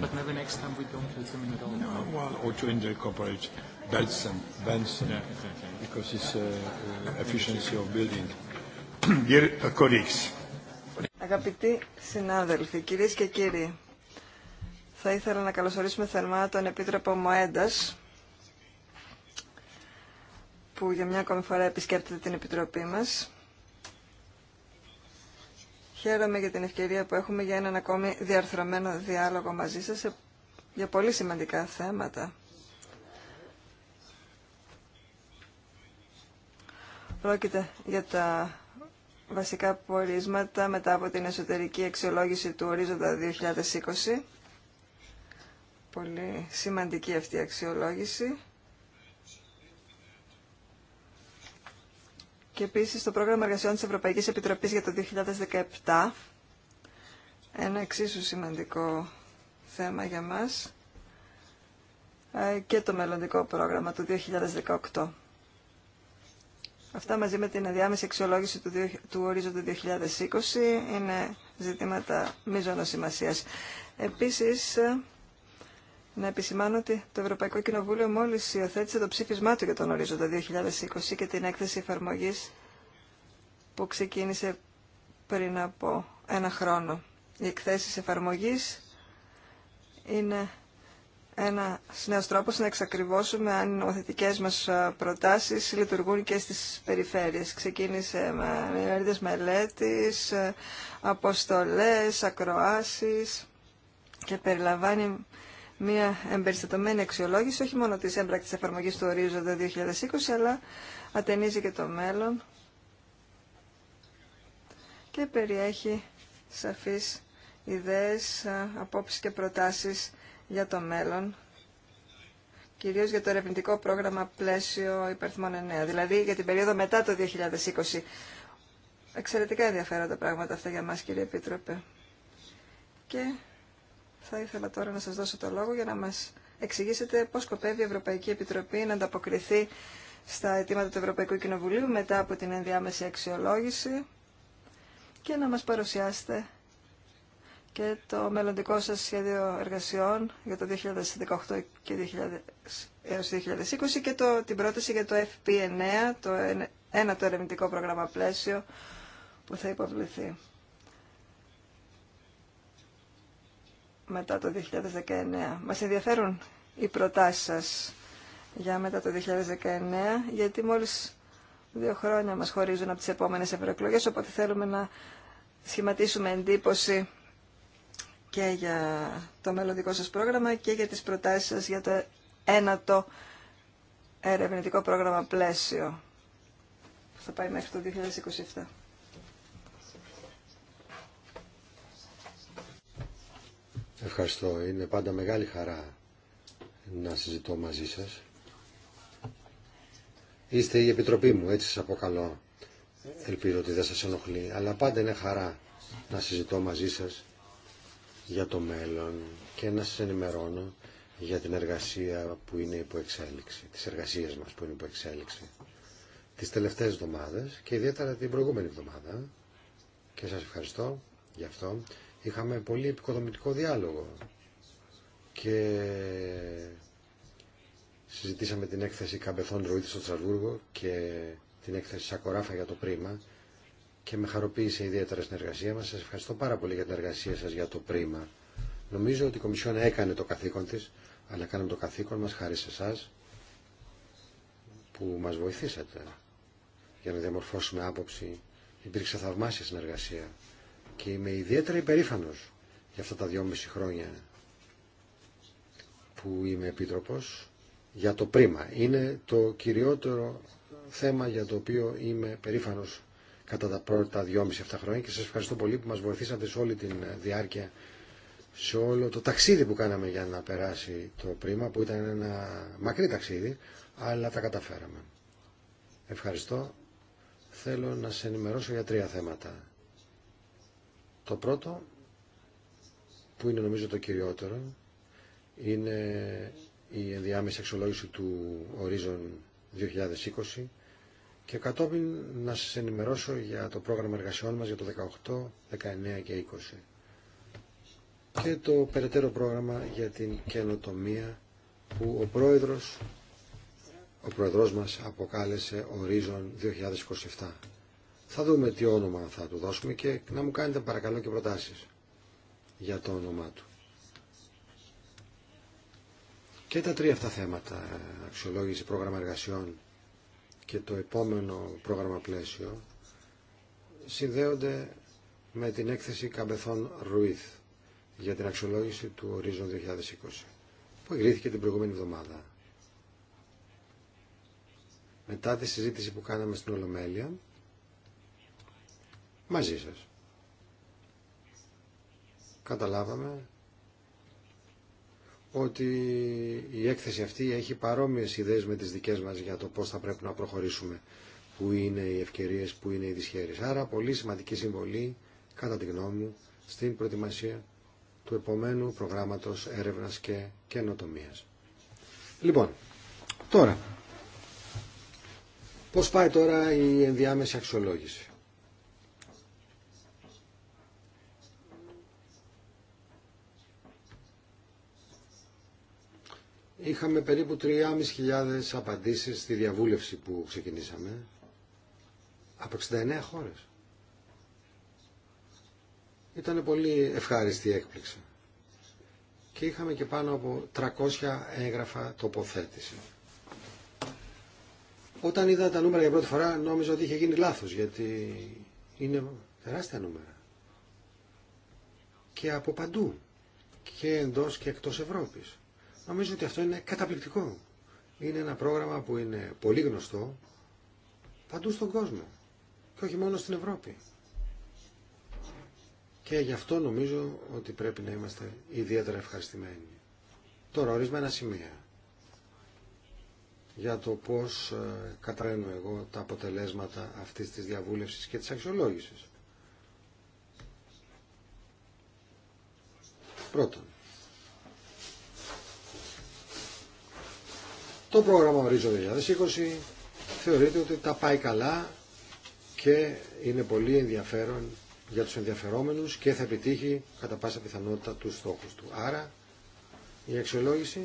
But maybe next time we don't use them in at all. No, well, or to incorporate Benson, Benson yeah, exactly. because it's uh, uh, efficiency of building. Dear colleagues. Αγαπητοί συνάδελφοι, κυρίες και κύριοι, θα ήθελα να καλωσορίσουμε θερμά τον Επίτροπο Μοέντας, που για μια ακόμη φορά επισκέπτεται την Επιτροπή μας. Χαίρομαι για την ευκαιρία που έχουμε για έναν ακόμη διαρθρωμένο διάλογο μαζί σας για πολύ σημαντικά θέματα. Πρόκειται για τα βασικά πορίσματα μετά από την εσωτερική αξιολόγηση του ορίζοντα 2020. Πολύ σημαντική αυτή η αξιολόγηση και επίσης το πρόγραμμα εργασιών της Ευρωπαϊκής Επιτροπής για το 2017, ένα εξίσου σημαντικό θέμα για μας, ε, και το μελλοντικό πρόγραμμα του 2018. Αυτά μαζί με την αδιάμεση αξιολόγηση του, του ορίζοντα 2020 είναι ζητήματα μείζωνος σημασίας. Επίσης, ε, να επισημάνω ότι το Ευρωπαϊκό Κοινοβούλιο μόλις υιοθέτησε το ψήφισμά του για τον ορίζοντα 2020 και την έκθεση εφαρμογής που ξεκίνησε πριν από ένα χρόνο. Οι εκθέσεις εφαρμογής είναι ένα νέο τρόπο να εξακριβώσουμε αν οι νομοθετικέ μα προτάσει λειτουργούν και στι περιφέρειες. Ξεκίνησε με μελέτη, αποστολέ, ακροάσει και περιλαμβάνει μια εμπεριστατωμένη αξιολόγηση όχι μόνο της έμπρακτης εφαρμογής του ορίζοντα 2020 αλλά ατενίζει και το μέλλον και περιέχει σαφείς ιδέες, απόψεις και προτάσεις για το μέλλον κυρίως για το ερευνητικό πρόγραμμα πλαίσιο υπερθμών 9, δηλαδή για την περίοδο μετά το 2020. Εξαιρετικά ενδιαφέροντα πράγματα αυτά για μας κύριε Επίτροπε. Και θα ήθελα τώρα να σας δώσω το λόγο για να μας εξηγήσετε πώς σκοπεύει η Ευρωπαϊκή Επιτροπή να ανταποκριθεί στα αιτήματα του Ευρωπαϊκού Κοινοβουλίου μετά από την ενδιάμεση αξιολόγηση και να μας παρουσιάσετε και το μελλοντικό σας σχέδιο εργασιών για το 2018 και 2000, 2020 και το, την πρόταση για το FP9, το ένα το ερευνητικό πρόγραμμα πλαίσιο που θα υποβληθεί. μετά το 2019. Μας ενδιαφέρουν οι προτάσεις σας για μετά το 2019, γιατί μόλις δύο χρόνια μας χωρίζουν από τις επόμενες ευρωεκλογέ, οπότε θέλουμε να σχηματίσουμε εντύπωση και για το μελλοντικό σας πρόγραμμα και για τις προτάσεις σας για το ένατο ερευνητικό πρόγραμμα πλαίσιο που θα πάει μέχρι το 2027. Ευχαριστώ. Είναι πάντα μεγάλη χαρά να συζητώ μαζί σας. Είστε η Επιτροπή μου, έτσι σας αποκαλώ. Ελπίζω ότι δεν σας ενοχλεί, αλλά πάντα είναι χαρά να συζητώ μαζί σας για το μέλλον και να σας ενημερώνω για την εργασία που είναι υπό εξέλιξη, τις εργασίες μας που είναι υπό εξέλιξη τις τελευταίες εβδομάδες και ιδιαίτερα την προηγούμενη εβδομάδα και σας ευχαριστώ γι' αυτό Είχαμε πολύ επικοδομητικό διάλογο και συζητήσαμε την έκθεση Καμπεθών Ροήθη στο Στρασβούργο και την έκθεση Σακοράφα για το πρίμα και με χαροποίησε ιδιαίτερα στην εργασία μας. Σας ευχαριστώ πάρα πολύ για την εργασία σας για το πρίμα. Νομίζω ότι η Κομισιόν έκανε το καθήκον της, αλλά κάναμε το καθήκον μας χάρη σε εσά που μας βοηθήσατε για να διαμορφώσουμε άποψη. Υπήρξε θαυμάσια συνεργασία και είμαι ιδιαίτερα υπερήφανος για αυτά τα δυόμιση χρόνια που είμαι επίτροπος για το πρίμα. Είναι το κυριότερο θέμα για το οποίο είμαι περήφανος κατά τα πρώτα δυόμιση αυτά χρόνια και σας ευχαριστώ πολύ που μας βοηθήσατε σε όλη την διάρκεια σε όλο το ταξίδι που κάναμε για να περάσει το πρίμα που ήταν ένα μακρύ ταξίδι αλλά τα καταφέραμε. Ευχαριστώ. Θέλω να σε ενημερώσω για τρία θέματα. Το πρώτο, που είναι νομίζω το κυριότερο, είναι η ενδιάμεση αξιολόγηση του Horizon 2020 και κατόπιν να σας ενημερώσω για το πρόγραμμα εργασιών μας για το 18, 19 και 20 και το περαιτέρω πρόγραμμα για την καινοτομία που ο πρόεδρος ο πρόεδρός μας αποκάλεσε Horizon 2027 θα δούμε τι όνομα θα του δώσουμε και να μου κάνετε παρακαλώ και προτάσεις για το όνομά του. Και τα τρία αυτά θέματα, αξιολόγηση, πρόγραμμα εργασιών και το επόμενο πρόγραμμα πλαίσιο, συνδέονται με την έκθεση Καμπεθών Ρουίθ για την αξιολόγηση του ορίζον 2020, που εγκρίθηκε την προηγούμενη εβδομάδα. Μετά τη συζήτηση που κάναμε στην Ολομέλεια, μαζί σας. Καταλάβαμε ότι η έκθεση αυτή έχει παρόμοιες ιδέες με τις δικές μας για το πώς θα πρέπει να προχωρήσουμε, που είναι οι ευκαιρίες, που είναι οι δυσχέρειες. Άρα πολύ σημαντική συμβολή, κατά τη γνώμη μου, στην προετοιμασία του επομένου προγράμματος έρευνας και καινοτομίας. Λοιπόν, τώρα, πώς πάει τώρα η ενδιάμεση αξιολόγηση. Είχαμε περίπου 3.500 απαντήσεις στη διαβούλευση που ξεκινήσαμε από 69 χώρες. Ήταν πολύ ευχάριστη η έκπληξη. Και είχαμε και πάνω από 300 έγγραφα τοποθέτηση. Όταν είδα τα νούμερα για πρώτη φορά νόμιζα ότι είχε γίνει λάθος γιατί είναι τεράστια νούμερα. Και από παντού. Και εντός και εκτός Ευρώπης. Νομίζω ότι αυτό είναι καταπληκτικό. Είναι ένα πρόγραμμα που είναι πολύ γνωστό παντού στον κόσμο και όχι μόνο στην Ευρώπη. Και γι' αυτό νομίζω ότι πρέπει να είμαστε ιδιαίτερα ευχαριστημένοι. Τώρα, ορισμένα σημεία για το πώς ε, κατραίνω εγώ τα αποτελέσματα αυτής της διαβούλευσης και της αξιολόγησης. Πρώτον, Το πρόγραμμα Ορίζοντα 2020 θεωρείται ότι τα πάει καλά και είναι πολύ ενδιαφέρον για τους ενδιαφερόμενους και θα επιτύχει κατά πάσα πιθανότητα τους στόχους του. Άρα η αξιολόγηση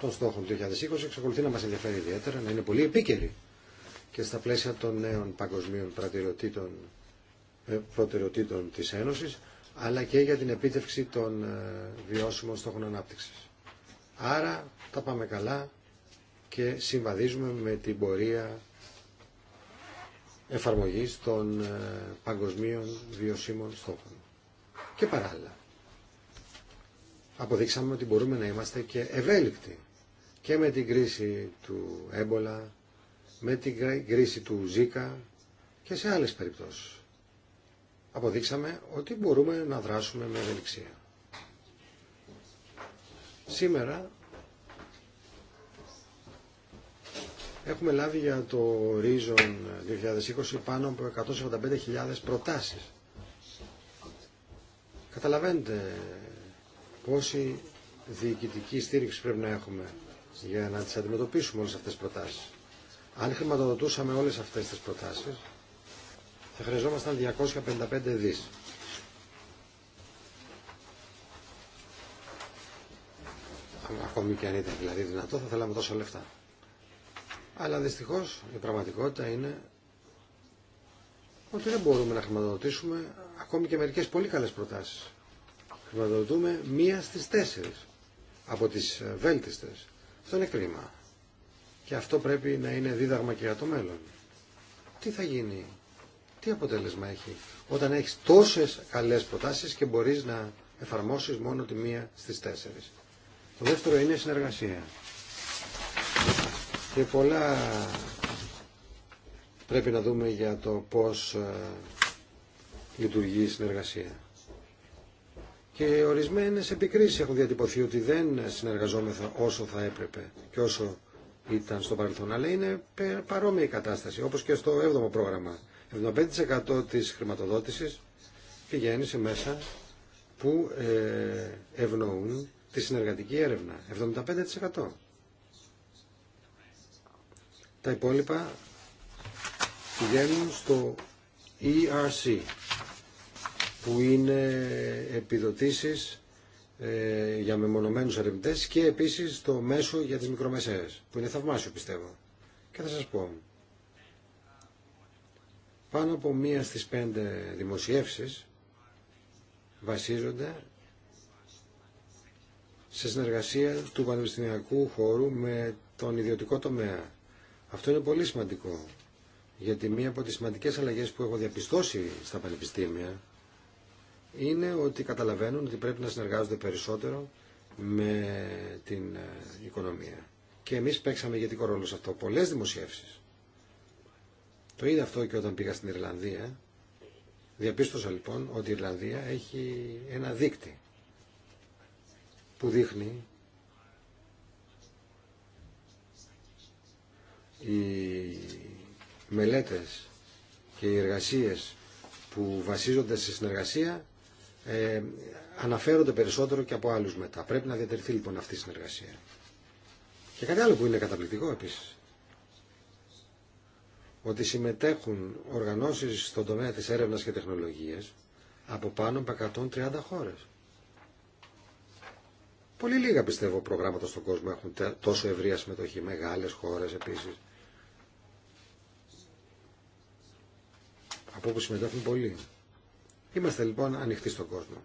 των στόχων του 2020 εξακολουθεί να μας ενδιαφέρει ιδιαίτερα, να είναι πολύ επίκαιρη και στα πλαίσια των νέων παγκοσμίων προτεραιοτήτων ε, της Ένωσης, αλλά και για την επίτευξη των ε, βιώσιμων στόχων ανάπτυξης. Άρα τα πάμε καλά και συμβαδίζουμε με την πορεία εφαρμογής των ε, παγκοσμίων βιωσίμων στόχων. Και παράλληλα, αποδείξαμε ότι μπορούμε να είμαστε και ευέλικτοι και με την κρίση του έμπολα, με την κρίση του ΖΙΚΑ και σε άλλες περιπτώσεις. Αποδείξαμε ότι μπορούμε να δράσουμε με ευελιξία. Σήμερα Έχουμε λάβει για το Horizon 2020 πάνω από 145.000 προτάσεις. Καταλαβαίνετε πόση διοικητική στήριξη πρέπει να έχουμε για να τις αντιμετωπίσουμε όλες αυτές τις προτάσεις. Αν χρηματοδοτούσαμε όλες αυτές τις προτάσεις, θα χρειαζόμασταν 255 δις. Ακόμη και αν ήταν δηλαδή δυνατό, θα θέλαμε τόσα λεφτά. Αλλά δυστυχώ, η πραγματικότητα είναι ότι δεν μπορούμε να χρηματοδοτήσουμε ακόμη και μερικές πολύ καλές προτάσεις. Χρηματοδοτούμε μία στις τέσσερι από τις ε, βέλτιστε Αυτό είναι κρίμα. Και αυτό πρέπει να είναι δίδαγμα και για το μέλλον. Τι θα γίνει, τι αποτέλεσμα έχει όταν έχεις τόσες καλές προτάσει και μπορεί να εφαρμόσεις μόνο τη μία στις τέσσερι. Το δεύτερο είναι συνεργασία. Και πολλά πρέπει να δούμε για το πώς ε, λειτουργεί η συνεργασία. Και ορισμένες επικρίσεις έχουν διατυπωθεί ότι δεν συνεργαζόμεθα όσο θα έπρεπε και όσο ήταν στο παρελθόν. Αλλά είναι παρόμοια η κατάσταση, όπως και στο 7ο πρόγραμμα. 75% της χρηματοδότησης πηγαίνει σε μέσα που ε, ευνοούν τη συνεργατική έρευνα. 75%. Τα υπόλοιπα πηγαίνουν στο ERC που είναι επιδοτήσεις ε, για μεμονωμένους ερευνητέ και επίσης το μέσο για τις μικρομεσαίες που είναι θαυμάσιο πιστεύω. Και θα σας πω, πάνω από μία στις πέντε δημοσιεύσεις βασίζονται σε συνεργασία του πανεπιστημιακού χώρου με τον ιδιωτικό τομέα. Αυτό είναι πολύ σημαντικό, γιατί μία από τις σημαντικές αλλαγές που έχω διαπιστώσει στα πανεπιστήμια είναι ότι καταλαβαίνουν ότι πρέπει να συνεργάζονται περισσότερο με την ε, οικονομία. Και εμείς παίξαμε γιατί ρόλο σε αυτό. Πολλές δημοσιεύσεις. Το είδα αυτό και όταν πήγα στην Ιρλανδία. Διαπίστωσα λοιπόν ότι η Ιρλανδία έχει ένα δίκτυ που δείχνει οι μελέτες και οι εργασίες που βασίζονται σε συνεργασία ε, αναφέρονται περισσότερο και από άλλους μετά. Πρέπει να διατηρηθεί λοιπόν αυτή η συνεργασία. Και κάτι άλλο που είναι καταπληκτικό επίσης. Ότι συμμετέχουν οργανώσεις στον τομέα της έρευνας και τεχνολογίας από πάνω από 130 χώρες. Πολύ λίγα πιστεύω προγράμματα στον κόσμο έχουν τόσο ευρεία συμμετοχή. Μεγάλες χώρες επίσης. από όπου συμμετέχουν πολλοί. Είμαστε λοιπόν ανοιχτοί στον κόσμο.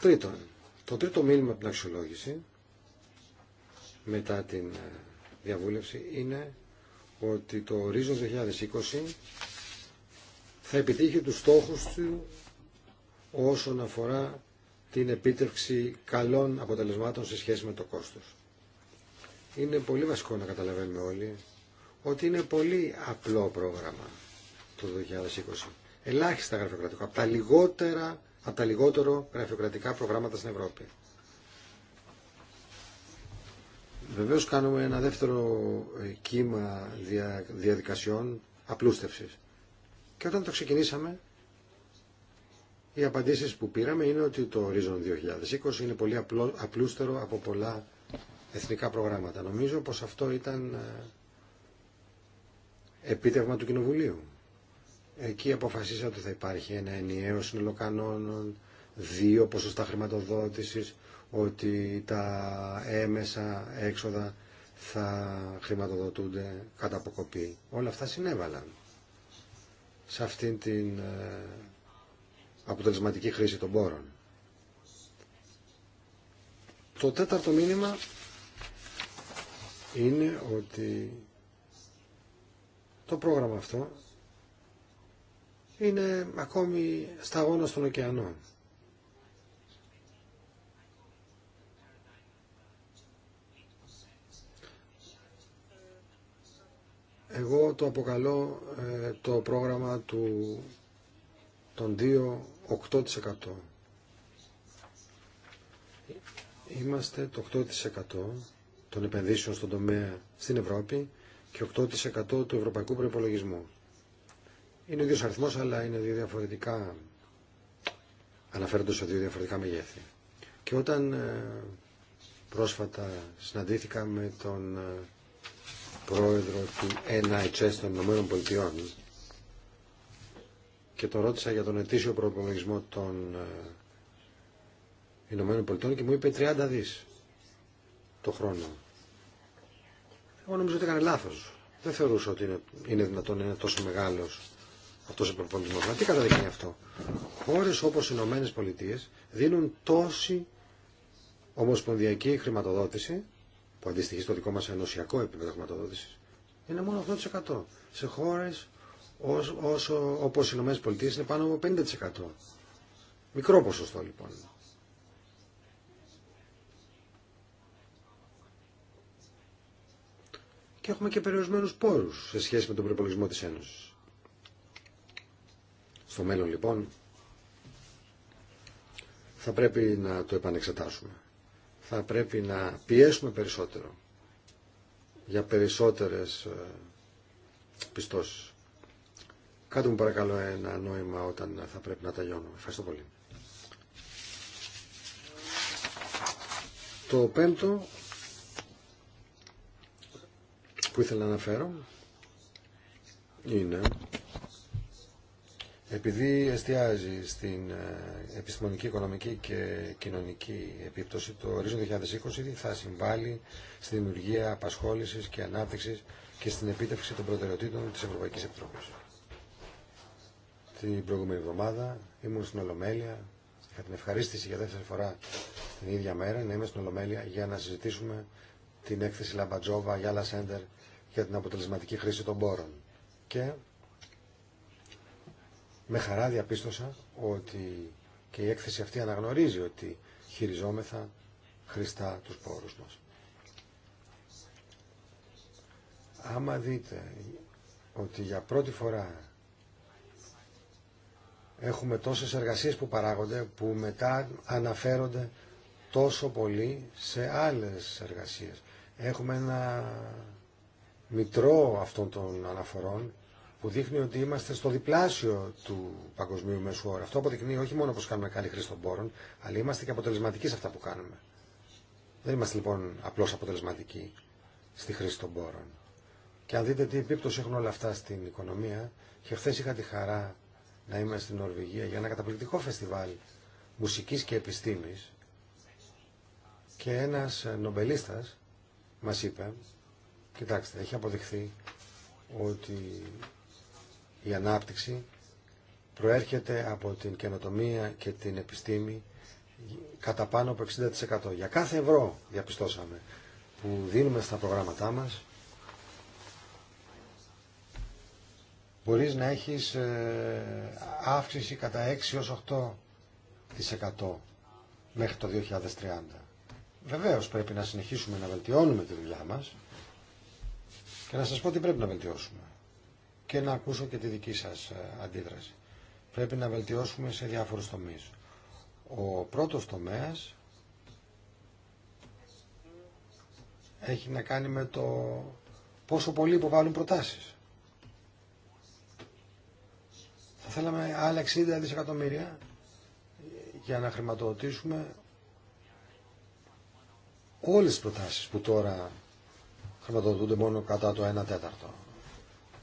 Τρίτον, το τρίτο μήνυμα από την αξιολόγηση μετά την ε, διαβούλευση είναι ότι το ορίζον 2020 θα επιτύχει τους στόχους του όσον αφορά την επίτευξη καλών αποτελεσμάτων σε σχέση με το κόστος. Είναι πολύ βασικό να καταλαβαίνουμε όλοι ότι είναι πολύ απλό πρόγραμμα το 2020. Ελάχιστα γραφειοκρατικό. Από τα, λιγότερα, από τα λιγότερο γραφειοκρατικά προγράμματα στην Ευρώπη. Βεβαίω κάνουμε ένα δεύτερο ε, κύμα διαδικασιών απλούστευσης. Και όταν το ξεκινήσαμε, οι απαντήσεις που πήραμε είναι ότι το Horizon 2020 είναι πολύ απλούστερο από πολλά εθνικά προγράμματα. Νομίζω πως αυτό ήταν ε, επίτευγμα του Κοινοβουλίου. Εκεί αποφασίσατε ότι θα υπάρχει ένα ενιαίο σύνολο κανόνων, δύο ποσοστά χρηματοδότησης, ότι τα έμεσα έξοδα θα χρηματοδοτούνται κατά αποκοπή. Όλα αυτά συνέβαλαν σε αυτήν την ε, αποτελεσματική χρήση των πόρων. Το τέταρτο μήνυμα είναι ότι το πρόγραμμα αυτό είναι ακόμη σταγόνα των ωκεανών. Εγώ το αποκαλώ ε, το πρόγραμμα του των 2-8%. Είμαστε το 8% των επενδύσεων στον τομέα στην Ευρώπη και 8% του ευρωπαϊκού προπολογισμού. Είναι ο ίδιος αριθμό, αλλά είναι δύο διαφορετικά, αναφέρονται σε δύο διαφορετικά μεγέθη. Και όταν ε, πρόσφατα συναντήθηκα με τον ε, πρόεδρο του NHS των Ηνωμένων Πολιτειών και τον ρώτησα για τον ετήσιο προπολογισμό των ε, Ηνωμένων Πολιτειών και μου είπε 30 δις το χρόνο. Εγώ νομίζω ότι έκανε λάθο. Δεν θεωρούσα ότι είναι, είναι δυνατόν να είναι τόσο μεγάλο αυτό ο προπολογισμό. Μα τι καταδεικνύει αυτό. Χώρε όπω οι Ηνωμένε Πολιτείε δίνουν τόση ομοσπονδιακή χρηματοδότηση που αντιστοιχεί στο δικό μα ενωσιακό επίπεδο χρηματοδότηση. Είναι μόνο 8%. Σε χώρε όπω οι Ηνωμένε Πολιτείε είναι πάνω από 50%. Μικρό ποσοστό λοιπόν. και έχουμε και περιορισμένους πόρους σε σχέση με τον προπολογισμό της Ένωσης. Στο μέλλον λοιπόν θα πρέπει να το επανεξετάσουμε. Θα πρέπει να πιέσουμε περισσότερο για περισσότερες ε, πιστώσεις. Κάντε μου παρακαλώ ένα νόημα όταν θα πρέπει να τα τελειώνω. Ευχαριστώ πολύ. Το πέμπτο που ήθελα να αναφέρω είναι επειδή εστιάζει στην ε, επιστημονική, οικονομική και κοινωνική επίπτωση, το ορίζον 2020 θα συμβάλλει στη δημιουργία απασχόλησης και ανάπτυξης και στην επίτευξη των προτεραιοτήτων της Ευρωπαϊκής Επιτροπής. Την προηγούμενη εβδομάδα ήμουν στην Ολομέλεια, είχα την ευχαρίστηση για δεύτερη φορά την ίδια μέρα να είμαι στην Ολομέλεια για να συζητήσουμε την έκθεση Λαμπατζόβα, Γιάλα Σέντερ για την αποτελεσματική χρήση των πόρων. Και με χαρά διαπίστωσα ότι και η έκθεση αυτή αναγνωρίζει ότι χειριζόμεθα χρηστά τους πόρους μας. Άμα δείτε ότι για πρώτη φορά έχουμε τόσες εργασίες που παράγονται που μετά αναφέρονται τόσο πολύ σε άλλες εργασίες. Έχουμε ένα μητρό αυτών των αναφορών που δείχνει ότι είμαστε στο διπλάσιο του παγκοσμίου μέσου όρου. Αυτό αποδεικνύει όχι μόνο πως κάνουμε καλή χρήση των πόρων, αλλά είμαστε και αποτελεσματικοί σε αυτά που κάνουμε. Δεν είμαστε λοιπόν απλώς αποτελεσματικοί στη χρήση των πόρων. Και αν δείτε τι επίπτωση έχουν όλα αυτά στην οικονομία, και χθε είχα τη χαρά να είμαι στην Νορβηγία για ένα καταπληκτικό φεστιβάλ μουσικής και επιστήμης και ένας νομπελίστας μας είπε Κοιτάξτε, έχει αποδειχθεί ότι η ανάπτυξη προέρχεται από την καινοτομία και την επιστήμη κατά πάνω από 60%. Για κάθε ευρώ διαπιστώσαμε που δίνουμε στα προγράμματά μας μπορείς να έχεις ε, αύξηση κατά 6 8% μέχρι το 2030. Βεβαίως πρέπει να συνεχίσουμε να βελτιώνουμε τη δουλειά μας και να σας πω τι πρέπει να βελτιώσουμε και να ακούσω και τη δική σας ε, αντίδραση. Πρέπει να βελτιώσουμε σε διάφορους τομείς. Ο πρώτος τομέας έχει να κάνει με το πόσο πολλοί υποβάλλουν προτάσεις. Θα θέλαμε άλλα 60 δισεκατομμύρια για να χρηματοδοτήσουμε όλες τις προτάσεις που τώρα χρηματοδοτούνται μόνο κατά το 1 τέταρτο.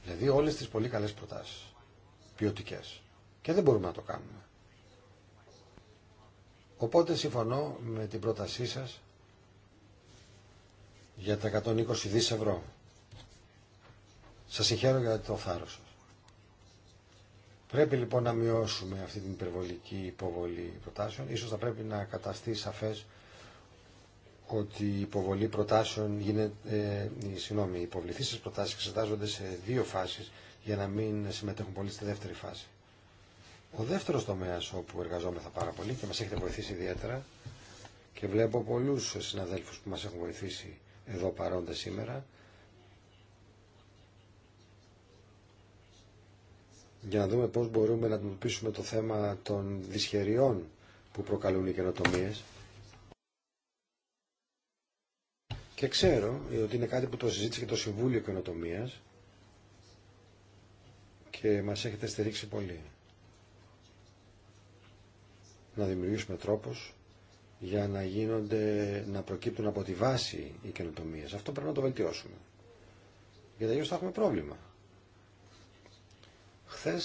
Δηλαδή όλε τις πολύ καλές προτάσει ποιοτικέ. Και δεν μπορούμε να το κάνουμε. Οπότε συμφωνώ με την πρότασή σας για τα 120 δις ευρώ. Σας συγχαίρω για το θάρρος σας. Πρέπει λοιπόν να μειώσουμε αυτή την υπερβολική υποβολή προτάσεων. Ίσως θα πρέπει να καταστεί σαφές ότι η υποβολή προτάσεων γίνεται, ε, συγγνώμη, οι υποβληθήσεις προτάσεις εξετάζονται σε δύο φάσεις για να μην συμμετέχουν πολύ στη δεύτερη φάση. Ο δεύτερος τομέας όπου εργαζόμεθα πάρα πολύ και μας έχετε βοηθήσει ιδιαίτερα και βλέπω πολλούς συναδέλφους που μας έχουν βοηθήσει εδώ παρόντες σήμερα για να δούμε πώς μπορούμε να αντιμετωπίσουμε το θέμα των δυσχεριών που προκαλούν οι καινοτομίες Και ξέρω ότι είναι κάτι που το συζήτησε και το Συμβούλιο Καινοτομία και μας έχετε στηρίξει πολύ. Να δημιουργήσουμε τρόπους για να γίνονται, να προκύπτουν από τη βάση οι καινοτομίε. Αυτό πρέπει να το βελτιώσουμε. Γιατί αλλιώ θα έχουμε πρόβλημα. Χθε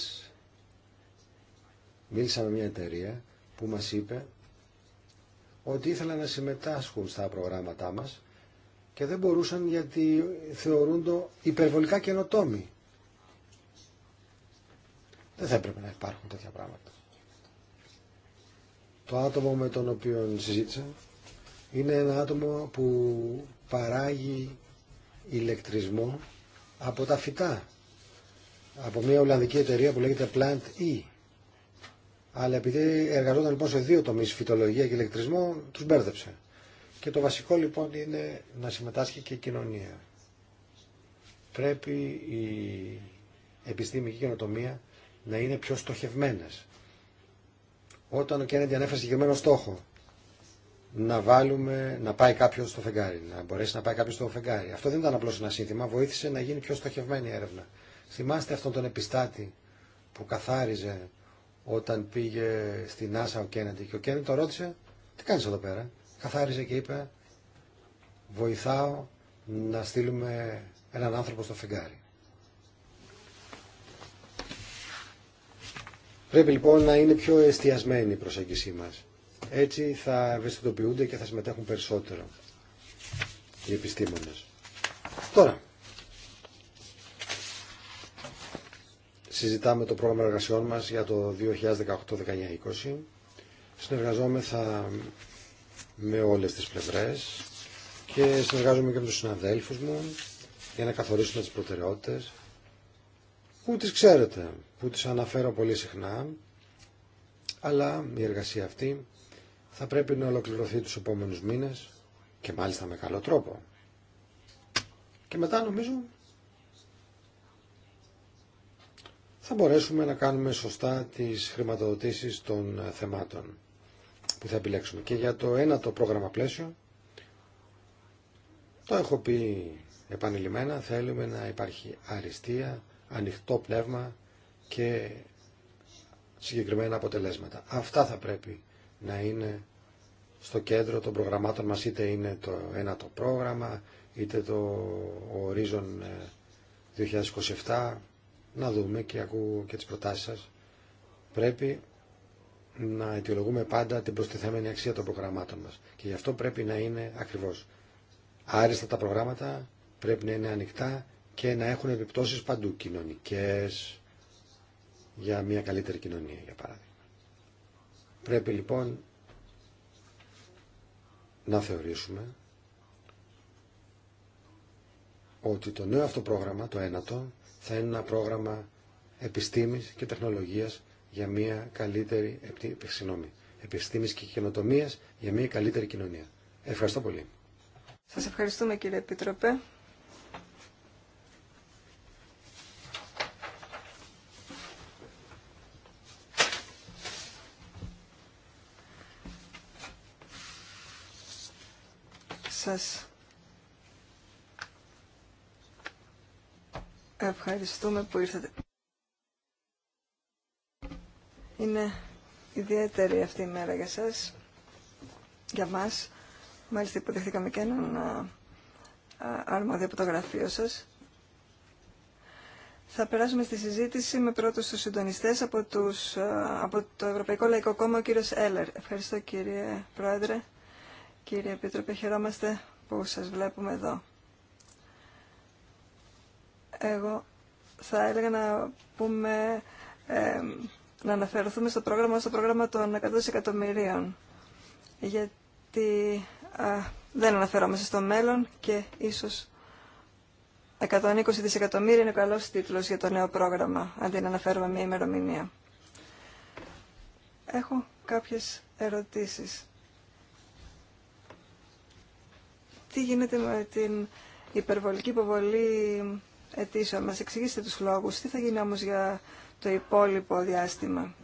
μίλησα με μια εταιρεία που μας είπε ότι ήθελα να συμμετάσχουν στα προγράμματά μας και δεν μπορούσαν γιατί θεωρούν το υπερβολικά καινοτόμοι. Δεν θα έπρεπε να υπάρχουν τέτοια πράγματα. Το άτομο με τον οποίο συζήτησα είναι ένα άτομο που παράγει ηλεκτρισμό από τα φυτά. Από μια Ολλανδική εταιρεία που λέγεται Plant E. Αλλά επειδή εργαζόταν λοιπόν σε δύο τομείς, φυτολογία και ηλεκτρισμό, τους μπέρδεψε. Και το βασικό λοιπόν είναι να συμμετάσχει και η κοινωνία. Πρέπει η επιστήμη και η καινοτομία να είναι πιο στοχευμένες. Όταν ο Κέννεντι ανέφερε συγκεκριμένο στόχο, να βάλουμε, να πάει κάποιο στο φεγγάρι, να μπορέσει να πάει κάποιο στο φεγγάρι. Αυτό δεν ήταν απλώ ένα σύνθημα, βοήθησε να γίνει πιο στοχευμένη η έρευνα. Θυμάστε αυτόν τον επιστάτη που καθάριζε όταν πήγε στην NASA ο Κέννεντι και ο Κέννεντι τον ρώτησε, τι κάνει εδώ πέρα καθάρισε και είπε βοηθάω να στείλουμε έναν άνθρωπο στο φεγγάρι. Πρέπει λοιπόν να είναι πιο εστιασμένη η προσέγγιση μας. Έτσι θα ευαισθητοποιούνται και θα συμμετέχουν περισσότερο οι επιστήμονες. Τώρα, συζητάμε το πρόγραμμα εργασιών μας για το 2018-19-20. Συνεργαζόμεθα με όλες τις πλευρές και συνεργάζομαι και με τους συναδέλφους μου για να καθορίσουμε τις προτεραιότητες που τις ξέρετε, που τις αναφέρω πολύ συχνά αλλά η εργασία αυτή θα πρέπει να ολοκληρωθεί τους επόμενους μήνες και μάλιστα με καλό τρόπο. Και μετά νομίζω θα μπορέσουμε να κάνουμε σωστά τις χρηματοδοτήσεις των θεμάτων που θα επιλέξουμε. Και για το ένα το πρόγραμμα πλαίσιο, το έχω πει επανειλημμένα, θέλουμε να υπάρχει αριστεία, ανοιχτό πνεύμα και συγκεκριμένα αποτελέσματα. Αυτά θα πρέπει να είναι στο κέντρο των προγραμμάτων μας, είτε είναι το ένα το πρόγραμμα, είτε το ε, ορίζον 2027, να δούμε και ακούω και τις προτάσεις σας. Πρέπει να αιτιολογούμε πάντα την προστιθέμενη αξία των προγραμμάτων μας. Και γι' αυτό πρέπει να είναι ακριβώς. Άριστα τα προγράμματα πρέπει να είναι ανοιχτά και να έχουν επιπτώσεις παντού κοινωνικές για μια καλύτερη κοινωνία για παράδειγμα. Πρέπει λοιπόν να θεωρήσουμε ότι το νέο αυτό πρόγραμμα, το ένατο, θα είναι ένα πρόγραμμα επιστήμης και τεχνολογίας για μια καλύτερη επιστήμη, επιστήμης και καινοτομία για μια καλύτερη κοινωνία. Ευχαριστώ πολύ. Σας ευχαριστούμε κύριε Επίτροπε. Σας ευχαριστούμε που ήρθατε. Είναι ιδιαίτερη αυτή η μέρα για σας, για μας. Μάλιστα υποδεχθήκαμε και έναν αρμόδιο από το γραφείο σας. Θα περάσουμε στη συζήτηση με πρώτους τους συντονιστές από, τους, από το Ευρωπαϊκό Λαϊκό Κόμμα, ο κύριος Έλλερ. Ευχαριστώ κύριε Πρόεδρε, κύριε Επίτροπε, χαιρόμαστε που σας βλέπουμε εδώ. Εγώ θα έλεγα να πούμε να αναφερθούμε στο πρόγραμμα, στο πρόγραμμα των 100 εκατομμυρίων. Γιατί δεν αναφερόμαστε στο μέλλον και ίσως 120 δισεκατομμύρια είναι ο καλός τίτλος για το νέο πρόγραμμα, αντί να αναφέρουμε μια ημερομηνία. Έχω κάποιες ερωτήσεις. Τι γίνεται με την υπερβολική υποβολή ετήσεων. Μας εξηγήσετε τους λόγους. Τι θα γίνει όμως για το υπόλοιπο διάστημα.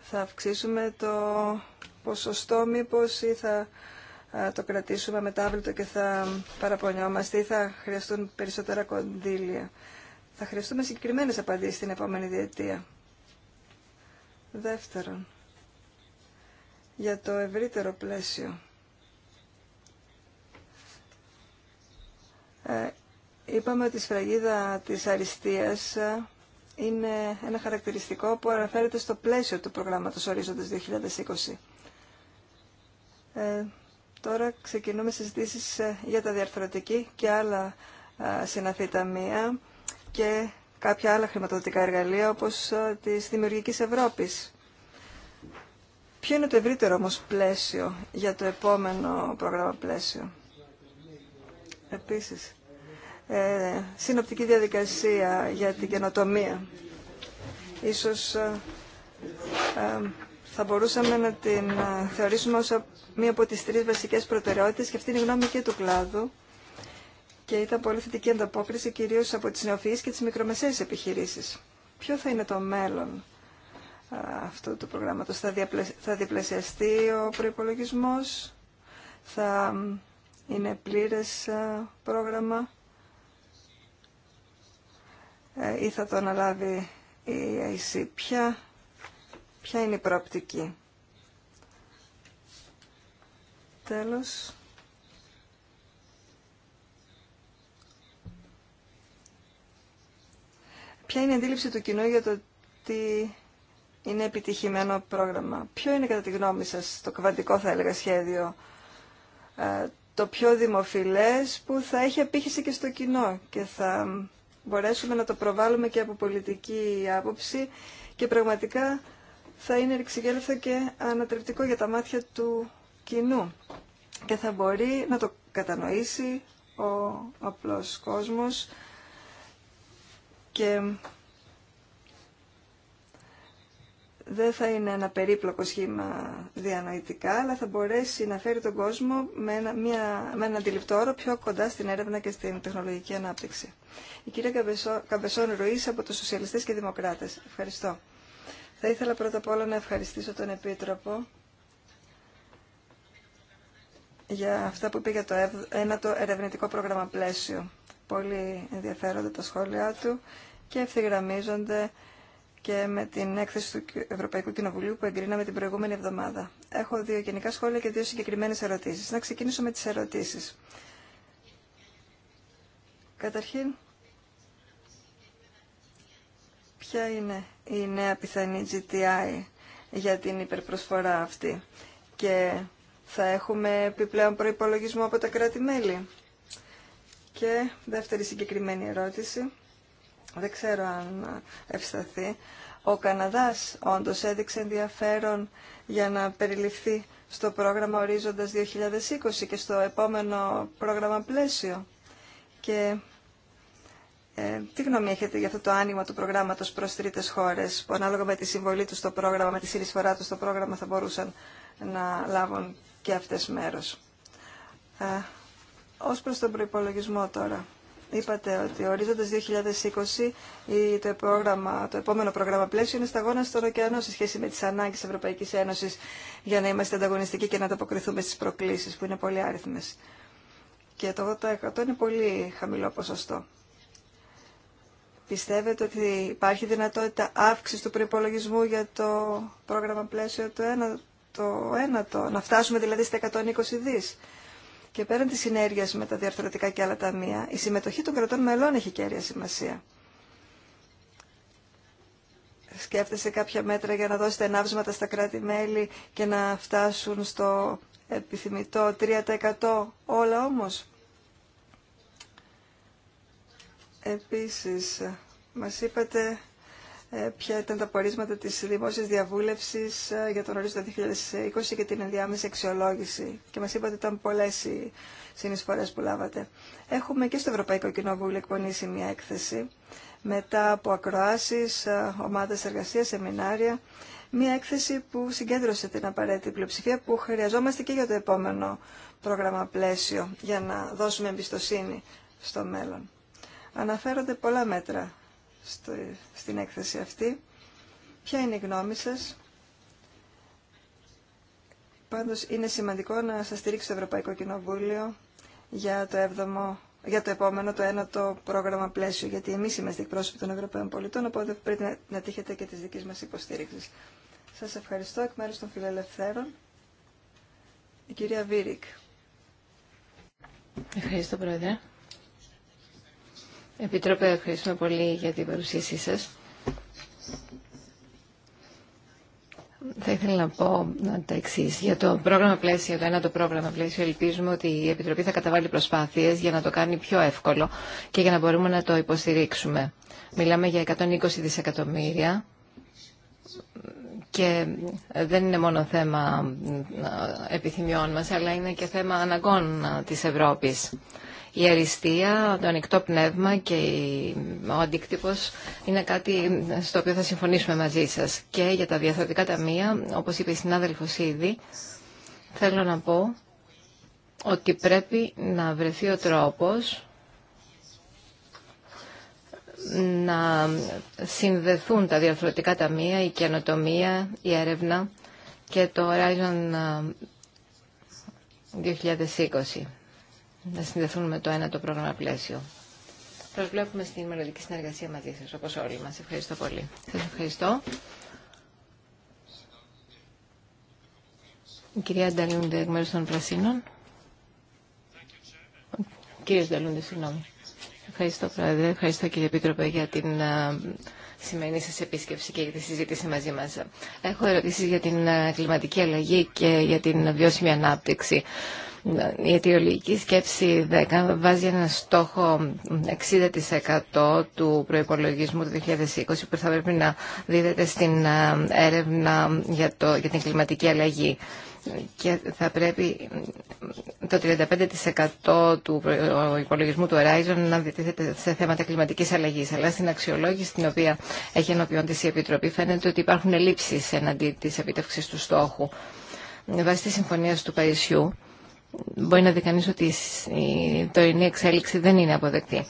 Θα αυξήσουμε το ποσοστό μήπως ή θα το κρατήσουμε μετάβλητο και θα παραπονιόμαστε ή θα χρειαστούν περισσότερα κονδύλια. Θα χρειαστούμε συγκεκριμένες απαντήσεις την επόμενη διετία. Δεύτερον, για το ευρύτερο πλαίσιο. Ε, Είπαμε ότι η σφραγίδα της αριστείας είναι ένα χαρακτηριστικό που αναφέρεται στο πλαίσιο του προγράμματος Ορίζοντας 2020. Ε, τώρα ξεκινούμε συζητήσεις ε, για τα διαρθρωτική και άλλα ε, συναφή ταμεία και κάποια άλλα χρηματοδοτικά εργαλεία όπως της Δημιουργικής Ευρώπης. Ποιο είναι το ευρύτερο όμως πλαίσιο για το επόμενο πρόγραμμα πλαίσιο. Επίσης, ε, συνοπτική διαδικασία για την καινοτομία. Ίσως ε, ε, θα μπορούσαμε να την θεωρήσουμε ως μία από τις τρεις βασικές προτεραιότητες και αυτή είναι η γνώμη και του κλάδου και ήταν πολύ θετική ανταπόκριση κυρίως από τις νεοφυείς και τις μικρομεσαίες επιχειρήσεις. Ποιο θα είναι το μέλλον αυτού του προγράμματος. Θα διπλασιαστεί ο προϋπολογισμός, θα είναι πλήρες πρόγραμμα ε, ή θα το αναλάβει η IC. Ποια, ποια είναι η προοπτική. Τέλος. Ποια είναι η αντίληψη του κοινού για το τι είναι επιτυχημένο πρόγραμμα. Ποιο είναι κατά τη γνώμη σας το κβαντικό θα έλεγα σχέδιο ε, το πιο δημοφιλές που θα έχει απήχηση και στο κοινό και θα μπορέσουμε να το προβάλλουμε και από πολιτική άποψη και πραγματικά θα είναι ρηξιγέλευθο και ανατρεπτικό για τα μάτια του κοινού και θα μπορεί να το κατανοήσει ο απλός κόσμος και δεν θα είναι ένα περίπλοκο σχήμα διανοητικά, αλλά θα μπορέσει να φέρει τον κόσμο με ένα, μια, με ένα αντιληπτό όρο πιο κοντά στην έρευνα και στην τεχνολογική ανάπτυξη. Η κυρία Καμπεσόν Ρουή από του Σοσιαλιστέ και δημοκράτε. Ευχαριστώ. Θα ήθελα πρώτα απ' όλα να ευχαριστήσω τον Επίτροπο για αυτά που είπε για το ένατο ερευνητικό πρόγραμμα πλαίσιο. Πολύ ενδιαφέρονται τα σχόλιά του και ευθυγραμμίζονται και με την έκθεση του Ευρωπαϊκού Κοινοβουλίου που εγκρίναμε την προηγούμενη εβδομάδα. Έχω δύο γενικά σχόλια και δύο συγκεκριμένες ερωτήσεις. Να ξεκινήσω με τις ερωτήσεις. Καταρχήν, ποια είναι η νέα πιθανή GTI για την υπερπροσφορά αυτή και θα έχουμε επιπλέον προϋπολογισμό από τα κράτη-μέλη. Και δεύτερη συγκεκριμένη ερώτηση δεν ξέρω αν ευσταθεί, ο Καναδάς όντως έδειξε ενδιαφέρον για να περιληφθεί στο πρόγραμμα Ορίζοντας 2020 και στο επόμενο πρόγραμμα πλαίσιο. Και ε, τι γνώμη έχετε για αυτό το άνοιγμα του προγράμματος προς τρίτες χώρες που ανάλογα με τη συμβολή του στο πρόγραμμα, με τη συνεισφορά του στο πρόγραμμα θα μπορούσαν να λάβουν και αυτές μέρος. Ε, ως προς τον προϋπολογισμό τώρα. Είπατε ότι ορίζοντας 2020 το, πρόγραμμα, το επόμενο πρόγραμμα πλαίσιο είναι σταγόνα στον ωκεανό σε σχέση με τις ανάγκες της Ευρωπαϊκής Ένωσης για να είμαστε ανταγωνιστικοί και να ανταποκριθούμε στις προκλήσεις που είναι πολύ άριθμες. Και το 80% είναι πολύ χαμηλό ποσοστό. Πιστεύετε ότι υπάρχει δυνατότητα αύξηση του προπολογισμού για το πρόγραμμα πλαίσιο το 1, το να φτάσουμε δηλαδή στα 120 δις. Και πέραν τη συνέργεια με τα διαρθρωτικά και άλλα ταμεία, η συμμετοχή των κρατών μελών έχει κέρια σημασία. Σκέφτεσαι κάποια μέτρα για να δώσετε ενάψματα στα κράτη-μέλη και να φτάσουν στο επιθυμητό 3% όλα όμως. Επίσης, μας είπατε ε, ποια ήταν τα πορίσματα της δημόσιας διαβούλευσης ε, για τον ορίζοντα 2020 και την ενδιάμεση αξιολόγηση. Και μας είπατε ότι ήταν πολλές οι συνεισφορές που λάβατε. Έχουμε και στο Ευρωπαϊκό Κοινοβούλιο εκπονήσει μια έκθεση μετά από ακροάσεις, ε, ομάδες εργασίας, σεμινάρια. Μια έκθεση που συγκέντρωσε την απαραίτητη πλειοψηφία που χρειαζόμαστε και για το επόμενο πρόγραμμα πλαίσιο για να δώσουμε εμπιστοσύνη στο μέλλον. Αναφέρονται πολλά μέτρα στο, στην έκθεση αυτή. Ποια είναι η γνώμη σας. Πάντως είναι σημαντικό να σας στηρίξει το Ευρωπαϊκό Κοινοβούλιο για το, 7 για το επόμενο, το ένατο πρόγραμμα πλαίσιο, γιατί εμείς είμαστε εκπρόσωποι των Ευρωπαίων πολιτών, οπότε πρέπει να, τύχετε και τις δικές μας υποστήριξης. Σας ευχαριστώ εκ μέρους των φιλελευθέρων. Η κυρία Βίρικ. Ευχαριστώ, Πρόεδρε. Επιτροπέ, ευχαριστούμε πολύ για την παρουσίασή σας. Θα ήθελα να πω τα εξή. Για το πρόγραμμα πλαίσιο, το ένα το πρόγραμμα πλαίσιο, ελπίζουμε ότι η Επιτροπή θα καταβάλει προσπάθειε για να το κάνει πιο εύκολο και για να μπορούμε να το υποστηρίξουμε. Μιλάμε για 120 δισεκατομμύρια και δεν είναι μόνο θέμα επιθυμιών μας, αλλά είναι και θέμα αναγκών της Ευρώπης. Η αριστεία, το ανοιχτό πνεύμα και ο αντίκτυπος είναι κάτι στο οποίο θα συμφωνήσουμε μαζί σας. Και για τα διαθετικά ταμεία, όπως είπε η συνάδελφος ήδη, θέλω να πω ότι πρέπει να βρεθεί ο τρόπος να συνδεθούν τα διαφορετικά ταμεία, η καινοτομία, η έρευνα και το Horizon 2020. Ε, να συνδεθούν με το ένα το πρόγραμμα πλαίσιο. Προσβλέπουμε στην μελλοντική συνεργασία μαζί σας, όπως όλοι μας. Ευχαριστώ πολύ. Σας ευχαριστώ. Η κυρία Νταλούντε, εκ μέρους των Πρασίνων. Κύριε Νταλούντε, συγγνώμη. Ευχαριστώ, Πρόεδρε. Ευχαριστώ, κύριε Επίτροπε, για την σημερινή σας επίσκεψη και για τη συζήτηση μαζί μας. Έχω ερωτήσεις για την κλιματική αλλαγή και για την βιώσιμη ανάπτυξη. Η αιτιολογική σκέψη 10 βάζει ένα στόχο 60% του προϋπολογισμού του 2020 που θα πρέπει να δίδεται στην ε, έρευνα για, την κλιματική αλλαγή και θα πρέπει ε, το 35% του υπολογισμού του Horizon να διατίθεται σε θέματα κλιματικής αλλαγής. Αλλά στην αξιολόγηση την οποία έχει ενώπιον της η Επιτροπή φαίνεται ότι υπάρχουν ελλείψεις εναντί της επιτεύξης του στόχου. Βάσει τη συμφωνία του Παρισιού, μπορεί να δει κανείς ότι η τωρινή εξέλιξη δεν είναι αποδεκτή.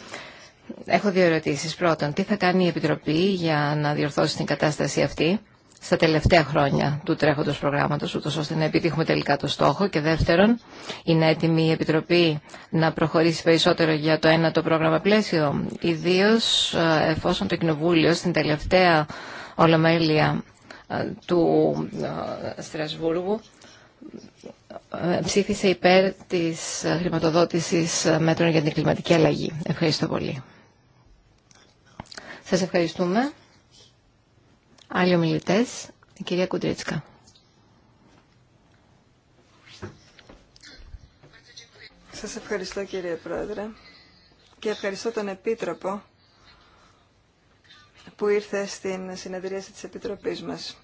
Έχω δύο ερωτήσεις. Πρώτον, τι θα κάνει η Επιτροπή για να διορθώσει την κατάσταση αυτή στα τελευταία χρόνια του τρέχοντος προγράμματος, ούτως ώστε να επιτύχουμε τελικά το στόχο. Και δεύτερον, είναι έτοιμη η Επιτροπή να προχωρήσει περισσότερο για το ένα το πρόγραμμα πλαίσιο, ιδίω ε, εφόσον το Κοινοβούλιο στην τελευταία ολομέλεια ε, του ε, Στρασβούργου ε, ψήφισε υπέρ της χρηματοδότησης μέτρων για την κλιματική αλλαγή. Ευχαριστώ πολύ. Σας ευχαριστούμε. Άλλοι ομιλητές, η κυρία Κουντρίτσκα. Σας ευχαριστώ κύριε Πρόεδρε και ευχαριστώ τον Επίτροπο που ήρθε στην συνεδρίαση της Επιτροπής μας.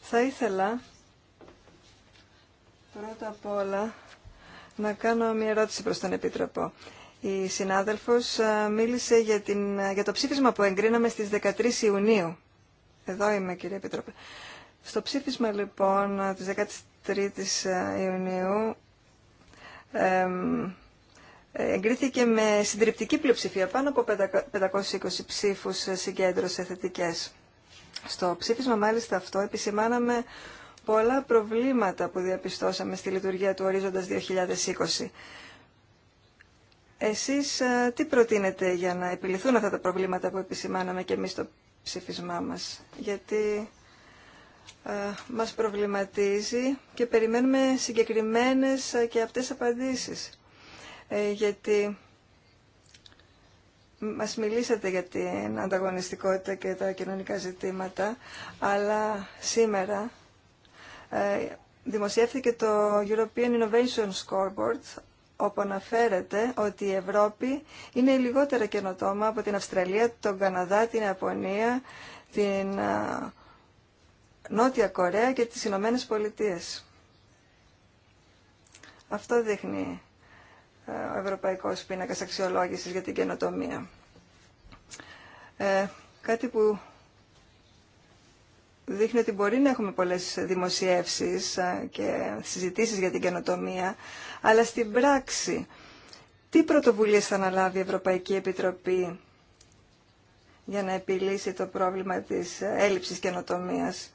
Θα ήθελα Πρώτα απ' όλα, να κάνω μια ερώτηση προς τον Επίτροπο. Η συνάδελφος ε, μίλησε για, την, για το ψήφισμα που εγκρίναμε στις 13 Ιουνίου. Εδώ είμαι, κύριε Επίτροπε. Στο ψήφισμα, λοιπόν, της 13 ε, Ιουνίου... Εμ, εγκρίθηκε με συντριπτική πλειοψηφία, πάνω από 520 ψήφους ε, συγκέντρωσε θετικές. Στο ψήφισμα μάλιστα αυτό επισημάναμε πολλά προβλήματα που διαπιστώσαμε στη λειτουργία του ορίζοντας 2020. Εσείς ε, τι προτείνετε για να επιληθούν αυτά τα προβλήματα που επισημάναμε και εμείς στο ψηφισμά μας. Γιατί ε, μας προβληματίζει και περιμένουμε συγκεκριμένες ε, και αυτές απαντήσεις. γιατί μας μιλήσατε για την ανταγωνιστικότητα και τα κοινωνικά ζητήματα, αλλά σήμερα ε, δημοσιεύθηκε το European Innovation Scoreboard, όπου αναφέρεται ότι η Ευρώπη είναι λιγότερα καινοτόμα από την Αυστραλία, τον Καναδά, την Ιαπωνία, την ε, Νότια Κορέα και τις Ηνωμένε Πολιτείε. Αυτό δείχνει ε, ο Ευρωπαϊκός Πίνακας Αξιολόγησης για την Καινοτομία. Ε, κάτι που δείχνει ότι μπορεί να έχουμε πολλές δημοσιεύσεις ε, και συζητήσεις για την καινοτομία, αλλά στην πράξη τι πρωτοβουλίες θα αναλάβει η Ευρωπαϊκή Επιτροπή για να επιλύσει το πρόβλημα της έλλειψης καινοτομίας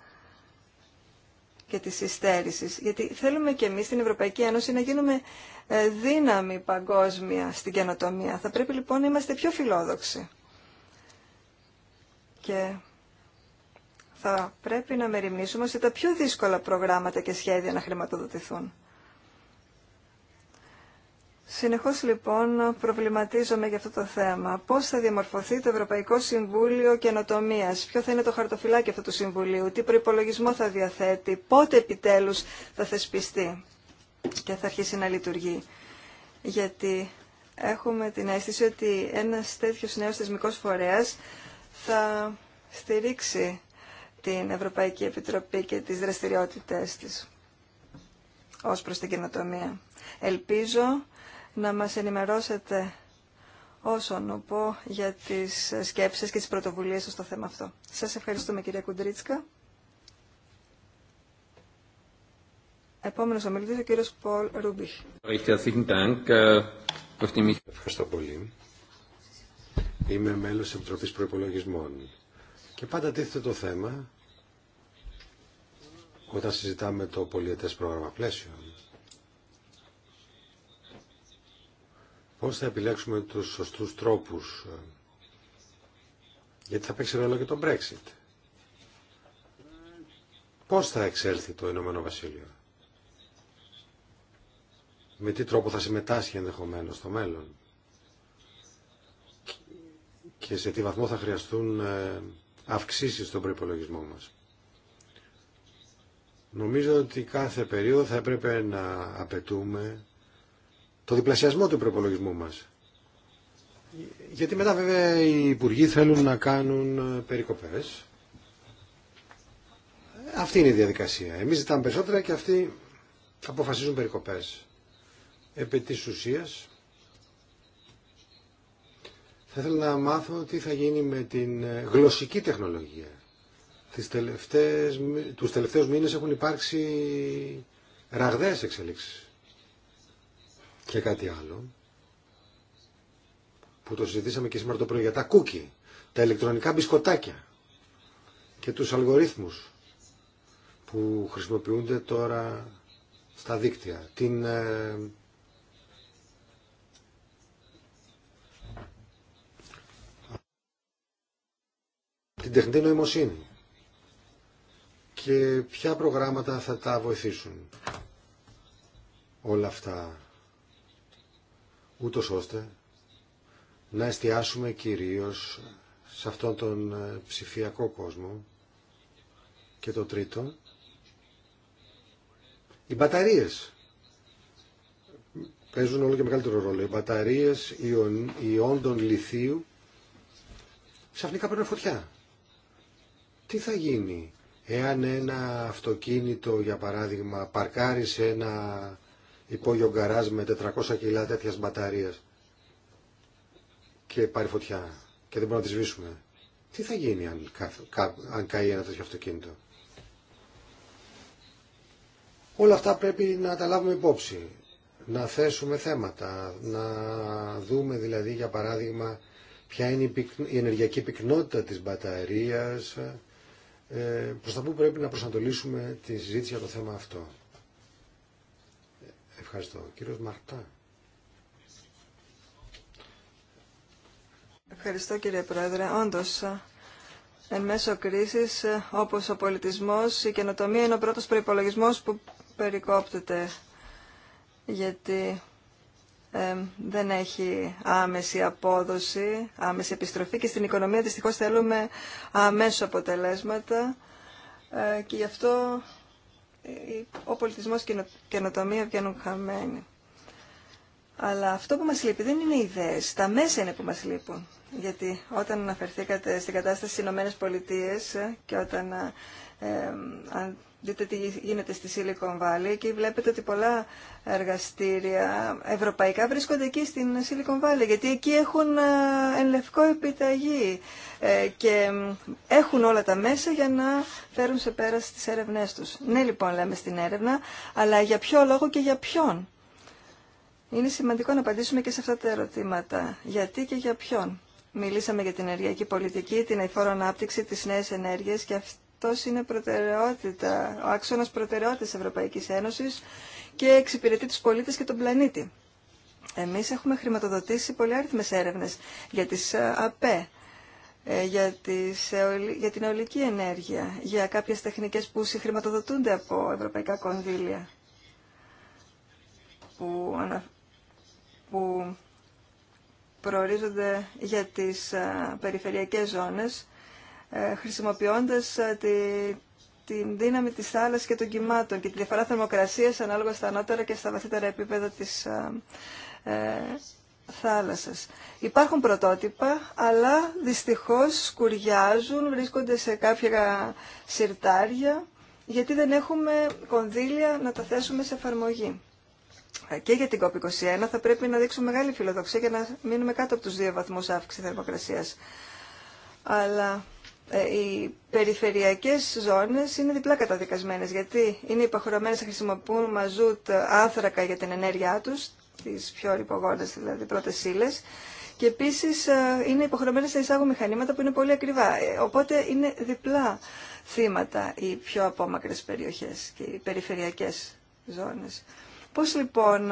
και της υστέρησης. Γιατί θέλουμε και εμείς στην Ευρωπαϊκή Ένωση να γίνουμε ε, δύναμη παγκόσμια στην καινοτομία. Θα πρέπει λοιπόν να είμαστε πιο φιλόδοξοι. Και θα πρέπει να μεριμνήσουμε σε τα πιο δύσκολα προγράμματα και σχέδια να χρηματοδοτηθούν. Συνεχώς λοιπόν προβληματίζομαι για αυτό το θέμα. Πώς θα διαμορφωθεί το Ευρωπαϊκό Συμβούλιο Καινοτομία, ποιο θα είναι το χαρτοφυλάκι αυτού του Συμβουλίου, τι προϋπολογισμό θα διαθέτει, πότε επιτέλους θα θεσπιστεί και θα αρχίσει να λειτουργεί. Γιατί έχουμε την αίσθηση ότι ένας τέτοιος νέος θεσμικός φορέας θα στηρίξει την Ευρωπαϊκή Επιτροπή και τις δραστηριότητές της ως προς την καινοτομία. Ελπίζω να μας ενημερώσετε όσον πω για τις σκέψεις και τις πρωτοβουλίες στο θέμα αυτό. Σας ευχαριστούμε κυρία Κουντρίτσκα. Επόμενος ομιλητής ο κύριος Πολ Ρούμπιχ. Ευχαριστώ πολύ. Είμαι μέλος Επιτροπής Προϋπολογισμών και πάντα τίθεται το θέμα, όταν συζητάμε το πολιετές πρόγραμμα πλαίσιο, πώς θα επιλέξουμε τους σωστούς τρόπους, ε, γιατί θα παίξει ρόλο και το Brexit. Πώς θα εξέλθει το Ηνωμένο Βασίλειο. Με τι τρόπο θα συμμετάσχει ενδεχομένως στο μέλλον. Και σε τι βαθμό θα χρειαστούν ε, αυξήσει στον προπολογισμό μας. Νομίζω ότι κάθε περίοδο θα έπρεπε να απαιτούμε το διπλασιασμό του προπολογισμού μας. Γιατί μετά βέβαια οι υπουργοί θέλουν να κάνουν ε, περικοπές. Αυτή είναι η διαδικασία. Εμείς ζητάμε περισσότερα και αυτοί αποφασίζουν περικοπές. Επί της ουσίας θα ήθελα να μάθω τι θα γίνει με την ε, γλωσσική τεχνολογία. Τις τελευταίες, τους τελευταίους μήνες έχουν υπάρξει ραγδαίες εξελίξεις. Και κάτι άλλο που το συζητήσαμε και σήμερα το πρωί για τα κούκι, τα ηλεκτρονικά μπισκοτάκια και τους αλγορίθμους που χρησιμοποιούνται τώρα στα δίκτυα. Την ε, την τεχνητή νοημοσύνη και ποια προγράμματα θα τα βοηθήσουν όλα αυτά ούτως ώστε να εστιάσουμε κυρίως σε αυτόν τον ε, ψηφιακό κόσμο και το τρίτο οι μπαταρίες παίζουν όλο και μεγαλύτερο ρόλο οι μπαταρίες οι ιόντων λιθίου ξαφνικά παίρνουν φωτιά τι θα γίνει εάν ένα αυτοκίνητο, για παράδειγμα, παρκάρει σε ένα υπόγειο γκαράζ με 400 κιλά τέτοιας μπαταρίας και πάρει φωτιά και δεν μπορούμε να τη σβήσουμε. Τι θα γίνει αν, αν καεί ένα τέτοιο αυτοκίνητο. Όλα αυτά πρέπει να τα λάβουμε υπόψη, να θέσουμε θέματα, να δούμε δηλαδή για παράδειγμα ποια είναι η ενεργειακή πυκνότητα της μπαταρίας, ε, προς τα που πρέπει να προσανατολίσουμε τη συζήτηση για το θέμα αυτό. Ε, ευχαριστώ. Κύριος Μαρτά. Ευχαριστώ κύριε Πρόεδρε. Όντως, εν μέσω κρίσης, όπως ο πολιτισμός, η καινοτομία είναι ο πρώτος προϋπολογισμός που περικόπτεται. Γιατί δεν έχει άμεση απόδοση, άμεση επιστροφή και στην οικονομία δυστυχώς θέλουμε αμέσως αποτελέσματα ε, και γι' αυτό ο πολιτισμός και η καινοτομία βγαίνουν χαμένοι. Αλλά αυτό που μας λείπει δεν είναι οι ιδέες, τα μέσα είναι που μας λείπουν. Γιατί όταν αναφερθήκατε στην κατάσταση στις Ηνωμένες Πολιτείες και όταν ε, ε Δείτε τι γίνεται στη Silicon Valley και βλέπετε ότι πολλά εργαστήρια ευρωπαϊκά βρίσκονται εκεί στην Silicon Valley γιατί εκεί έχουν ελευκό επιταγή ε, και έχουν όλα τα μέσα για να φέρουν σε πέρα στις έρευνές τους. Ναι λοιπόν λέμε στην έρευνα, αλλά για ποιο λόγο και για ποιον. Είναι σημαντικό να απαντήσουμε και σε αυτά τα ερωτήματα. Γιατί και για ποιον. Μιλήσαμε για την ενεργειακή πολιτική, την αηφόρο ανάπτυξη, τις νέες ενέργειες και αυτή αυτό είναι προτεραιότητα, ο άξονας προτεραιότητας Ευρωπαϊκής Ένωσης και εξυπηρετεί του πολίτε και τον πλανήτη. Εμείς έχουμε χρηματοδοτήσει πολυάριθμες έρευνε για τι ΑΠΕ, για, τις, ε, ε, ε, για την αιωλική ενέργεια, για κάποιες τεχνικέ που συγχρηματοδοτούνται από ευρωπαϊκά κονδύλια που, ανα, που προορίζονται για τις περιφερειακές ζώνες ε, χρησιμοποιώντας ε, τη, την δύναμη της θάλασσας και των κυμάτων και τη διαφορά θερμοκρασίας ανάλογα στα ανώτερα και στα βαθύτερα επίπεδα της ε, ε θάλασσας. Υπάρχουν πρωτότυπα, αλλά δυστυχώς σκουριάζουν, βρίσκονται σε κάποια συρτάρια, γιατί δεν έχουμε κονδύλια να τα θέσουμε σε εφαρμογή. Και για την COP21 θα πρέπει να δείξουμε μεγάλη φιλοδοξία για να μείνουμε κάτω από τους δύο βαθμούς αύξηση θερμοκρασίας. Αλλά ε, οι περιφερειακές ζώνες είναι διπλά καταδικασμένες γιατί είναι υποχρεωμένες να χρησιμοποιούν μαζούτ ε, άνθρακα για την ενέργειά τους, τις πιο ρυπογόνες, δηλαδή πρώτες σύλλες, και επίσης ε, είναι υποχρεωμένες να εισάγουν μηχανήματα που είναι πολύ ακριβά. Οπότε είναι διπλά θύματα οι πιο απόμακρες περιοχές και οι περιφερειακές ζώνες. Πώς λοιπόν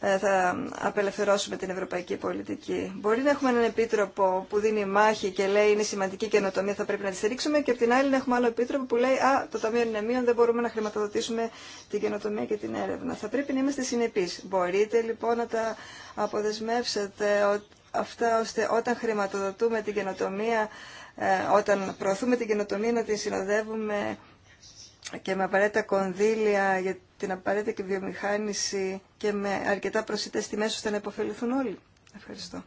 ε, θα απελευθερώσουμε την ευρωπαϊκή πολιτική. Μπορεί να έχουμε έναν επίτροπο που δίνει μάχη και λέει είναι σημαντική καινοτομία, θα πρέπει να τη στηρίξουμε και από την άλλη να έχουμε άλλο επίτροπο που λέει Α, το Ταμείο είναι μείον, δεν μπορούμε να χρηματοδοτήσουμε την καινοτομία και την έρευνα. Θα πρέπει να είμαστε συνεπεί. Μπορείτε λοιπόν να τα αποδεσμεύσετε αυτά ώστε όταν χρηματοδοτούμε την καινοτομία, ε, όταν προωθούμε την καινοτομία να την συνοδεύουμε και με απαραίτητα κονδύλια για την απαραίτητη βιομηχάνηση και με αρκετά προσιτές τιμές ώστε να υποφεληθούν όλοι. Ευχαριστώ.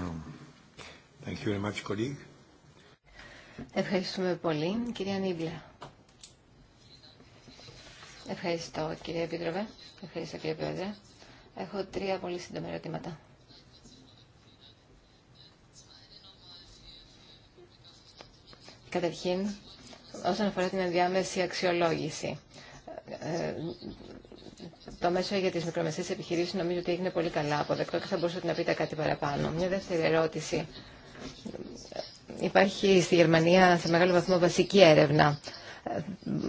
Um, thank you very much, Ευχαριστούμε πολύ. Κυρία Νίβλα. Ευχαριστώ κύριε Επίτροπε. Ευχαριστώ κύριε Πρόεδρε. Έχω τρία πολύ σύντομα ερωτήματα. Καταρχήν, όσον αφορά την ενδιάμεση αξιολόγηση. Ε, το μέσο για τις μικρομεσαίες επιχειρήσεις νομίζω ότι έγινε πολύ καλά αποδεκτό και θα μπορούσατε να πείτε κάτι παραπάνω. Μια δεύτερη ερώτηση. Υπάρχει στη Γερμανία σε μεγάλο βαθμό βασική έρευνα.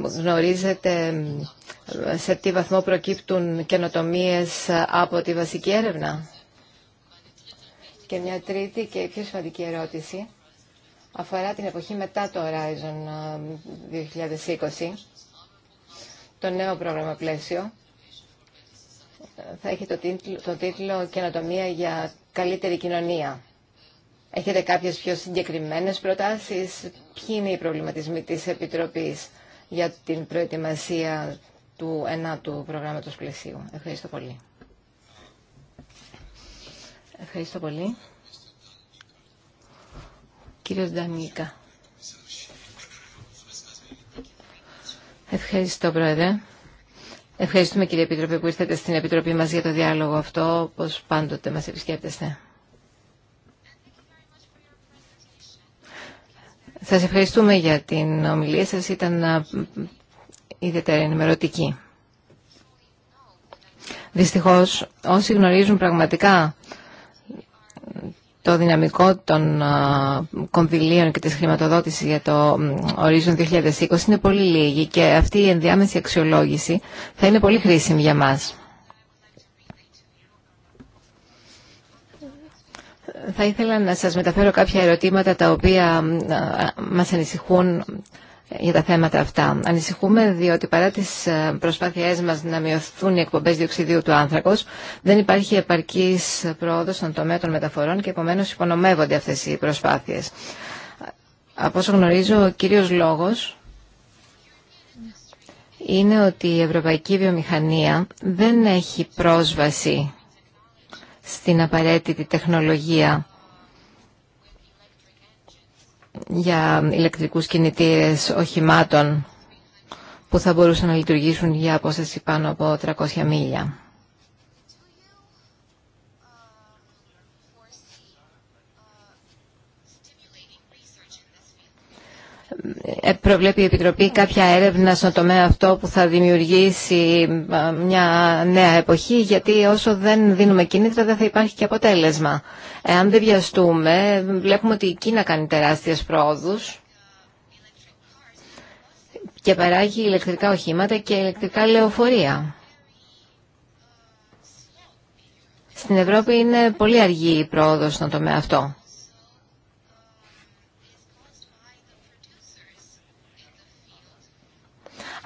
Γνωρίζετε σε τι βαθμό προκύπτουν καινοτομίες από τη βασική έρευνα. Και μια τρίτη και πιο σημαντική ερώτηση αφορά την εποχή μετά το Horizon 2020, ε, το νέο πρόγραμμα πλαίσιο. Θα έχει το τίτλο, «Καινοτομία για καλύτερη κοινωνία». Έχετε κάποιες πιο συγκεκριμένες προτάσεις. Ποιοι είναι οι προβληματισμοί της Επιτροπής για την προετοιμασία του ενάτου προγράμματος πλαισίου. Ευχαριστώ πολύ. Ευχαριστώ πολύ. Κύριος Ντανίκα. Ευχαριστώ, Πρόεδρε. Ευχαριστούμε, κύριε Επίτροπε, που ήρθατε στην Επιτροπή μας για το διάλογο αυτό, όπως πάντοτε μας επισκέπτεστε. Σας ευχαριστούμε για την ομιλία σας. Ήταν ιδιαίτερα ενημερωτική. Δυστυχώς, όσοι γνωρίζουν πραγματικά το δυναμικό των κονδυλίων και της χρηματοδότησης για το Horizon 2020 είναι πολύ λίγη και αυτή η ενδιάμεση αξιολόγηση θα είναι πολύ χρήσιμη για μας. Θα ήθελα να σας μεταφέρω κάποια ερωτήματα τα οποία μας ανησυχούν για τα θέματα αυτά. Ανησυχούμε διότι παρά τις ε, προσπάθειές μας να μειωθούν οι εκπομπές διοξιδίου του άνθρακος, δεν υπάρχει επαρκής πρόοδος στον τομέα των μεταφορών και επομένως υπονομεύονται αυτές οι προσπάθειες. Από όσο γνωρίζω, ο κύριος λόγος είναι ότι η ευρωπαϊκή βιομηχανία δεν έχει πρόσβαση στην απαραίτητη τεχνολογία για ηλεκτρικούς κινητήρες οχημάτων που θα μπορούσαν να λειτουργήσουν για απόσταση πάνω από 300 μίλια. Ε, προβλέπει η Επιτροπή κάποια έρευνα στον τομέα αυτό που θα δημιουργήσει ε, μια νέα εποχή γιατί όσο δεν δίνουμε κίνητρα δεν θα υπάρχει και αποτέλεσμα. Εάν δεν βιαστούμε βλέπουμε ότι η Κίνα κάνει τεράστιες πρόοδους και παράγει ηλεκτρικά οχήματα και ηλεκτρικά λεωφορεία. Στην Ευρώπη είναι πολύ αργή η πρόοδος στον τομέα αυτό.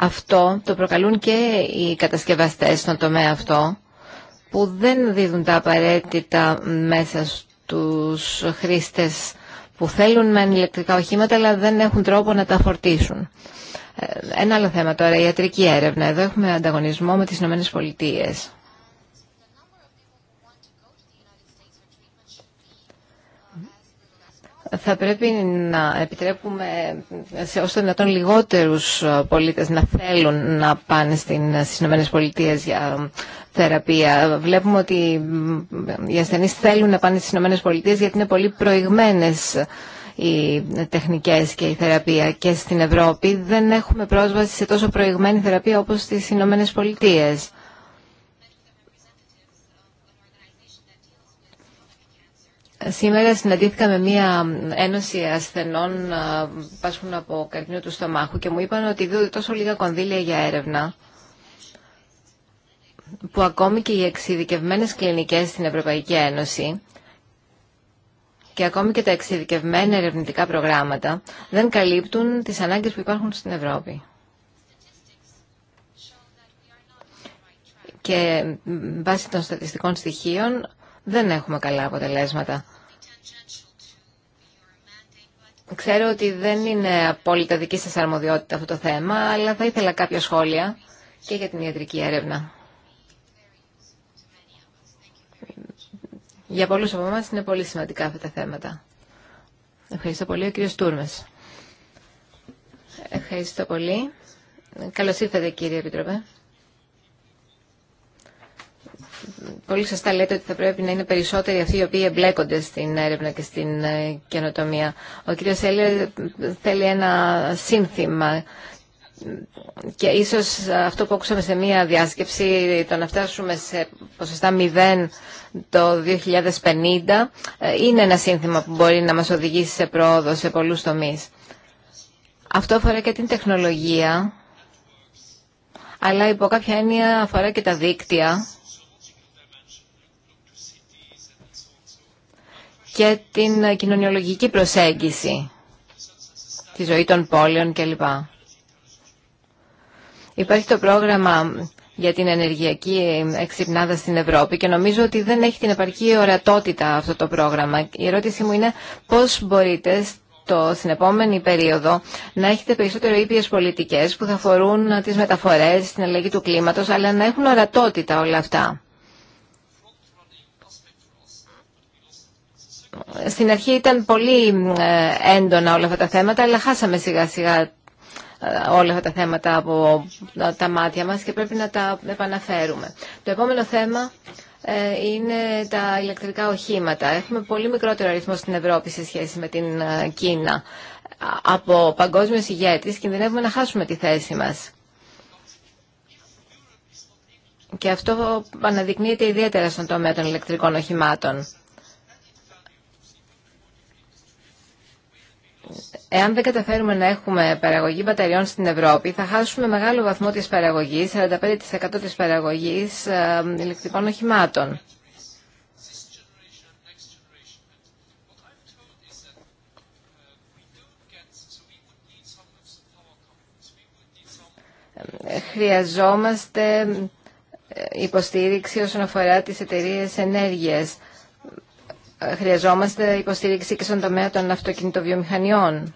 Αυτό το προκαλούν και οι κατασκευαστές στον τομέα αυτό που δεν δίδουν τα απαραίτητα μέσα στους χρήστες που θέλουν μεν ηλεκτρικά οχήματα αλλά δεν έχουν τρόπο να τα φορτίσουν. Ε, ένα άλλο θέμα τώρα, η ιατρική έρευνα. Εδώ έχουμε ανταγωνισμό με τις ΗΠΑ. Πολιτείες. θα πρέπει να επιτρέπουμε σε όσο δυνατόν λιγότερους ε, πολίτες να θέλουν να πάνε ε, στις ΗΠΑ για ε, θεραπεία. Βλέπουμε ότι οι ασθενείς θέλουν να πάνε στις ΗΠΑ γιατί είναι πολύ προηγμένες οι τεχνικές και η θεραπεία και στην Ευρώπη δεν έχουμε πρόσβαση σε τόσο προηγμένη θεραπεία όπως στις Ηνωμένες Πολιτείες. Σήμερα συναντήθηκα με μία ένωση ασθενών που ε, πάσχουν από καρκίνο του στομάχου και μου είπαν ότι δίνονται τόσο λίγα κονδύλια για έρευνα που ακόμη και οι εξειδικευμένες κλινικές στην Ευρωπαϊκή Ένωση και ακόμη και τα εξειδικευμένα ερευνητικά προγράμματα δεν καλύπτουν τις ανάγκες που υπάρχουν στην Ευρώπη. Και βάσει των στατιστικών στοιχείων δεν έχουμε καλά αποτελέσματα. Ξέρω ότι δεν είναι απόλυτα δική σας αρμοδιότητα αυτό το θέμα, αλλά θα ήθελα κάποια σχόλια και για την ιατρική έρευνα. Για πολλούς από εμάς είναι πολύ σημαντικά αυτά τα θέματα. Ευχαριστώ πολύ, ο κύριος Τούρμες. Ευχαριστώ πολύ. Καλώς ήρθατε, κύριε Επιτροπέ πολύ σωστά λέτε ότι θα πρέπει να είναι περισσότεροι αυτοί οι οποίοι εμπλέκονται στην έρευνα και στην ε, καινοτομία. Ο κύριος Σέλλερ θέλει ένα σύνθημα και ίσως αυτό που ακούσαμε σε μία διάσκεψη, το να φτάσουμε σε ποσοστά 0 το 2050, ε, είναι ένα σύνθημα που μπορεί να μας οδηγήσει σε πρόοδο σε πολλούς τομείς. Αυτό αφορά και την τεχνολογία, αλλά υπό κάποια έννοια αφορά και τα δίκτυα και την κοινωνιολογική προσέγγιση, τη ζωή των πόλεων κλπ. Υπάρχει το πρόγραμμα για την ενεργειακή εξυπνάδα στην Ευρώπη και νομίζω ότι δεν έχει την επαρκή ορατότητα αυτό το πρόγραμμα. Η ερώτησή μου είναι πώς μπορείτε το, στην επόμενη περίοδο να έχετε περισσότερο ήπιες πολιτικές που θα αφορούν τις μεταφορές, την αλλαγή του κλίματος, αλλά να έχουν ορατότητα όλα αυτά. στην αρχή ήταν πολύ ε, έντονα όλα αυτά τα θέματα, αλλά χάσαμε σιγά σιγά ε, όλα αυτά τα θέματα από ε, τα μάτια μας και πρέπει να τα επαναφέρουμε. Το επόμενο θέμα είναι τα ηλεκτρικά οχήματα. Έχουμε πολύ μικρότερο αριθμό στην Ευρώπη σε σχέση με την Κίνα. Από παγκόσμιος ηγέτης κινδυνεύουμε να χάσουμε τη θέση μας. Και αυτό αναδεικνύεται ιδιαίτερα στον τομέα των ηλεκτρικών οχημάτων. Εάν δεν καταφέρουμε να έχουμε παραγωγή μπαταριών στην Ευρώπη, θα χάσουμε μεγάλο βαθμό της παραγωγής, 45% της παραγωγής ε, ηλεκτρικών οχημάτων. Χρειαζόμαστε ε, υποστήριξη όσον αφορά τις εταιρείες ενέργειας χρειαζόμαστε υποστήριξη και στον τομέα των αυτοκινητοβιομηχανιών.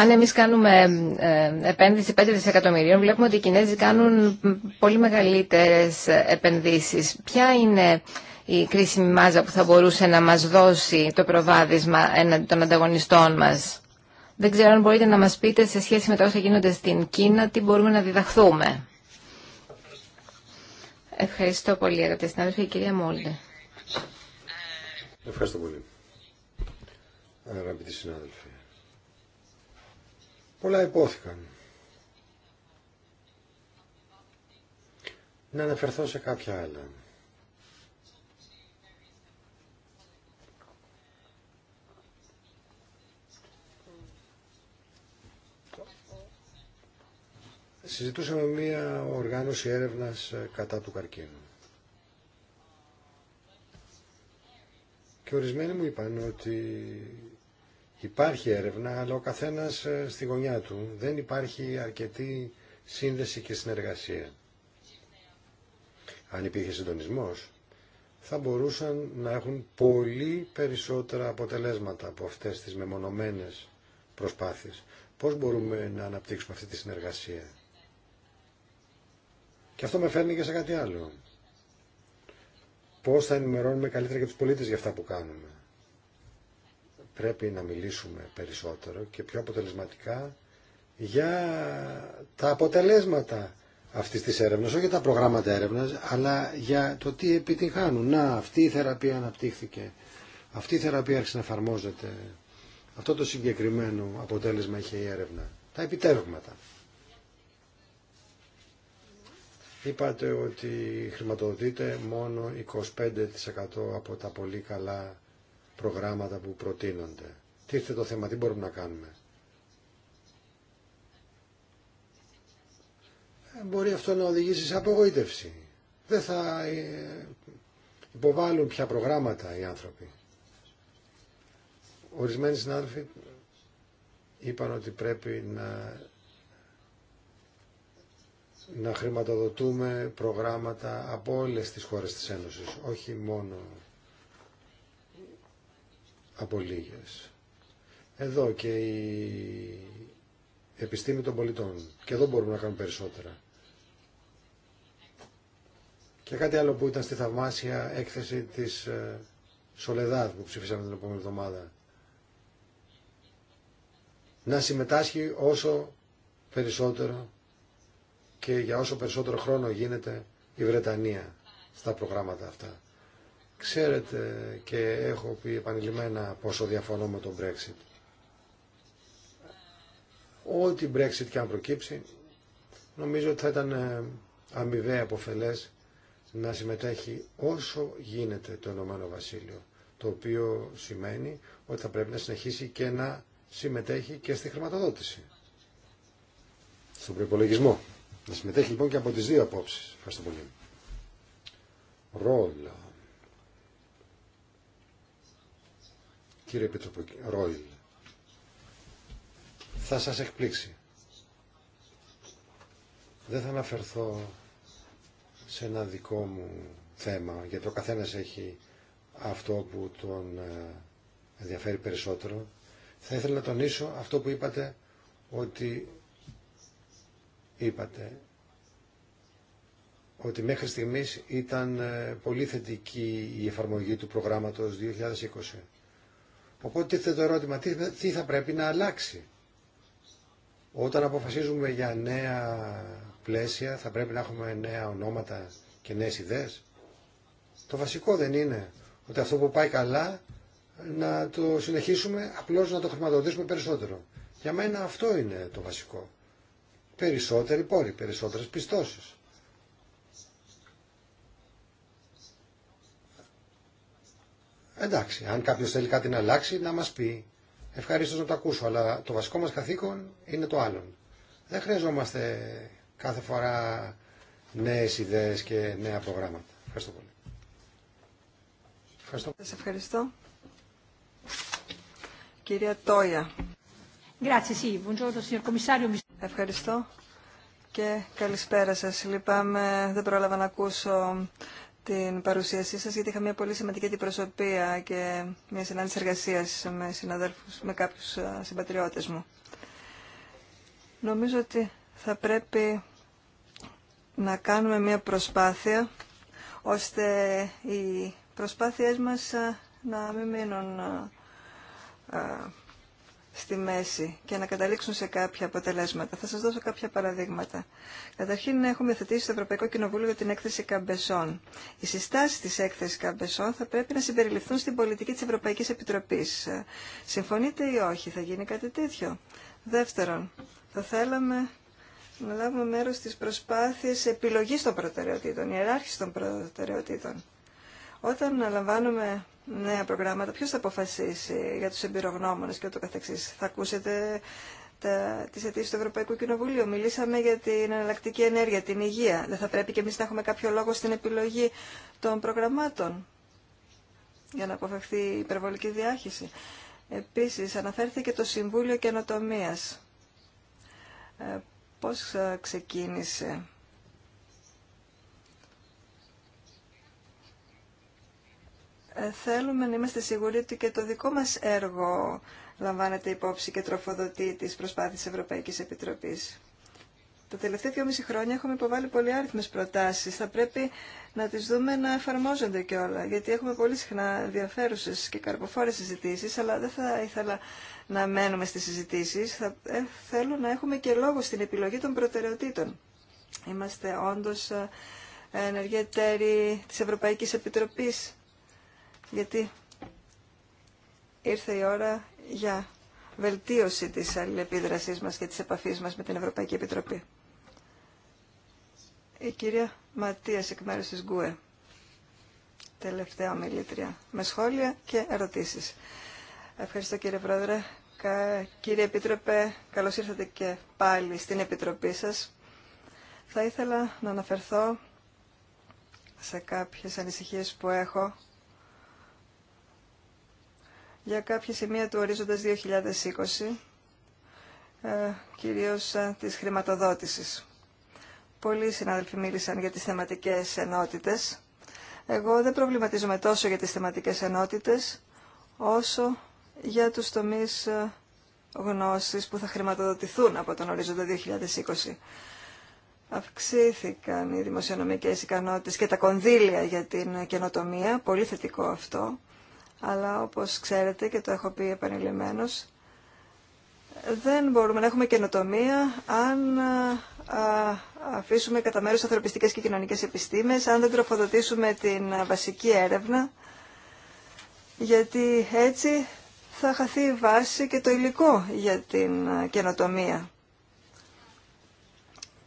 Αν εμείς κάνουμε ε, επένδυση 5 δισεκατομμυρίων, βλέπουμε ότι οι Κινέζοι κάνουν πολύ μεγαλύτερες επενδύσεις. Ποια είναι η κρίσιμη μάζα που θα μπορούσε να μας δώσει το προβάδισμα των ανταγωνιστών μας. Δεν ξέρω αν μπορείτε να μας πείτε σε σχέση με τα όσα γίνονται στην Κίνα τι μπορούμε να διδαχθούμε. Ευχαριστώ πολύ αγαπητοί συνάδελφοι η κυρία Μόλντε. Ευχαριστώ πολύ. Αγαπητοί συνάδελφοι. Πολλά υπόθηκαν. Να αναφερθώ σε κάποια άλλα. συζητούσαμε μία οργάνωση έρευνας ε, κατά του καρκίνου. Και ορισμένοι μου είπαν ότι υπάρχει έρευνα, αλλά ο καθένας ε, στη γωνιά του δεν υπάρχει αρκετή σύνδεση και συνεργασία. Αν υπήρχε συντονισμός, θα μπορούσαν να έχουν πολύ περισσότερα αποτελέσματα από αυτές τις μεμονωμένες προσπάθειες. Πώς μπορούμε να αναπτύξουμε αυτή τη συνεργασία. Και αυτό με φέρνει και σε κάτι άλλο. Πώς θα ενημερώνουμε καλύτερα και τους πολίτε για αυτά που κάνουμε. Πρέπει να μιλήσουμε περισσότερο και πιο αποτελεσματικά για τα αποτελέσματα αυτής της έρευνας, όχι για τα προγράμματα έρευνας, αλλά για το τι επιτυγχάνουν. Να, αυτή η θεραπεία αναπτύχθηκε, αυτή η θεραπεία άρχισε να εφαρμόζεται, αυτό το συγκεκριμένο αποτέλεσμα είχε η έρευνα. Τα επιτεύγματα. Είπατε ότι χρηματοδοτείται μόνο 25% από τα πολύ καλά προγράμματα που προτείνονται. Τι είστε το θέμα, τι μπορούμε να κάνουμε. Ε, μπορεί αυτό να οδηγήσει σε απογοήτευση. Δεν θα ε, υποβάλουν πια προγράμματα οι άνθρωποι. Ορισμένοι συνάδελφοι είπαν ότι πρέπει να να χρηματοδοτούμε προγράμματα από όλες τις χώρες της Ένωσης, όχι μόνο από λίγες. Εδώ και η επιστήμη των πολιτών. Και εδώ μπορούμε να κάνουμε περισσότερα. Και κάτι άλλο που ήταν στη θαυμάσια έκθεση της Σολεδάδ που ψήφισαμε την επόμενη εβδομάδα. Να συμμετάσχει όσο περισσότερο και για όσο περισσότερο χρόνο γίνεται η Βρετανία στα προγράμματα αυτά. Ξέρετε και έχω πει επανειλημμένα πόσο διαφωνώ με τον Brexit. Ό,τι Brexit και αν προκύψει, νομίζω ότι θα ήταν ε, αμοιβαία αποφελές να συμμετέχει όσο γίνεται το Ηνωμένο Βασίλειο, το οποίο σημαίνει ότι θα πρέπει να συνεχίσει και να συμμετέχει και στη χρηματοδότηση, στον προπολογισμό. Να συμμετέχει λοιπόν και από τις δύο απόψεις. Ευχαριστώ πολύ. Ρόλ. Κύριε Επίτροπο Ρόιλ, θα σας εκπλήξει. Δεν θα αναφερθώ σε ένα δικό μου θέμα, γιατί ο καθένας έχει αυτό που τον ε, ενδιαφέρει περισσότερο. Θα ήθελα να τονίσω αυτό που είπατε ότι είπατε ότι μέχρι στιγμής ήταν ε, πολύ θετική η εφαρμογή του προγράμματος 2020. Οπότε τίθεται το ερώτημα τι θα πρέπει να αλλάξει. Όταν αποφασίζουμε για νέα πλαίσια θα πρέπει να έχουμε νέα ονόματα και νέες ιδέες. Το βασικό δεν είναι ότι αυτό που πάει καλά να το συνεχίσουμε απλώς να το χρηματοδοτήσουμε περισσότερο. Για μένα αυτό είναι το βασικό περισσότεροι πόροι, περισσότερες πιστώσεις. Εντάξει, αν κάποιος θέλει κάτι να αλλάξει, να μας πει. Ευχαριστώ να το ακούσω, αλλά το βασικό μας καθήκον είναι το άλλον. Δεν χρειαζόμαστε κάθε φορά νέες ιδέες και νέα προγράμματα. Ευχαριστώ πολύ. Ευχαριστώ. ευχαριστώ. Κυρία Grazie, Ευχαριστώ και καλησπέρα σας. Λυπάμαι, δεν πρόλαβα να ακούσω την παρουσίασή σας γιατί είχα μια πολύ σημαντική αντιπροσωπεία και μια συνάντηση εργασίας με συναδέλφους, με κάποιους ε, συμπατριώτες μου. Νομίζω ότι θα πρέπει να κάνουμε μια προσπάθεια ώστε οι προσπάθειές μας ε, να μην μείνουν ε, στη μέση και να καταλήξουν σε κάποια αποτελέσματα. Θα σας δώσω κάποια παραδείγματα. Καταρχήν έχουμε θετήσει στο Ευρωπαϊκό Κοινοβούλιο την έκθεση Καμπεσόν. Οι συστάσεις της έκθεσης Καμπεσόν θα πρέπει να συμπεριληφθούν στην πολιτική της Ευρωπαϊκής Επιτροπής. Συμφωνείτε ή όχι, θα γίνει κάτι τέτοιο. Δεύτερον, θα θέλαμε να λάβουμε μέρος στις προσπάθειες επιλογής των προτεραιοτήτων, ιεράρχηση των προτεραιοτήτων. Όταν αναλαμβάνουμε νέα προγράμματα, ποιος θα αποφασίσει για τους εμπειρογνώμονες και ούτω καθεξής. Θα ακούσετε τα, τις αιτήσεις του Ευρωπαϊκού Κοινοβουλίου. Μιλήσαμε για την εναλλακτική ενέργεια, την υγεία. Δεν θα πρέπει και εμείς να έχουμε κάποιο λόγο στην επιλογή των προγραμμάτων για να αποφευθεί η υπερβολική διάχυση. Επίσης, αναφέρθηκε το Συμβούλιο Καινοτομίας. Ε, πώς ε, ξεκίνησε Ε, θέλουμε να είμαστε σίγουροι ότι και το δικό μας έργο λαμβάνεται υπόψη και τροφοδοτεί τις προσπάθειες Ευρωπαϊκής Επιτροπής. Τα τελευταία δυόμιση χρόνια έχουμε υποβάλει πολλοί άριθμες προτάσεις. Θα πρέπει να τις δούμε να εφαρμόζονται κιόλα. γιατί έχουμε πολύ συχνά ενδιαφέρουσε και καρποφόρες συζητήσεις, αλλά δεν θα ήθελα να μένουμε στις συζητήσεις. Θα, ε, θέλω να έχουμε και λόγο στην επιλογή των προτεραιοτήτων. Είμαστε όντως ε, ενεργοί εταίροι της Ευρωπαϊκής Επιτροπής γιατί ήρθε η ώρα για βελτίωση της αλληλεπίδρασής μας και της επαφής μας με την Ευρωπαϊκή Επιτροπή. Η κυρία Ματίας εκ μέρους της ΓΚΟΕ, τελευταία ομιλήτρια, με σχόλια και ερωτήσεις. Ευχαριστώ κύριε Πρόεδρε. Κύριε Επίτροπε, καλώς ήρθατε και πάλι στην Επιτροπή σας. Θα ήθελα να αναφερθώ σε κάποιες ανησυχίες που έχω για κάποια σημεία του ορίζοντας 2020, ε, κυρίως ε, της χρηματοδότησης. Πολλοί συνάδελφοι μίλησαν για τις θεματικές ενότητες. Εγώ δεν προβληματίζομαι τόσο για τις θεματικές ενότητες, όσο για τους τομείς ε, γνώσης που θα χρηματοδοτηθούν από τον ορίζοντα 2020. Αυξήθηκαν οι δημοσιονομικές ικανότητες και τα κονδύλια για την καινοτομία, πολύ θετικό αυτό, αλλά όπως ξέρετε και το έχω πει επανειλημμένως, δεν μπορούμε να έχουμε καινοτομία αν αφήσουμε κατά μέρους ανθρωπιστικές και κοινωνικές επιστήμες, αν δεν τροφοδοτήσουμε την βασική έρευνα, γιατί έτσι θα χαθεί η βάση και το υλικό για την καινοτομία.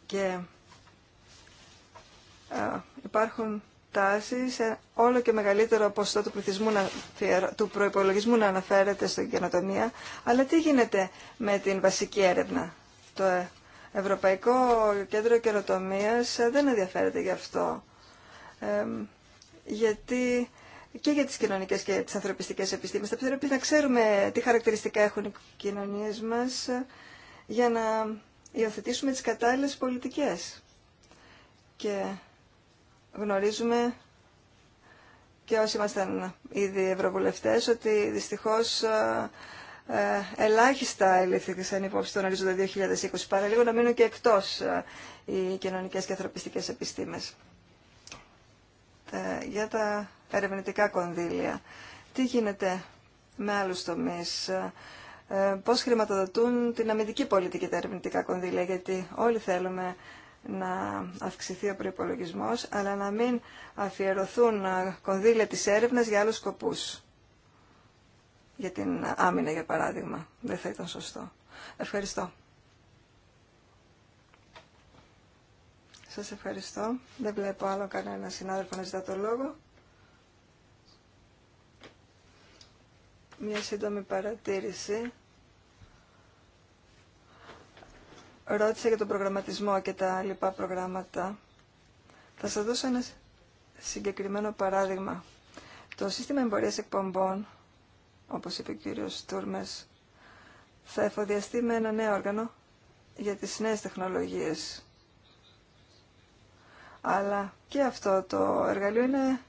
Και υπάρχουν σε ε, όλο και μεγαλύτερο ποσοστό του, πληθυσμού, του προϋπολογισμού να αναφέρεται στην καινοτομία. Αλλά τι γίνεται με την βασική έρευνα. Το ε, Ευρωπαϊκό Κέντρο καινοτομία ε, δεν ενδιαφέρεται γι' αυτό. γιατί και για τις κοινωνικές και τις ανθρωπιστικές επιστήμες θα πρέπει να ξέρουμε τι χαρακτηριστικά έχουν οι κοινωνίες μας για να υιοθετήσουμε τις κατάλληλες πολιτικές. Και γνωρίζουμε και όσοι ήμασταν ήδη ευρωβουλευτές ότι δυστυχώς ε, ε, ελάχιστα ελήφθηκαν υπόψη τον ορίζοντα 2020 παρά λίγο να μείνουν και εκτός ε, οι κοινωνικές και ανθρωπιστικές επιστήμες. Για τα ερευνητικά κονδύλια, τι γίνεται με άλλους τομείς, πώς χρηματοδοτούν την αμυντική πολιτική τα ερευνητικά κονδύλια, γιατί όλοι θέλουμε να αυξηθεί ο προπολογισμό, αλλά να μην αφιερωθούν ε, κονδύλια της έρευνας για άλλους σκοπούς. Για την άμυνα, για παράδειγμα. Δεν θα ήταν σωστό. Ευχαριστώ. Σας ευχαριστώ. Δεν βλέπω άλλο κανένα συνάδελφο να ζητά το λόγο. Μια σύντομη παρατήρηση ρώτησα για τον προγραμματισμό και τα λοιπά προγράμματα. Θα σας δώσω ένα συγκεκριμένο παράδειγμα. Το σύστημα εμπορίας εκπομπών, όπως είπε ο κύριος Τούρμες, θα εφοδιαστεί με ένα νέο όργανο για τις νέες τεχνολογίες. Αλλά και αυτό το εργαλείο είναι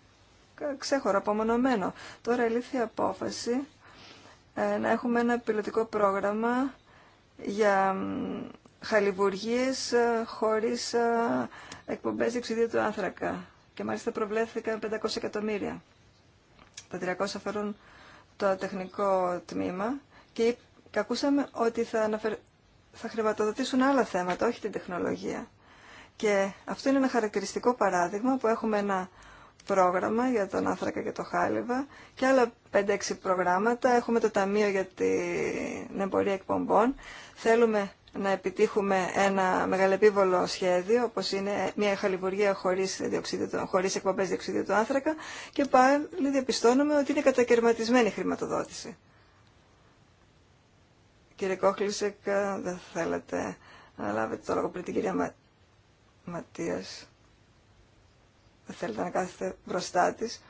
ξέχωρο, απομονωμένο. Τώρα ελήφθη η απόφαση ε, να έχουμε ένα πιλωτικό πρόγραμμα για χαλιβουργίες ε, χωρίς ε, εκπομπές διεξουδίου του άνθρακα. Και μάλιστα προβλέφθηκαν 500 εκατομμύρια. Τα 300 αφορούν το τεχνικό τμήμα και ακούσαμε ότι θα, αναφερ... θα χρηματοδοτήσουν άλλα θέματα, όχι την τεχνολογία. Και αυτό είναι ένα χαρακτηριστικό παράδειγμα που έχουμε ένα πρόγραμμα για τον άνθρακα και το χάλιβα και άλλα 5-6 προγράμματα. Έχουμε το Ταμείο για την Εμπορία Εκπομπών. Θέλουμε να επιτύχουμε ένα μεγαλεπίβολο σχέδιο, όπως είναι μια χαλιβουργία χωρίς, χωρίς εκπομπές διοξιδίου του άνθρακα και πάλι διαπιστώνουμε ότι είναι κατακαιρματισμένη η χρηματοδότηση. Κύριε Κόχλησεκ, δεν θέλετε να λάβετε το λόγο πριν την κυρία Μα... Ματίας. Δεν θέλετε να κάθετε μπροστά της.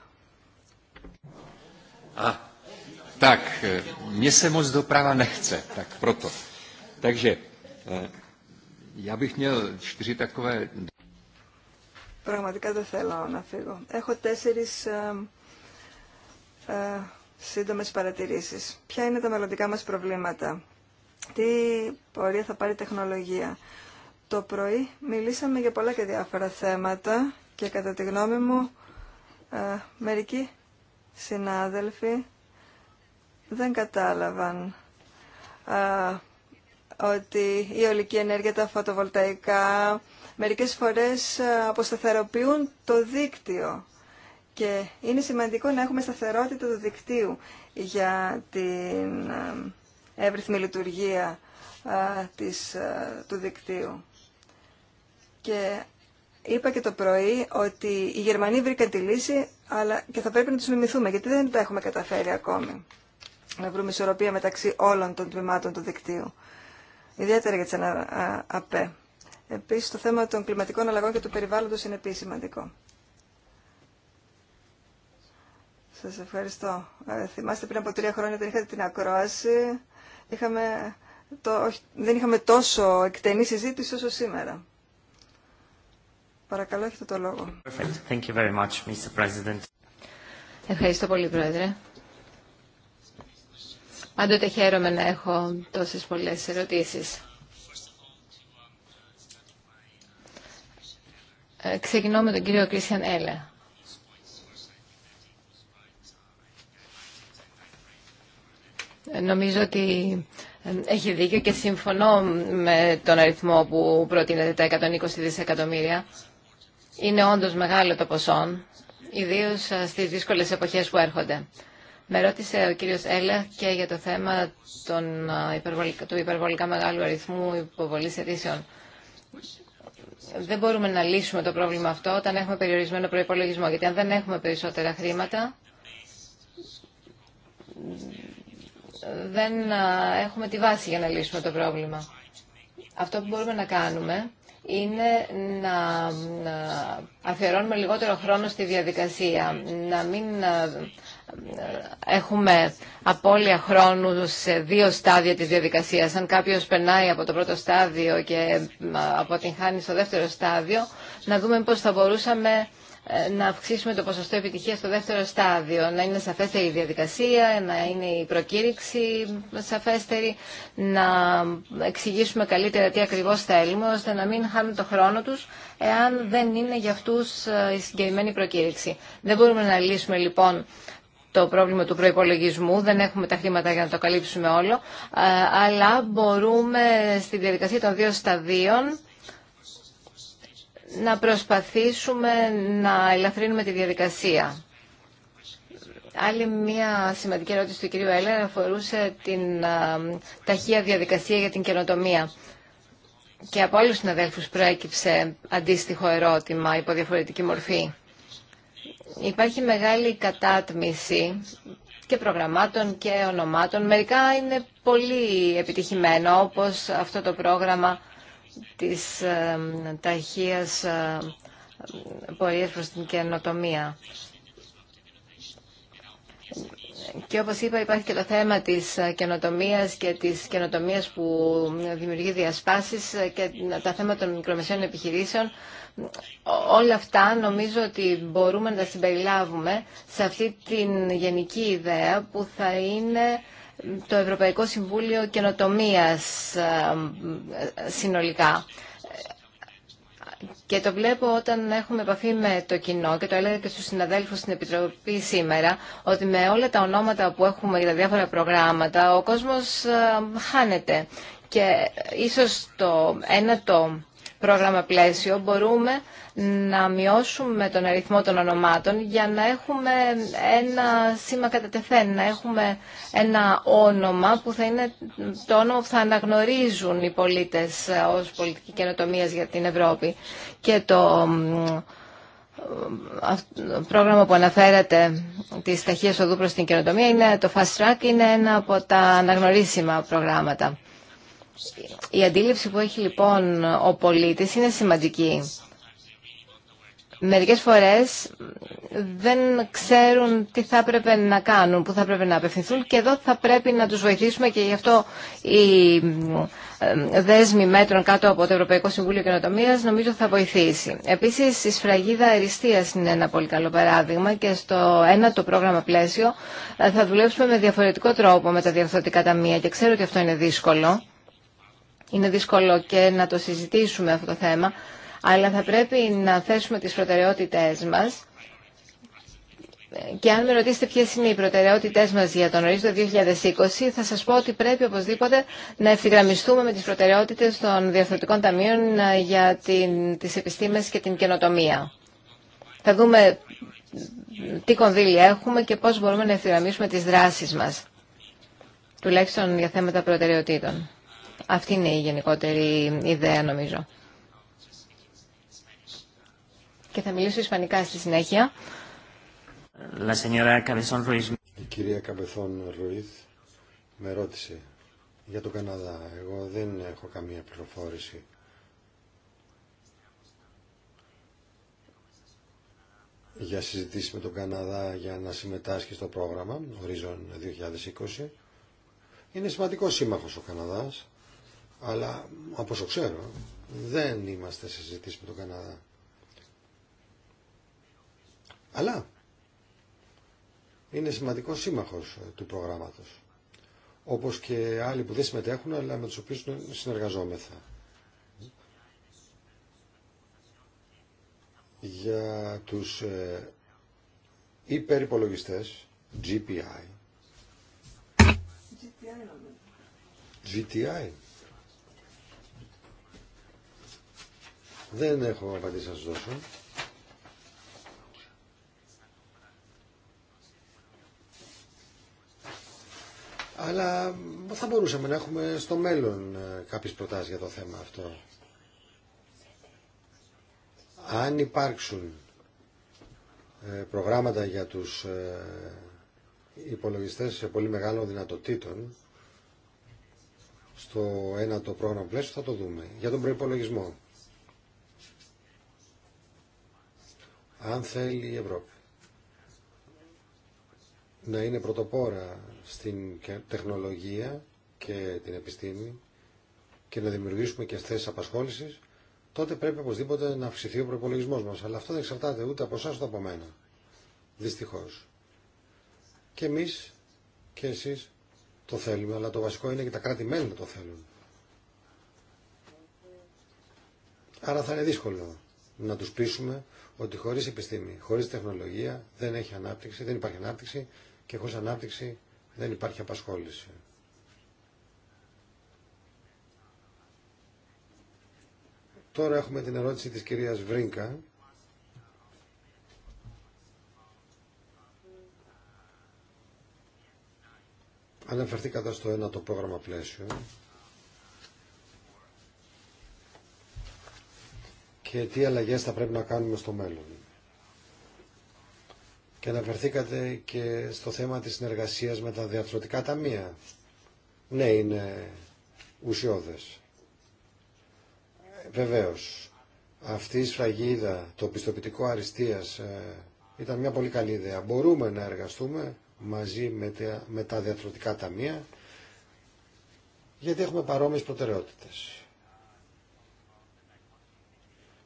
Α, e, ε, Πραγματικά δεν θέλω να φύγω. Έχω τέσσερις ε, ε, σύντομες παρατηρήσεις. Ποια είναι τα μελλοντικά μας προβλήματα. Τι πορεία θα πάρει τεχνολογία. Το πρωί μιλήσαμε για πολλά και διάφορα θέματα και κατά τη γνώμη μου ε, μερικοί συνάδελφοι δεν κατάλαβαν ε, ότι η ολική ενέργεια, τα φωτοβολταϊκά, μερικές φορές ε, αποσταθεροποιούν το δίκτυο. Και είναι σημαντικό να έχουμε σταθερότητα του δικτύου για την ε, εύρυθμη λειτουργία ε, της, του δικτύου. Και είπα και το πρωί ότι οι Γερμανοί βρήκαν τη λύση αλλά και θα πρέπει να τους μιμηθούμε γιατί δεν τα έχουμε καταφέρει ακόμη να βρούμε ισορροπία μεταξύ όλων των τμήματων του δικτύου ιδιαίτερα για τι ΑΠΕ. Επίση, το θέμα των κλιματικών αλλαγών και του περιβάλλοντος είναι επίσημα σημαντικό. Σας ευχαριστώ. Ε, θυμάστε πριν από τρία χρόνια δεν είχατε την ακρόαση, είχαμε το, δεν είχαμε τόσο εκτενή συζήτηση όσο σήμερα. Παρακαλώ, έχετε το λόγο. Ευχαριστώ πολύ, Πρόεδρε. Πάντοτε χαίρομαι να έχω τόσες πολλές ερωτήσεις. Ε, ξεκινώ με τον κύριο Κρίσιαν Έλε. Νομίζω ότι ε, έχει δίκιο και συμφωνώ με τον αριθμό που προτείνεται τα 120 δισεκατομμύρια. Είναι όντως μεγάλο το ποσό, ιδίως ε, στις δύσκολες εποχές που έρχονται. Με ρώτησε ο κύριος Έλα και για το θέμα των του υπερβολικά μεγάλου αριθμού υποβολής αιτήσεων. Δεν μπορούμε να λύσουμε το πρόβλημα αυτό όταν έχουμε περιορισμένο προϋπολογισμό, γιατί αν δεν έχουμε περισσότερα χρήματα, δεν έχουμε τη βάση για να λύσουμε το πρόβλημα. Αυτό που μπορούμε να κάνουμε είναι να αφιερώνουμε λιγότερο χρόνο στη διαδικασία, να μην έχουμε απώλεια χρόνου σε δύο στάδια της διαδικασίας. Αν κάποιος περνάει από το πρώτο στάδιο και αποτυγχάνει στο δεύτερο στάδιο, να δούμε πώς θα μπορούσαμε ε, να αυξήσουμε το ποσοστό επιτυχία στο δεύτερο στάδιο, να είναι σαφέστερη η διαδικασία, να είναι η προκήρυξη σαφέστερη, να εξηγήσουμε καλύτερα τι ακριβώς θέλουμε, ώστε να μην χάνουν το χρόνο τους, εάν δεν είναι για αυτούς ε, η συγκεκριμένη προκήρυξη. Δεν μπορούμε να λύσουμε λοιπόν το πρόβλημα του προπολογισμού. δεν έχουμε τα χρήματα για να το καλύψουμε όλο, αλλά μπορούμε στη διαδικασία των δύο σταδίων να προσπαθήσουμε να ελαφρύνουμε τη διαδικασία. Άλλη μια σημαντική ερώτηση του κυρίου Έλλερ αφορούσε την ταχεία διαδικασία για την καινοτομία. Και από άλλους συναδέλφους προέκυψε αντίστοιχο ερώτημα υπό διαφορετική μορφή υπάρχει μεγάλη κατάτμηση και προγραμμάτων και ονομάτων. Μερικά είναι πολύ επιτυχημένο, όπως αυτό το πρόγραμμα της ε, ταχείας ε, πορείας προς την καινοτομία. Και όπως είπα υπάρχει και το θέμα της καινοτομίας και της καινοτομίας που δημιουργεί διασπάσεις και τα θέματα των μικρομεσαίων επιχειρήσεων. Όλα αυτά νομίζω ότι μπορούμε να τα συμπεριλάβουμε σε αυτή την γενική ιδέα που θα είναι το Ευρωπαϊκό Συμβούλιο Καινοτομίας ε, συνολικά. Και το βλέπω όταν έχουμε επαφή με το κοινό και το έλεγα και στους συναδέλφους στην Επιτροπή σήμερα ότι με όλα τα ονόματα που έχουμε για τα διάφορα προγράμματα ο κόσμος ε, χάνεται. Και ίσως το ένα το πρόγραμμα πλαίσιο μπορούμε να μειώσουμε τον αριθμό των ονομάτων για να έχουμε ένα σήμα κατά να έχουμε ένα όνομα που θα είναι το όνομα που θα αναγνωρίζουν οι πολίτες ως πολιτική καινοτομία για την Ευρώπη. Και το πρόγραμμα που αναφέρατε τη ταχεία οδού προς την καινοτομία είναι το Fast Track, είναι ένα από τα αναγνωρίσιμα προγράμματα η αντίληψη που έχει λοιπόν ο πολίτης είναι σημαντική. Μερικές φορές δεν ξέρουν τι θα έπρεπε να κάνουν, που θα έπρεπε να απευθυνθούν και εδώ θα πρέπει να τους βοηθήσουμε και γι' αυτό η ε, δέσμη μέτρων κάτω από το Ευρωπαϊκό Συμβούλιο Καινοτομία νομίζω θα βοηθήσει. Επίσης η σφραγίδα αριστείας είναι ένα πολύ καλό παράδειγμα και στο ένα το πρόγραμμα πλαίσιο ε, θα δουλέψουμε με διαφορετικό τρόπο με τα διαρθωτικά ταμεία και ξέρω ότι αυτό είναι δύσκολο. Είναι δύσκολο και να το συζητήσουμε αυτό το θέμα, αλλά θα πρέπει να θέσουμε τις προτεραιότητές μας και αν με ρωτήσετε ποιε είναι οι προτεραιότητές μα για τον ορίζοντα 2020, θα σα πω ότι πρέπει οπωσδήποτε να ευθυγραμμιστούμε με τι προτεραιότητε των Διευθυντικών ταμείων ε, για τι επιστήμε και την καινοτομία. Θα δούμε τι κονδύλια έχουμε και πώς μπορούμε να ευθυγραμμίσουμε τις δράσεις μας, τουλάχιστον για θέματα προτεραιοτήτων. Αυτή είναι η γενικότερη ιδέα νομίζω. Και θα μιλήσω ισπανικά στη συνέχεια. Η κυρία Καβεθόν Ρουίθ με ρώτησε για το Καναδά. Εγώ δεν έχω καμία πληροφόρηση. για συζητήσεις με τον Καναδά για να συμμετάσχει στο πρόγραμμα Horizon 2020. Είναι σημαντικός σύμμαχος ο Καναδάς αλλά από όσο ξέρω δεν είμαστε σε συζητήσεις με τον Καναδά. Αλλά είναι σημαντικό σύμμαχος ε, του προγράμματος. Όπως και άλλοι που δεν συμμετέχουν αλλά με τους οποίους συνεργαζόμεθα. Για τους ε, υπερυπολογιστές GPI GTI Δεν έχω απαντήσει να σας δώσω. Αλλά θα μπορούσαμε να έχουμε στο μέλλον ε, κάποιες προτάσεις για το θέμα αυτό. Αν υπάρξουν ε, προγράμματα για τους ε, υπολογιστές σε πολύ μεγάλο δυνατοτήτων, στο ένα το πρόγραμμα πλαίσιο θα το δούμε. Για τον προϋπολογισμό. Αν θέλει η Ευρώπη να είναι πρωτοπόρα στην τεχνολογία και την επιστήμη και να δημιουργήσουμε και θέσει απασχόληση, τότε πρέπει οπωσδήποτε να αυξηθεί ο προπολογισμό μα. Αλλά αυτό δεν εξαρτάται ούτε από εσά ούτε από μένα. Δυστυχώ. Και εμεί και εσεί το θέλουμε, αλλά το βασικό είναι και τα κράτη-μέλη να το θέλουν. Άρα θα είναι δύσκολο να τους πείσουμε ότι χωρίς επιστήμη, χωρίς τεχνολογία δεν έχει ανάπτυξη, δεν υπάρχει ανάπτυξη και χωρίς ανάπτυξη δεν υπάρχει απασχόληση. Τώρα έχουμε την ερώτηση της κυρίας Βρίνκα. Αναφερθήκατε στο ένα το πρόγραμμα πλαίσιο. και τι αλλαγές θα πρέπει να κάνουμε στο μέλλον. Και αναφερθήκατε και στο θέμα της συνεργασίας με τα διατροτικά ταμεία. Ναι, είναι ουσιώδες. Βεβαίως, αυτή η σφραγίδα, το πιστοποιητικό αριστείας, ε, ήταν μια πολύ καλή ιδέα. Μπορούμε να εργαστούμε μαζί με τα, με τα διατροτικά ταμεία, γιατί έχουμε παρόμοιες προτεραιότητες.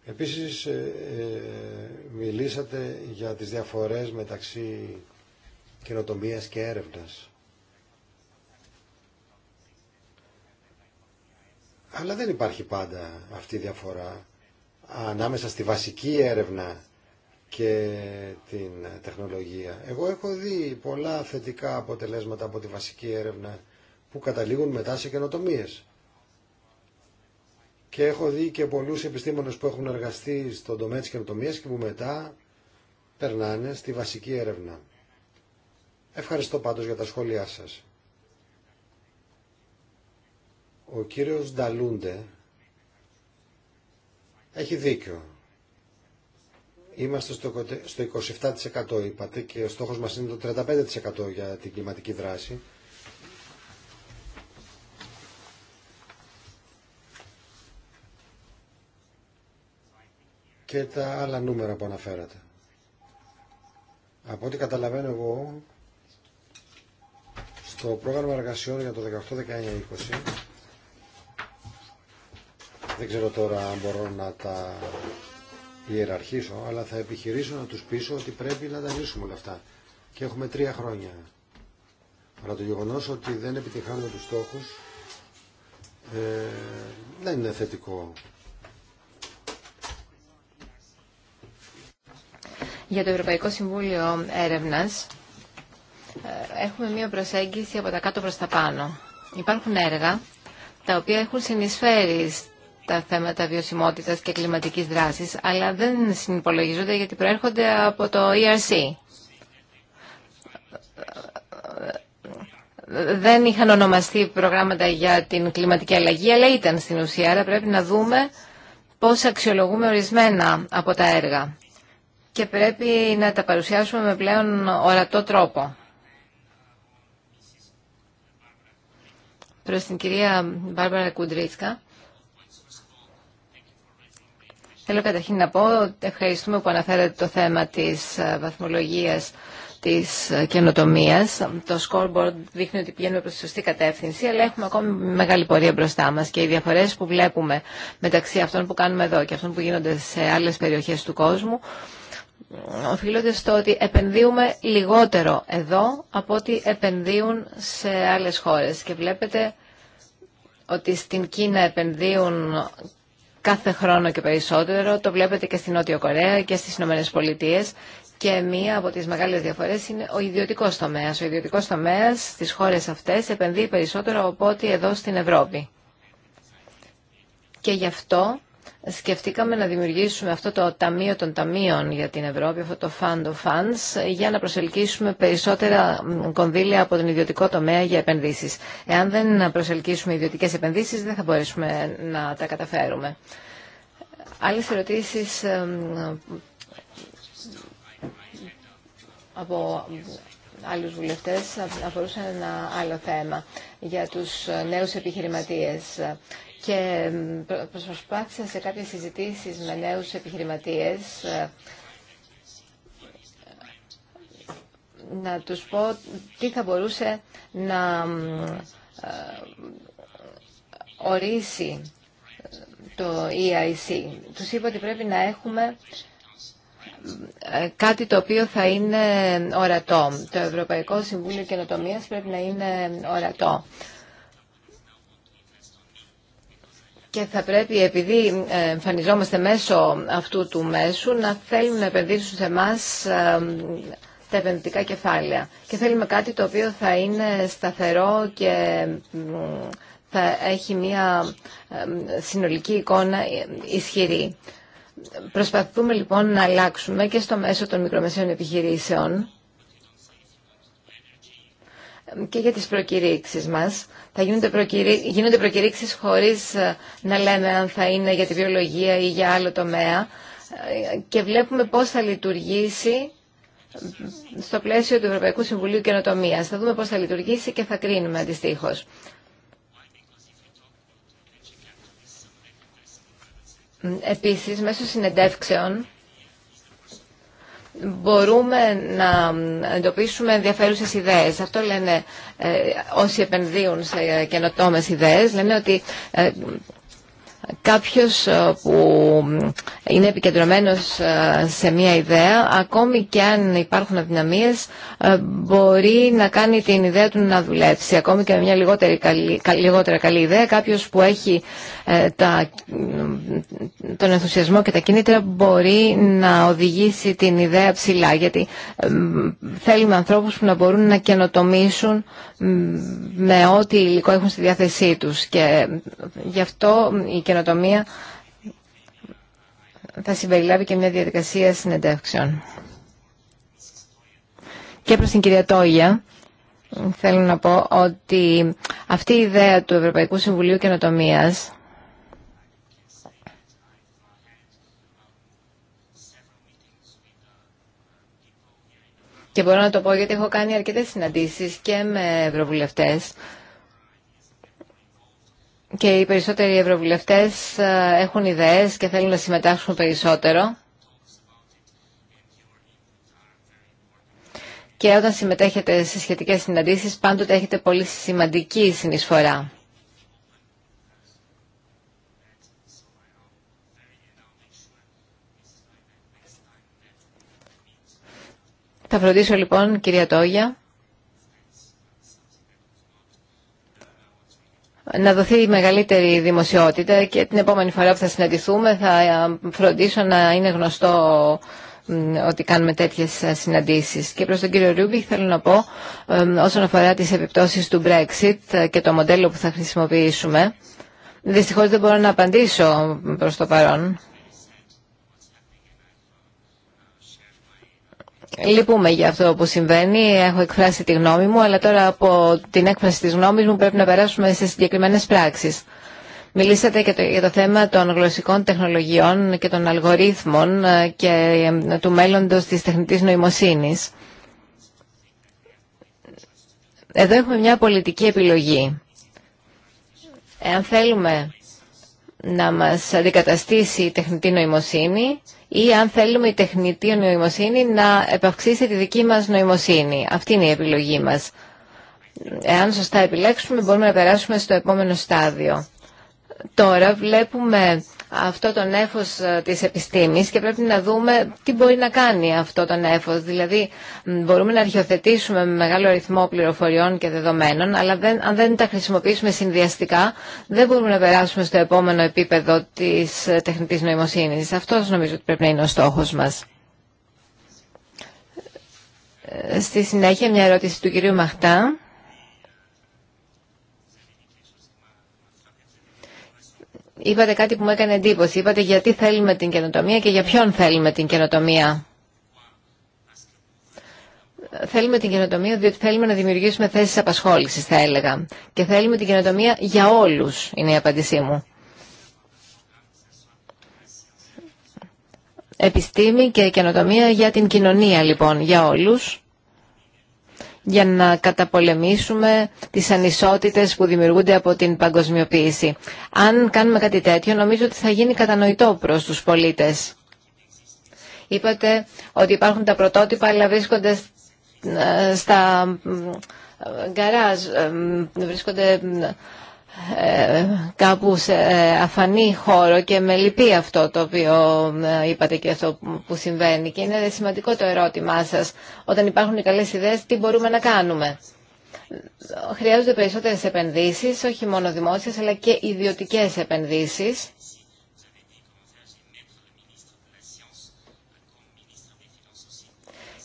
Επίσης ε, ε, μιλήσατε για τις διαφορές μεταξύ καινοτομίας και έρευνας. Αλλά δεν υπάρχει πάντα αυτή η διαφορά ανάμεσα στη βασική έρευνα και την τεχνολογία. Εγώ έχω δει πολλά θετικά αποτελέσματα από τη βασική έρευνα που καταλήγουν μετά σε καινοτομίες. Και έχω δει και πολλούς επιστήμονες που έχουν εργαστεί στον τομέα της καινοτομία και που μετά περνάνε στη βασική έρευνα. Ευχαριστώ πάντως για τα σχόλιά σας. Ο κύριος Νταλούντε έχει δίκιο. Είμαστε στο 27% είπατε και ο στόχος μας είναι το 35% για την κλιματική δράση. και τα άλλα νούμερα που αναφέρατε. Από ό,τι καταλαβαίνω εγώ, στο πρόγραμμα εργασιών για το 18-19-20, δεν ξέρω τώρα αν μπορώ να τα ιεραρχήσω, αλλά θα επιχειρήσω να τους πείσω ότι πρέπει να τα λύσουμε όλα αυτά. Και έχουμε τρία χρόνια. Αλλά το γεγονός ότι δεν επιτυχάνουμε τους στόχους ε, δεν είναι θετικό. για το Ευρωπαϊκό Συμβούλιο Έρευνας ε, έχουμε μία προσέγγιση από τα κάτω προς τα πάνω. Υπάρχουν έργα τα οποία έχουν συνεισφέρει τα θέματα βιωσιμότητα και κλιματική δράση, αλλά δεν συνυπολογίζονται γιατί προέρχονται από το ERC. Δεν είχαν ονομαστεί προγράμματα για την κλιματική αλλαγή, αλλά ήταν στην ουσία, άρα πρέπει να δούμε πώς αξιολογούμε ορισμένα από τα έργα και πρέπει να τα παρουσιάσουμε με πλέον ορατό τρόπο. Προς την κυρία Μπάρμπαρα Κουντρίτσκα. Θέλω καταρχήν να πω ότι ευχαριστούμε που αναφέρατε το θέμα της ε, βαθμολογίας της ε, καινοτομίας. Το scoreboard δείχνει ότι πηγαίνουμε προς τη σωστή κατεύθυνση, αλλά έχουμε ακόμη μεγάλη πορεία μπροστά μας και οι διαφορές που βλέπουμε μεταξύ αυτών που κάνουμε εδώ και αυτών που γίνονται σε άλλες περιοχές του κόσμου οφείλονται στο ότι επενδύουμε λιγότερο εδώ από ότι επενδύουν σε άλλες χώρες. Και βλέπετε ότι στην Κίνα επενδύουν κάθε χρόνο και περισσότερο. Το βλέπετε και στην Νότια Κορέα και στις Ηνωμένες Πολιτείες. Και μία από τις μεγάλες διαφορές είναι ο ιδιωτικός τομέας. Ο ιδιωτικός τομέας στις χώρες αυτές επενδύει περισσότερο από ό,τι εδώ στην Ευρώπη. Και γι' αυτό σκεφτήκαμε να δημιουργήσουμε αυτό το Ταμείο των Ταμείων για την Ευρώπη, αυτό το Fund of Funds, για να προσελκύσουμε περισσότερα κονδύλια από τον ιδιωτικό τομέα για επενδύσεις. Εάν δεν προσελκύσουμε ιδιωτικές επενδύσεις, δεν θα μπορέσουμε να τα καταφέρουμε. Άλλες ερωτήσεις από άλλους βουλευτές αφορούσαν ένα άλλο θέμα για τους νέους επιχειρηματίες και προσπάθησα σε κάποιες συζητήσεις με νέους επιχειρηματίες ε, να τους πω τι θα μπορούσε να ε, ορίσει το EIC. Τους είπα ότι πρέπει να έχουμε ε, κάτι το οποίο θα είναι ορατό. Το Ευρωπαϊκό Συμβούλιο Καινοτομίας πρέπει να είναι ορατό. Και θα πρέπει, επειδή ε, εμφανιζόμαστε μέσω αυτού του μέσου, να θέλουν να επενδύσουν σε εμά ε, τα επενδυτικά κεφάλαια. Και θέλουμε κάτι το οποίο θα είναι σταθερό και θα έχει μια ε, συνολική εικόνα ισχυρή. Προσπαθούμε λοιπόν να αλλάξουμε και στο μέσο των μικρομεσαίων επιχειρήσεων και για τις προκηρύξεις μας. Θα γίνονται, προκηρύ... γίνονται προκηρύξεις χωρίς ε, να λέμε αν θα είναι για τη βιολογία ή για άλλο τομέα ε, και βλέπουμε πώς θα λειτουργήσει στο πλαίσιο του Ευρωπαϊκού Συμβουλίου Καινοτομίας. Θα δούμε πώς θα λειτουργήσει και θα κρίνουμε αντιστοίχω. Επίσης, μέσω συνεντεύξεων μπορούμε να εντοπίσουμε ενδιαφέρουσε ιδέε. Αυτό λένε ε, όσοι επενδύουν σε καινοτόμε ιδέε. Λένε ότι ε, κάποιος ε, που είναι επικεντρωμένος ε, σε μία ιδέα, ακόμη και αν υπάρχουν αδυναμίες, ε, μπορεί να κάνει την ιδέα του να δουλέψει. Ακόμη και με μια λιγότερη καλή, λιγότερα καλή ιδέα, κάποιος που έχει τον ενθουσιασμό και τα κίνητρα μπορεί να οδηγήσει την ιδέα ψηλά, γιατί θέλουμε ανθρώπους που να μπορούν να καινοτομήσουν με ό,τι υλικό έχουν στη διάθεσή τους. Και γι' αυτό η καινοτομία θα συμπεριλάβει και μια διαδικασία συνεντεύξεων. Και προς την κυρία Τόγια, θέλω να πω ότι αυτή η ιδέα του Ευρωπαϊκού Συμβουλίου Καινοτομίας και μπορώ να το πω γιατί έχω κάνει αρκετές συναντήσεις και με ευρωβουλευτές και οι περισσότεροι ευρωβουλευτές ε, έχουν ιδέες και θέλουν να συμμετάσχουν περισσότερο. Και όταν συμμετέχετε σε σχετικές συναντήσεις πάντοτε έχετε πολύ σημαντική συνεισφορά. Θα φροντίσω λοιπόν, κυρία Τόγια, να δοθεί μεγαλύτερη δημοσιότητα και την επόμενη φορά που θα συναντηθούμε θα φροντίσω να είναι γνωστό ότι κάνουμε τέτοιες συναντήσεις. Και προς τον κύριο Ρούμπι θέλω να πω όσον αφορά τις επιπτώσεις του Brexit και το μοντέλο που θα χρησιμοποιήσουμε. Δυστυχώς δεν μπορώ να απαντήσω προς το παρόν. Λυπούμε για αυτό που συμβαίνει, έχω εκφράσει τη γνώμη μου, αλλά τώρα από την έκφραση της γνώμης μου πρέπει να περάσουμε σε συγκεκριμένε πράξει. Μιλήσατε και για το θέμα των γλωσσικών τεχνολογιών και των αλγορίθμων ε, και ε, του μέλλοντος της τεχνητής νοημοσύνης. Εδώ έχουμε μια πολιτική επιλογή. Εάν θέλουμε να μας αντικαταστήσει η τεχνητή νοημοσύνη ή αν θέλουμε η τεχνητή νοημοσύνη να επαυξήσει τη δική μας νοημοσύνη. Αυτή είναι η επιλογή μας. Εάν σωστά επιλέξουμε μπορούμε να περάσουμε στο επόμενο στάδιο. Τώρα βλέπουμε αυτό το νέφος ε, της επιστήμης και πρέπει να δούμε τι μπορεί να κάνει αυτό το νέφος. Δηλαδή μπορούμε να αρχιοθετήσουμε με μεγάλο αριθμό πληροφοριών και δεδομένων, αλλά δεν, αν δεν τα χρησιμοποιήσουμε συνδυαστικά δεν μπορούμε να περάσουμε στο επόμενο επίπεδο της ε, τεχνητής νοημοσύνης. Αυτός νομίζω ότι πρέπει να είναι ο στόχος μας. Ε, στη συνέχεια μια ερώτηση του κυρίου Μαχτά. Είπατε κάτι που μου έκανε εντύπωση. Είπατε γιατί θέλουμε την καινοτομία και για ποιον θέλουμε την καινοτομία. Θέλουμε την καινοτομία διότι θέλουμε να δημιουργήσουμε θέσεις απασχόλησης, θα έλεγα. Και θέλουμε την καινοτομία για όλους, είναι η απάντησή μου. Επιστήμη και καινοτομία για την κοινωνία, λοιπόν, για όλους για να καταπολεμήσουμε τις ανισότητες που δημιουργούνται από την παγκοσμιοποίηση. Αν κάνουμε κάτι τέτοιο, νομίζω ότι θα γίνει κατανοητό προς τους πολίτες. Είπατε ότι υπάρχουν τα πρωτότυπα, αλλά βρίσκονται ε, στα ε, γκαράζ, ε, βρίσκονται ε, κάπου σε ε, αφανή χώρο και με λυπεί αυτό το οποίο ε, είπατε και αυτό που συμβαίνει και είναι σημαντικό το ερώτημά σας όταν υπάρχουν οι καλές ιδέες τι μπορούμε να κάνουμε χρειάζονται περισσότερες επενδύσεις όχι μόνο δημόσιες αλλά και ιδιωτικές επενδύσεις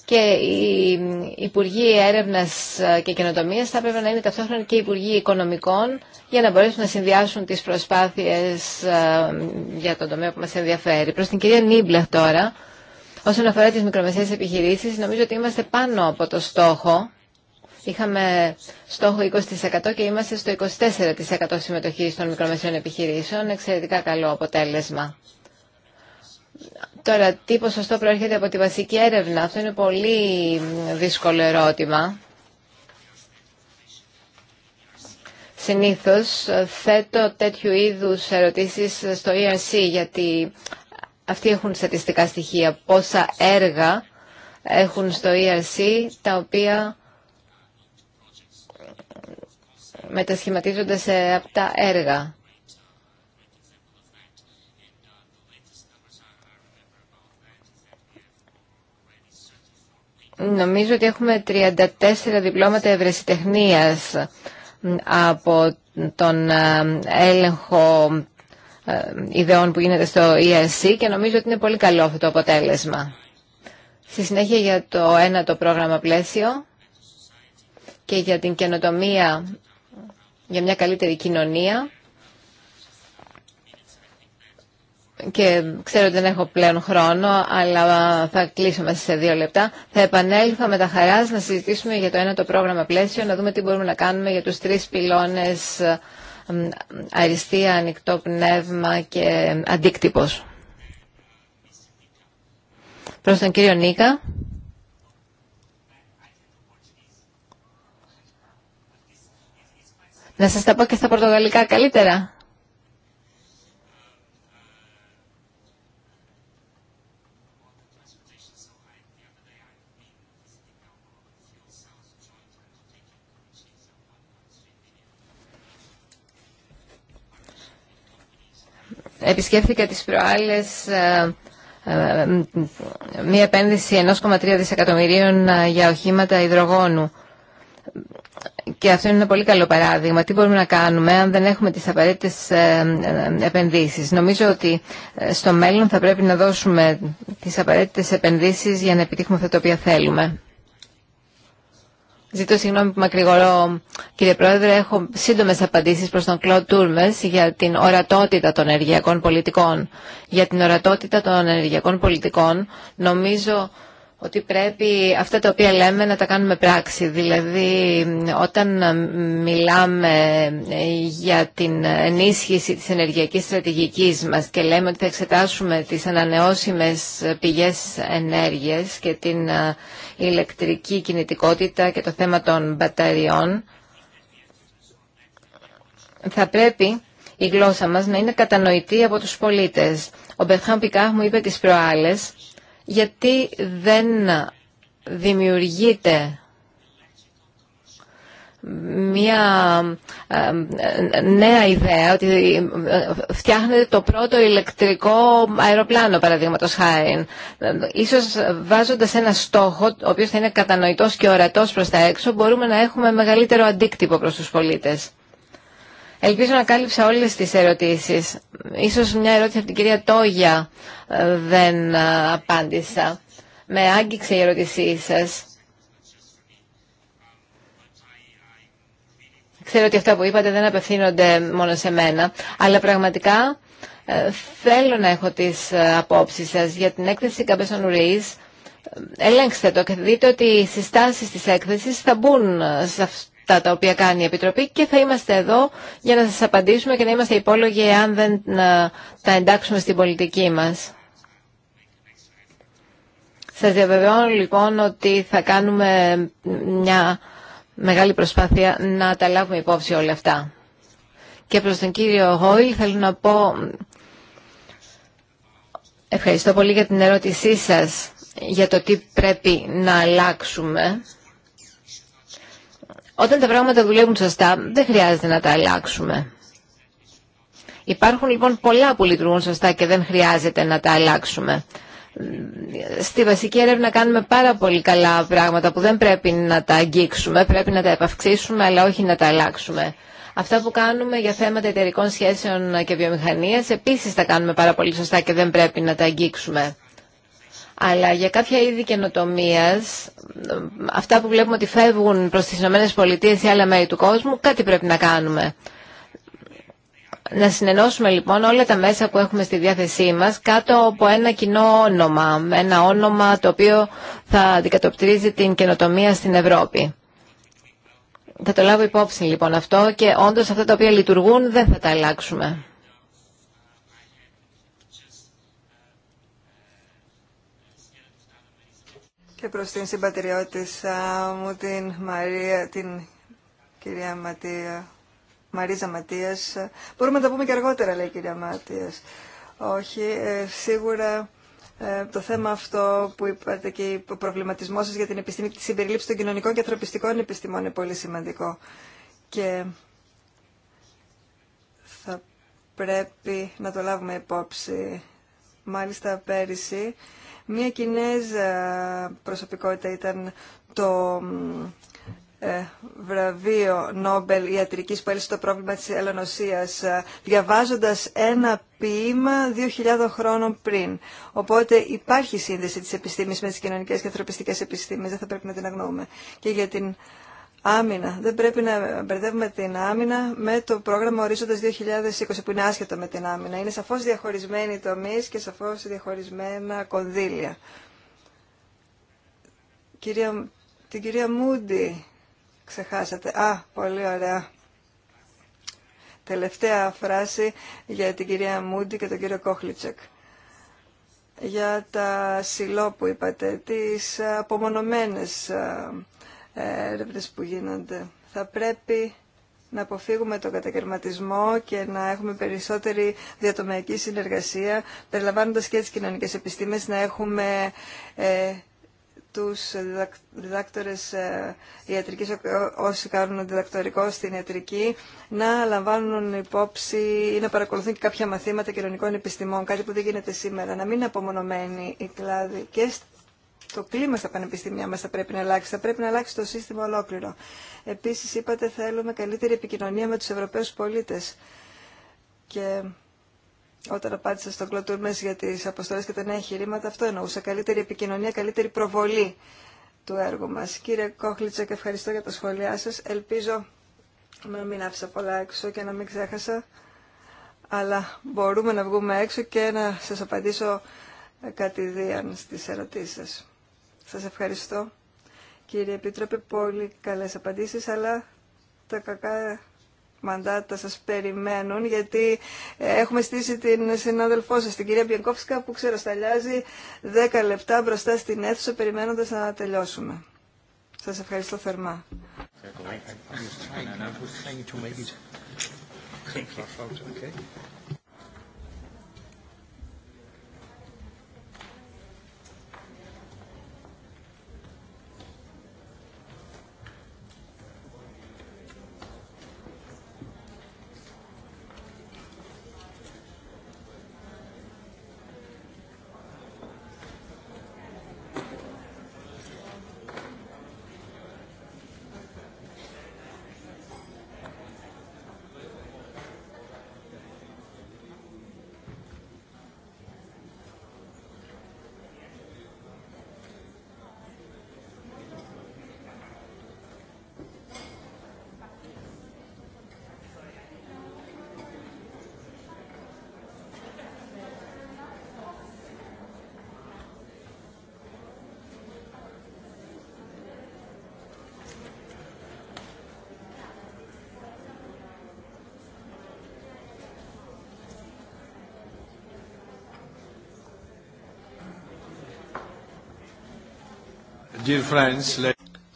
και οι Υπουργοί έρευνα και Καινοτομία θα έπρεπε να είναι ταυτόχρονα και οι Υπουργοί Οικονομικών για να μπορέσουν να συνδυάσουν τι προσπάθειες ε, για τον τομέα που μα ενδιαφέρει. Προ την κυρία Νίμπλεχ τώρα, όσον αφορά τι μικρομεσαίες επιχειρήσει, νομίζω ότι είμαστε πάνω από το στόχο. Είχαμε στόχο 20% και είμαστε στο 24% συμμετοχή των μικρομεσαίων επιχειρήσεων. Εξαιρετικά καλό αποτέλεσμα. Τώρα, τι ποσοστό προέρχεται από τη βασική έρευνα, αυτό είναι πολύ δύσκολο ερώτημα. Συνήθως θέτω τέτοιου είδους ερωτήσεις στο ERC, γιατί αυτοί έχουν στατιστικά στοιχεία, πόσα έργα έχουν στο ERC, τα οποία μετασχηματίζονται σε αυτά έργα. Νομίζω ότι έχουμε 34 διπλώματα ευρεσιτεχνίας ε, από τον ε, έλεγχο ε, ιδεών που γίνεται στο ERC και νομίζω ότι είναι πολύ καλό αυτό το αποτέλεσμα. Στη συνέχεια για το ένα το πρόγραμμα πλαίσιο και για την καινοτομία για μια καλύτερη κοινωνία. και ξέρω ότι δεν έχω πλέον χρόνο, αλλά θα κλείσω μέσα σε δύο λεπτά. Θα επανέλθω με τα χαρά να συζητήσουμε για το ένα το πρόγραμμα πλαίσιο, να δούμε τι μπορούμε να κάνουμε για τους τρεις πυλώνες αριστεία, ανοιχτό πνεύμα και αντίκτυπος. Προς τον κύριο Νίκα. Να σας τα πω και στα πορτογαλικά καλύτερα. επισκέφθηκα τις προάλλες ε, ε, μία επένδυση 1,3 δισεκατομμυρίων ε, για οχήματα υδρογόνου. Και αυτό είναι ένα πολύ καλό παράδειγμα. Τι μπορούμε να κάνουμε αν δεν έχουμε τις απαραίτητες επενδύσεις. Νομίζω ότι στο μέλλον θα πρέπει να δώσουμε τις απαραίτητες επενδύσεις για να επιτύχουμε αυτά τα οποία θέλουμε. Ζητώ συγγνώμη που μακρηγορώ, κύριε Πρόεδρε. Έχω σύντομε απαντήσει προ τον Κλοντ Τούρμε για την ορατότητα των ενεργειακών πολιτικών. Για την ορατότητα των ενεργειακών πολιτικών, νομίζω ότι πρέπει αυτά τα οποία λέμε να τα κάνουμε πράξη. Δηλαδή, όταν μιλάμε ε, για την ενίσχυση της ενεργειακής στρατηγικής μας και λέμε ότι θα εξετάσουμε τις ανανεώσιμες πηγές ενέργειας και την ε, ηλεκτρική κινητικότητα και το θέμα των μπαταριών, θα πρέπει η γλώσσα μας να είναι κατανοητή από τους πολίτες. Ο Μπερχάν Πικάχ μου είπε τις προάλλες γιατί δεν δημιουργείται μια ε, νέα ιδέα ότι ε, φτιάχνεται το πρώτο ηλεκτρικό αεροπλάνο παραδείγματος Χάιν. Ίσως βάζοντας ένα στόχο ο οποίος θα είναι κατανοητός και ορατός προς τα έξω μπορούμε να έχουμε μεγαλύτερο αντίκτυπο προς τους πολίτες. Ελπίζω να κάλυψα όλες τις ερωτήσεις. Ίσως μια ερώτηση από την κυρία Τόγια ε, δεν ε, απάντησα. Με άγγιξε η ερώτησή σας. Ξέρω ότι αυτά που είπατε δεν απευθύνονται μόνο σε μένα, αλλά πραγματικά ε, θέλω να έχω τις απόψεις σας για την έκθεση Καμπέσον Ουρής. Ελέγξτε το και δείτε ότι οι συστάσεις της έκθεσης θα μπουν σε αυτό αυτά τα οποία κάνει η Επιτροπή και θα είμαστε εδώ για να σας απαντήσουμε και να είμαστε υπόλογοι αν δεν ε, τα εντάξουμε στην πολιτική μας. Σας διαβεβαιώνω λοιπόν ότι θα κάνουμε μια μεγάλη προσπάθεια να τα λάβουμε υπόψη όλα αυτά. Και προς τον κύριο Γόιλ θέλω να πω ευχαριστώ πολύ για την ερώτησή σας για το τι πρέπει να αλλάξουμε. Όταν τα πράγματα δουλεύουν σωστά, δεν χρειάζεται να τα αλλάξουμε. Υπάρχουν λοιπόν πολλά που λειτουργούν σωστά και δεν χρειάζεται να τα αλλάξουμε. Στη βασική έρευνα κάνουμε πάρα πολύ καλά πράγματα που δεν πρέπει να τα αγγίξουμε, πρέπει να τα επαυξήσουμε αλλά όχι να τα αλλάξουμε. Αυτά που κάνουμε για θέματα εταιρικών σχέσεων και βιομηχανίας επίσης τα κάνουμε πάρα πολύ σωστά και δεν πρέπει να τα αγγίξουμε. Αλλά για κάποια είδη καινοτομία, αυτά που βλέπουμε ότι φεύγουν προς τις ΗΠΑ Πολιτείες ή άλλα μέρη του κόσμου, κάτι πρέπει να κάνουμε. Να συνενώσουμε λοιπόν όλα τα μέσα που έχουμε στη διάθεσή μας κάτω από ένα κοινό όνομα, ένα όνομα το οποίο θα αντικατοπτρίζει την καινοτομία στην Ευρώπη. Θα το λάβω υπόψη λοιπόν αυτό και όντως αυτά τα οποία λειτουργούν δεν θα τα αλλάξουμε. και προς την συμπατριώτησα μου, την, Μαρία, την κυρία Ματία, Μαρίζα Ματίας. Μπορούμε να τα πούμε και αργότερα, λέει η κυρία Ματίας. Όχι, ε, σίγουρα ε, το θέμα αυτό που είπατε και ο προβληματισμός σας για την επιστήμη τη συμπεριλήψη των κοινωνικών και ανθρωπιστικών επιστημών είναι πολύ σημαντικό. Και θα πρέπει να το λάβουμε υπόψη. Μάλιστα πέρυσι Μία Κινέζα ε, προσωπικότητα ήταν το ε, βραβείο Νόμπελ ιατρικής που έλυσε το πρόβλημα της Ελληνοσία, ε, διαβάζοντας ένα ποίημα 2.000 χρόνων πριν. Οπότε υπάρχει σύνδεση της επιστήμης με τις κοινωνικές και ανθρωπιστικές επιστήμες, δεν θα πρέπει να την αγνοούμε. Και για την Άμυνα. Δεν πρέπει να μπερδεύουμε την άμυνα με το πρόγραμμα Ορίζοντα 2020 που είναι άσχετο με την άμυνα. Είναι σαφώ διαχωρισμένοι οι τομεί και σαφώ διαχωρισμένα κονδύλια. Κυρία, την κυρία Μούντι ξεχάσατε. Α, πολύ ωραία. Τελευταία φράση για την κυρία Μούντι και τον κύριο Κόχλιτσεκ. Για τα σιλό που είπατε, τις απομονωμένες έρευνες που γίνονται. Θα πρέπει να αποφύγουμε τον κατακαιρματισμό και να έχουμε περισσότερη διατομιακή συνεργασία, περιλαμβάνοντας και τις κοινωνικές επιστήμες, να έχουμε ε, τους διδάκτορες ε, ιατρικής, ε, όσοι κάνουν διδακτορικό στην ιατρική, να λαμβάνουν υπόψη ή να παρακολουθούν και κάποια μαθήματα κοινωνικών επιστημών, κάτι που δεν γίνεται σήμερα, να μην είναι απομονωμένοι οι κλάδοι και το κλίμα στα πανεπιστήμια μας θα πρέπει να αλλάξει, θα πρέπει να αλλάξει το σύστημα ολόκληρο. Επίσης είπατε θέλουμε καλύτερη επικοινωνία με τους Ευρωπαίους πολίτες. Και όταν απάντησα στον Κλωτούρμε για τι αποστολέ και τα νέα εγχειρήματα, αυτό εννοούσα. Καλύτερη επικοινωνία, καλύτερη προβολή του έργου μα. Κύριε και ευχαριστώ για τα σχόλιά σα. Ελπίζω να μην άφησα πολλά έξω και να μην ξέχασα. Αλλά μπορούμε να βγούμε έξω και να σας απαντήσω κατηδίαν στις ερωτήσεις σας. Σας ευχαριστώ. Κύριε Επίτροπε, πολύ καλές απαντήσεις, αλλά τα κακά μαντάτα σας περιμένουν, γιατί ε, έχουμε στήσει την συνάδελφό σας, την κυρία Μπιενκόφσκα, που ξεροσταλιάζει 10 λεπτά μπροστά στην αίθουσα, περιμένοντας να τελειώσουμε. Σας ευχαριστώ θερμά.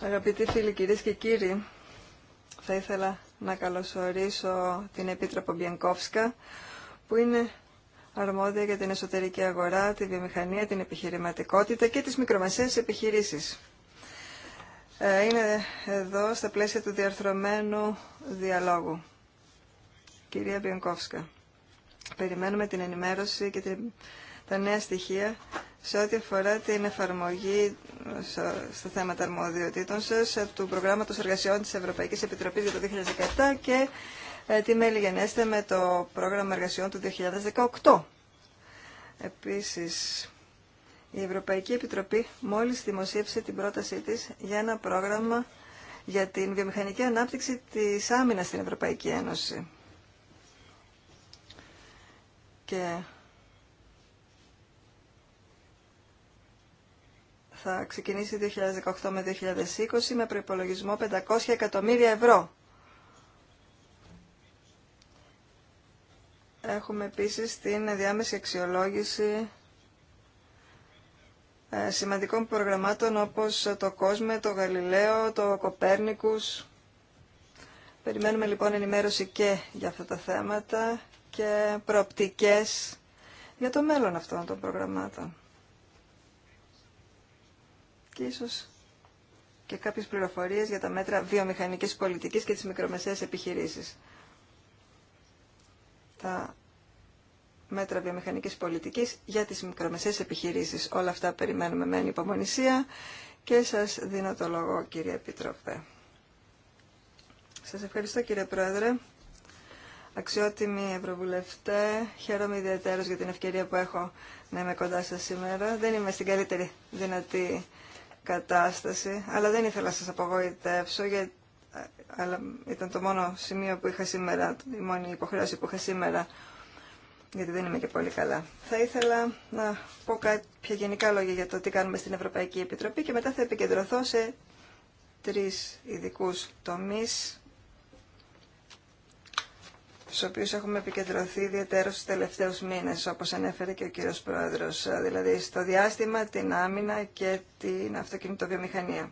Αγαπητοί φίλοι, κυρίε και κύριοι, θα ήθελα να καλωσορίσω την Επίτροπο Μπιενκόφσκα, που είναι αρμόδια για την εσωτερική αγορά, τη βιομηχανία, την επιχειρηματικότητα και τις μικρομεσαίες επιχειρήσεις. Ε, είναι εδώ στα πλαίσια του διαρθρωμένου διαλόγου. Κυρία Μπιενκόφσκα, περιμένουμε την ενημέρωση και τα νέα στοιχεία σε ό,τι αφορά την εφαρμογή ε, στα θέματα αρμοδιοτήτων σας ε, του Προγράμματος Εργασιών της Ευρωπαϊκής Επιτροπής για το 2017 και ε, τι μέλη γενέστε με το Πρόγραμμα Εργασιών του 2018. Επίσης, η Ευρωπαϊκή Επιτροπή μόλις δημοσίευσε την πρότασή της για ένα πρόγραμμα για την βιομηχανική ανάπτυξη της άμυνας στην Ευρωπαϊκή Ένωση. Και θα ξεκινήσει 2018 με 2020 με προϋπολογισμό 500 εκατομμύρια ευρώ. Έχουμε επίσης την διάμεση αξιολόγηση ε, σημαντικών προγραμμάτων όπως το Κόσμε, το Γαλιλαίο, το Κοπέρνικους. Περιμένουμε λοιπόν ενημέρωση και για αυτά τα θέματα και προοπτικές για το μέλλον αυτών των προγραμμάτων και ίσως και κάποιες πληροφορίες για τα μέτρα βιομηχανικής πολιτικής και τις μικρομεσαίες επιχειρήσεις. Τα μέτρα βιομηχανικής πολιτικής για τις μικρομεσαίες επιχειρήσεις. Όλα αυτά περιμένουμε με ανυπομονησία και σας δίνω το λόγο κύριε Επίτροπε. Σας ευχαριστώ κύριε Πρόεδρε. Αξιότιμοι Ευρωβουλευτέ, χαίρομαι ιδιαίτερως για την ευκαιρία που έχω να είμαι κοντά σας σήμερα. Δεν είμαι στην καλύτερη δυνατή κατάσταση, αλλά δεν ήθελα να σας απογοητεύσω, αλλά ήταν το μόνο σημείο που είχα σήμερα, η μόνη υποχρέωση που είχα σήμερα, γιατί δεν είμαι και πολύ καλά. Θα ήθελα να πω κάποια γενικά λόγια για το τι κάνουμε στην Ευρωπαϊκή Επιτροπή και μετά θα επικεντρωθώ σε τρεις ειδικού τομείς στους οποίους έχουμε επικεντρωθεί ιδιαίτερα στους τελευταίους μήνες, όπως ανέφερε και ο κύριος Πρόεδρος, ε, δηλαδή στο διάστημα, την άμυνα και την αυτοκινητοβιομηχανία.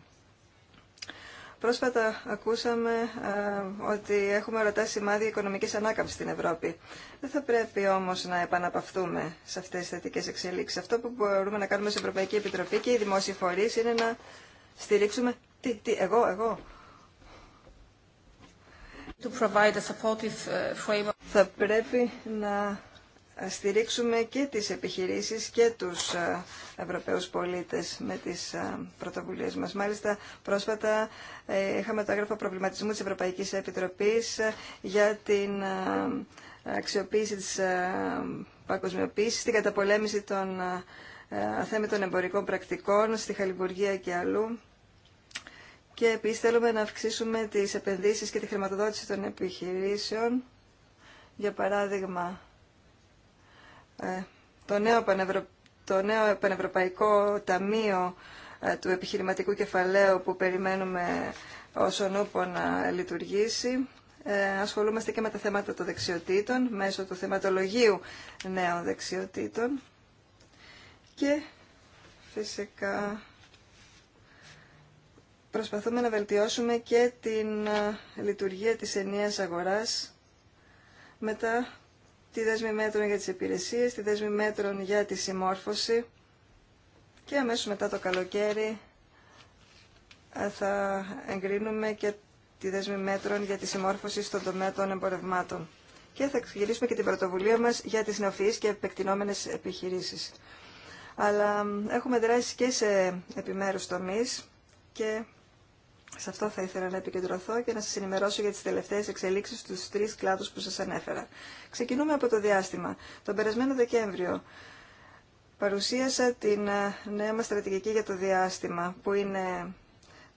Πρόσφατα ακούσαμε ε, ότι έχουμε ρωτά σημάδια οικονομικής ανάκαμψης στην Ευρώπη. Δεν θα πρέπει όμως να επαναπαυθούμε σε αυτές τις θετικές εξελίξεις. Αυτό που μπορούμε να κάνουμε στην Ευρωπαϊκή Επιτροπή και οι δημόσιοι φορείς είναι να στηρίξουμε... Τι, τι, εγώ, εγώ, Uh, Θα πρέπει να στηρίξουμε και τις επιχειρήσεις και τους ε, Ευρωπαίους πολίτες με τις ε, πρωτοβουλίες μας. Μάλιστα, πρόσφατα ε, είχαμε το έγγραφο προβληματισμού της Ευρωπαϊκής Επιτροπής για την αξιοποίηση της παγκοσμιοποίησης, την καταπολέμηση των αθέμητων εμπορικών πρακτικών στη Χαλιβουργία και αλλού και επίσης θέλουμε να αυξήσουμε τις επενδύσεις και τη χρηματοδότηση των επιχειρήσεων. Για παράδειγμα, ε, το νέο, πανευρω... το νέο Πανευρωπαϊκό Ταμείο ε, του Επιχειρηματικού Κεφαλαίου που περιμένουμε ως ούπο να λειτουργήσει. Ε, ασχολούμαστε και με τα θέματα των δεξιοτήτων μέσω του θεματολογίου νέων δεξιοτήτων. Και φυσικά προσπαθούμε να βελτιώσουμε και την ε, λειτουργία της ενίας αγοράς μετά τη δέσμη μέτρων για τις υπηρεσίες, τη δέσμη μέτρων για τη συμμόρφωση και αμέσως μετά το καλοκαίρι ε, θα εγκρίνουμε και τη δέσμη μέτρων για τη συμμόρφωση στον τομέα των εμπορευμάτων και θα γυρίσουμε και την πρωτοβουλία μας για τις νεοφυείς και επεκτηνόμενες επιχειρήσεις. Αλλά έχουμε δράσει και σε επιμέρους τομείς και σε αυτό θα ήθελα να επικεντρωθώ και να σα ενημερώσω για τι τελευταίε εξελίξει στους τρει κλάδους που σα ανέφερα. Ξεκινούμε από το διάστημα. Τον περασμένο Δεκέμβριο παρουσίασα την ε, νέα μα στρατηγική για το διάστημα, που είναι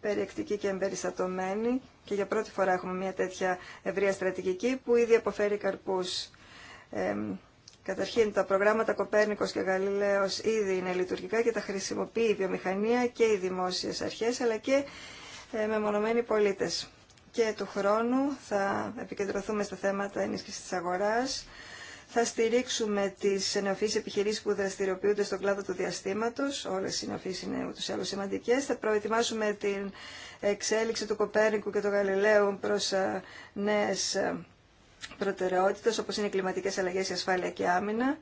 περιεκτική και εμπεριστατωμένη και για πρώτη φορά έχουμε μια τέτοια ευρεία στρατηγική που ήδη αποφέρει καρπούς. Ε, καταρχήν τα προγράμματα Κοπέρνικος και Γαλιλαίος ήδη είναι λειτουργικά και τα χρησιμοποιεί η βιομηχανία και οι δημόσιες αρχές αλλά και ε, μεμονωμένοι πολίτες. Και του χρόνου θα επικεντρωθούμε στα θέματα ενίσχυσης της αγοράς, θα στηρίξουμε τις νεοφύσεις επιχειρήσεις που δραστηριοποιούνται στον κλάδο του διαστήματος, όλες οι νεοφύσεις είναι ούτως ή άλλως σημαντικές, θα προετοιμάσουμε την εξέλιξη του Κοπέρνικου και του Γαλιλαίου προς ε, νέες ε, προτεραιότητες, όπως είναι οι κλιματικές αλλαγές, η ασφάλεια και άμυνα,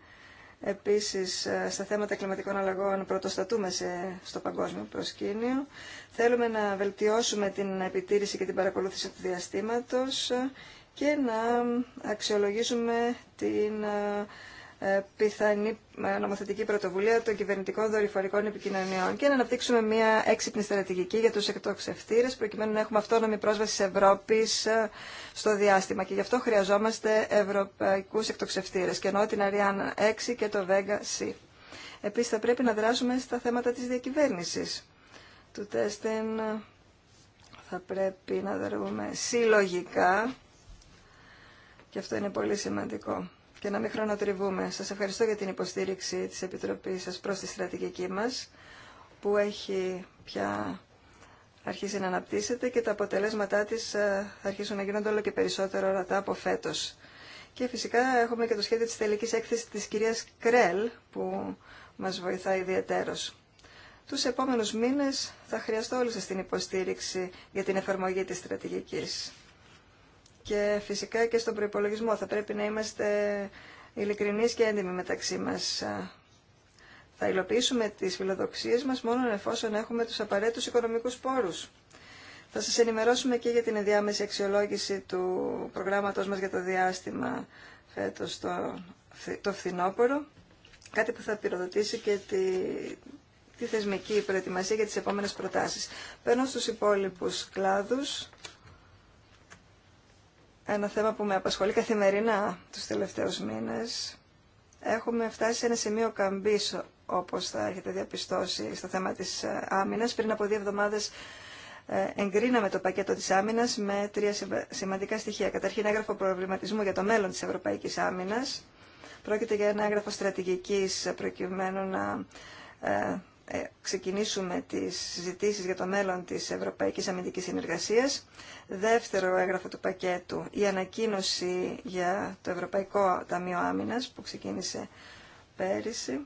Επίσης, ε, στα θέματα κλιματικών αλλαγών πρωτοστατούμε σε, στο παγκόσμιο προσκήνιο. Θέλουμε να βελτιώσουμε την επιτήρηση και την παρακολούθηση του διαστήματος και να αξιολογήσουμε την ε, ε, πιθανή ε, νομοθετική πρωτοβουλία των κυβερνητικών δορυφορικών επικοινωνιών και να αναπτύξουμε μια έξυπνη στρατηγική για τους εκτοξευτήρες προκειμένου να έχουμε αυτόνομη πρόσβαση της Ευρώπης ε, στο διάστημα και γι' αυτό χρειαζόμαστε ευρωπαϊκούς εκτοξευτήρες και ενώ την Ariane 6 και το Vega C. Επίσης θα πρέπει να δράσουμε στα θέματα της διακυβέρνησης του τέστην θα πρέπει να δρούμε συλλογικά και αυτό είναι πολύ σημαντικό και να μην χρονοτριβούμε. Σας ευχαριστώ για την υποστήριξη της Επιτροπής σας προς τη στρατηγική μας που έχει πια αρχίσει να αναπτύσσεται και τα αποτελέσματά της ε, αρχίσουν να γίνονται όλο και περισσότερο ορατά από φέτος. Και φυσικά έχουμε και το σχέδιο της τελικής έκθεσης της κυρίας Κρέλ που μας βοηθά ιδιαιτέρως. Τους επόμενους μήνες θα χρειαστώ όλους σας την υποστήριξη για την εφαρμογή της στρατηγικής και φυσικά και στον προϋπολογισμό. Θα πρέπει να είμαστε ειλικρινείς και έντιμοι μεταξύ μας. Θα υλοποιήσουμε τις φιλοδοξίες μας μόνο εφόσον έχουμε τους απαραίτητους οικονομικούς πόρους. Θα σας ενημερώσουμε και για την ενδιάμεση αξιολόγηση του προγράμματος μας για το διάστημα φέτος το, το φθινόπωρο, κάτι που θα πυροδοτήσει και τη, τη θεσμική προετοιμασία για τις επόμενες προτάσεις. Παίρνω στους υπόλοιπους κλάδους ένα θέμα που με απασχολεί καθημερινά τους τελευταίους μήνες. Έχουμε φτάσει σε ένα σημείο καμπής, όπως θα έχετε διαπιστώσει, στο θέμα της ε, άμυνας. Πριν από δύο εβδομάδες ε, εγκρίναμε το πακέτο της άμυνας με τρία σημαντικά στοιχεία. Καταρχήν, έγγραφο προβληματισμού για το μέλλον της Ευρωπαϊκής Άμυνας. Πρόκειται για ένα έγγραφο στρατηγικής προκειμένου να ε, ε, ξεκινήσουμε τις συζητήσεις για το μέλλον της Ευρωπαϊκής Αμυντικής Συνεργασίας. Δεύτερο έγγραφο του πακέτου, η ανακοίνωση για το Ευρωπαϊκό Ταμείο Άμυνας που ξεκίνησε πέρυσι.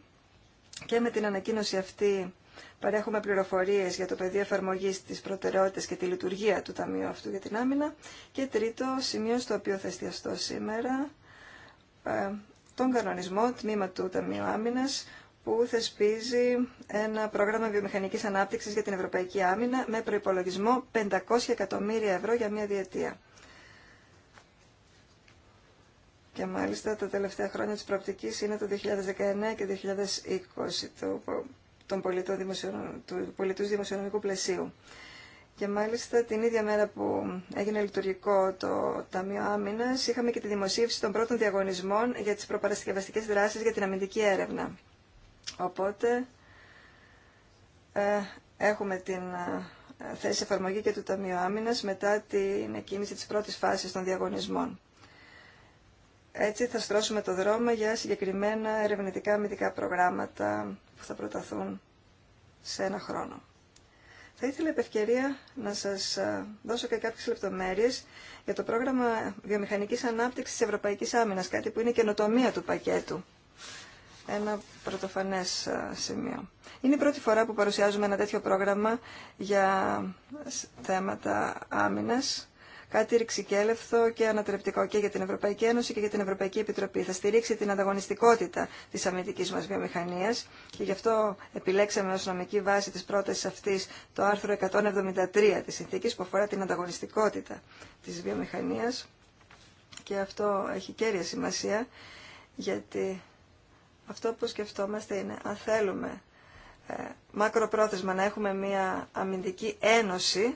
Και με την ανακοίνωση αυτή παρέχουμε πληροφορίες για το πεδίο εφαρμογής της προτεραιότητας και τη λειτουργία του Ταμείου αυτού για την άμυνα. Και τρίτο σημείο στο οποίο θα εστιαστώ σήμερα, ε, τον κανονισμό τμήμα του Ταμείου Άμυνας που θεσπίζει ένα πρόγραμμα βιομηχανικής ανάπτυξης για την Ευρωπαϊκή Άμυνα με προϋπολογισμό 500 εκατομμύρια ευρώ για μία διετία. Και μάλιστα τα τελευταία χρόνια της προοπτικής είναι το 2019 και 2020 του, των πολιτούς δημοσιονομικού πλαισίου. Και μάλιστα την ίδια μέρα που έγινε λειτουργικό το Ταμείο Άμυνας είχαμε και τη δημοσίευση των πρώτων διαγωνισμών για τι προπαρασκευαστικές δράσει για την αμυντική έρευνα. Οπότε ε, έχουμε την ε, θέση εφαρμογή και του Ταμείου Άμυνας μετά την εκκίνηση της πρώτης φάσης των διαγωνισμών. Έτσι θα στρώσουμε το δρόμο για συγκεκριμένα ερευνητικά αμυντικά προγράμματα που θα προταθούν σε ένα χρόνο. Θα ήθελα επευκαιρία να σας ε, δώσω και κάποιες λεπτομέρειες για το πρόγραμμα βιομηχανικής ανάπτυξης της Ευρωπαϊκής Άμυνας, κάτι που είναι καινοτομία του πακέτου ένα πρωτοφανές ε, σημείο. Είναι η πρώτη φορά που παρουσιάζουμε ένα τέτοιο πρόγραμμα για θέματα άμυνας. Κάτι ρηξικέλευθο και ανατρεπτικό και για την Ευρωπαϊκή Ένωση και για την Ευρωπαϊκή Επιτροπή. Θα στηρίξει την ανταγωνιστικότητα τη αμυντική μα βιομηχανία και γι' αυτό επιλέξαμε ω νομική βάση τη πρόταση αυτή το άρθρο 173 τη συνθήκη που αφορά την ανταγωνιστικότητα τη βιομηχανία. Και αυτό έχει κέρια σημασία γιατί αυτό που σκεφτόμαστε είναι αν θέλουμε ε, μακροπρόθεσμα να έχουμε μια αμυντική ένωση,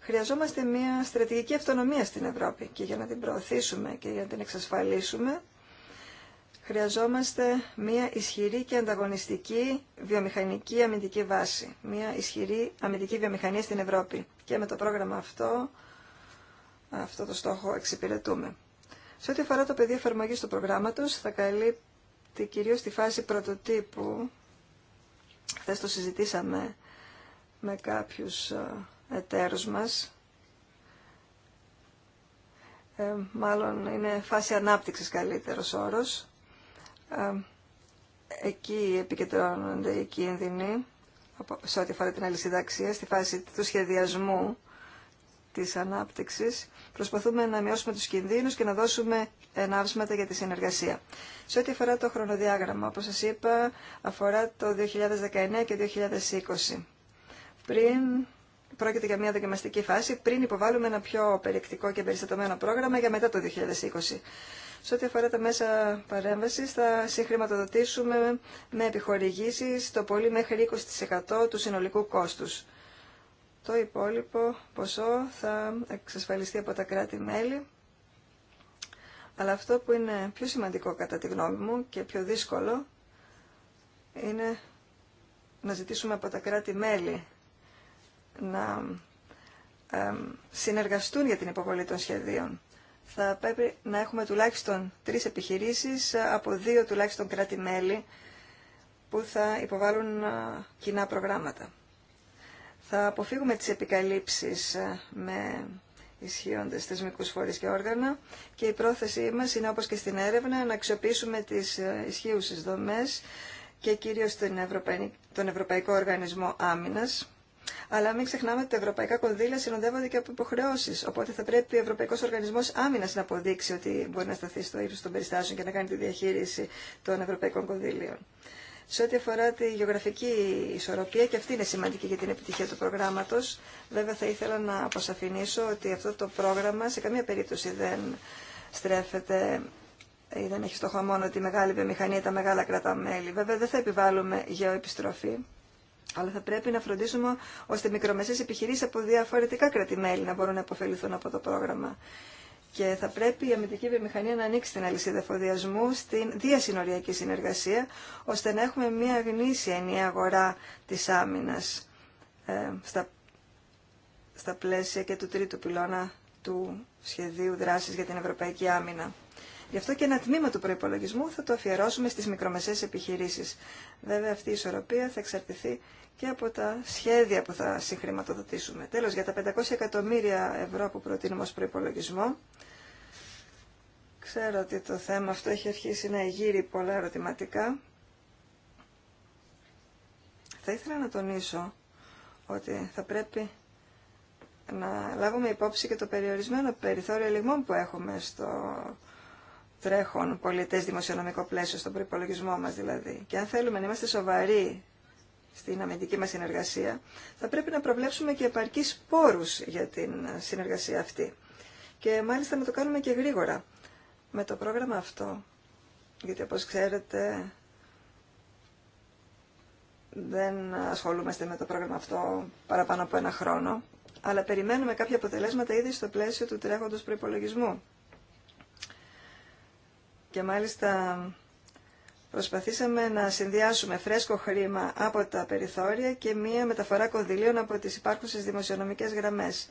χρειαζόμαστε μια στρατηγική αυτονομία στην Ευρώπη και για να την προωθήσουμε και για να την εξασφαλίσουμε χρειαζόμαστε μια ισχυρή και ανταγωνιστική βιομηχανική αμυντική βάση, μια ισχυρή αμυντική βιομηχανία στην Ευρώπη και με το πρόγραμμα αυτό αυτό το στόχο εξυπηρετούμε. Σε ό,τι αφορά το πεδίο εφαρμογή του προγράμματο, θα καλύπτει ότι κυρίως στη φάση πρωτοτύπου, χθε το συζητήσαμε με κάποιους ε, εταίρους μας, ε, μάλλον είναι φάση ανάπτυξης καλύτερος όρος, ε, εκεί επικεντρώνονται οι κίνδυνοι σε ό,τι αφορά την αλυσίδα αξία, στη φάση του σχεδιασμού της ανάπτυξης προσπαθούμε να μειώσουμε τους κινδύνους και να δώσουμε ενάψματα για τη συνεργασία. Σε ό,τι αφορά το χρονοδιάγραμμα, όπως σας είπα, αφορά το 2019 και 2020. Πριν πρόκειται για μια δοκιμαστική φάση, πριν υποβάλουμε ένα πιο περιεκτικό και περιστατωμένο πρόγραμμα για μετά το 2020. Σε ό,τι αφορά τα μέσα παρέμβαση, θα συγχρηματοδοτήσουμε με επιχορηγήσει το πολύ μέχρι 20% του συνολικού κόστου. Το υπόλοιπο ποσό θα εξασφαλιστεί από τα κράτη-μέλη. Αλλά αυτό που είναι πιο σημαντικό κατά τη γνώμη μου και πιο δύσκολο είναι να ζητήσουμε από τα κράτη-μέλη να συνεργαστούν για την υποβολή των σχεδίων. Θα πρέπει να έχουμε τουλάχιστον τρεις επιχειρήσεις από δύο τουλάχιστον κράτη-μέλη που θα υποβάλουν κοινά προγράμματα θα αποφύγουμε τις επικαλύψεις ε, με ισχύοντες θεσμικού φορείς και όργανα και η πρόθεσή μας είναι όπως και στην έρευνα να αξιοποιήσουμε τις ε, ισχύουσες δομές και κυρίως τον Ευρωπαϊκό Οργανισμό Άμυνας αλλά μην ξεχνάμε ότι τα ευρωπαϊκά κονδύλια συνοδεύονται και από υποχρεώσει. Οπότε θα πρέπει ο Ευρωπαϊκό Οργανισμό Άμυνα να αποδείξει ότι μπορεί να σταθεί στο ύψο των περιστάσεων και να κάνει τη διαχείριση των ευρωπαϊκών κονδύλιων. Σε ό,τι αφορά τη γεωγραφική ισορροπία, και αυτή είναι σημαντική για την επιτυχία του προγράμματο, βέβαια θα ήθελα να αποσαφηνίσω ότι αυτό το πρόγραμμα σε καμία περίπτωση δεν στρέφεται ή δεν έχει στόχο μόνο τη μεγάλη βιομηχανία, τα μεγάλα κράτα-μέλη. Βέβαια δεν θα επιβάλλουμε γεωεπιστροφή, αλλά θα πρέπει να φροντίσουμε ώστε επιχειρήσει επιχειρήσεις από διαφορετικά κράτη-μέλη να μπορούν να υποφεληθούν από το πρόγραμμα. Και θα πρέπει η αμυντική βιομηχανία να ανοίξει την αλυσίδα εφοδιασμού στην διασυνοριακή συνεργασία, ώστε να έχουμε μια γνήσια ενιαία αγορά της άμυνας ε, στα, στα πλαίσια και του τρίτου πυλώνα του σχεδίου δράσης για την Ευρωπαϊκή Άμυνα. Γι' αυτό και ένα τμήμα του προπολογισμού θα το αφιερώσουμε στις μικρομεσαίες επιχειρήσεις. Βέβαια αυτή η ισορροπία θα εξαρτηθεί και από τα σχέδια που θα συγχρηματοδοτήσουμε. Τέλος, για τα 500 εκατομμύρια ευρώ που προτείνουμε ως προπολογισμό, ξέρω ότι το θέμα αυτό έχει αρχίσει να γύρει πολλά ερωτηματικά. Θα ήθελα να τονίσω ότι θα πρέπει να λάβουμε υπόψη και το περιορισμένο περιθώριο λιγμών που έχουμε στο τρέχον πολιτέ δημοσιονομικό πλαίσιο, στον προπολογισμό μα, δηλαδή. Και αν θέλουμε να είμαστε σοβαροί στην αμυντική μα συνεργασία, θα πρέπει να προβλέψουμε και επαρκεί πόρου για την συνεργασία αυτή. Και μάλιστα να το κάνουμε και γρήγορα. Με το πρόγραμμα αυτό, γιατί όπως ξέρετε δεν ασχολούμαστε με το πρόγραμμα αυτό παραπάνω από ένα χρόνο, αλλά περιμένουμε κάποια αποτελέσματα ήδη στο πλαίσιο του τρέχοντος προϋπολογισμού. Και μάλιστα προσπαθήσαμε να συνδυάσουμε φρέσκο χρήμα από τα περιθώρια και μία μεταφορά κονδυλίων από τις υπάρχουσες δημοσιονομικές γραμμές.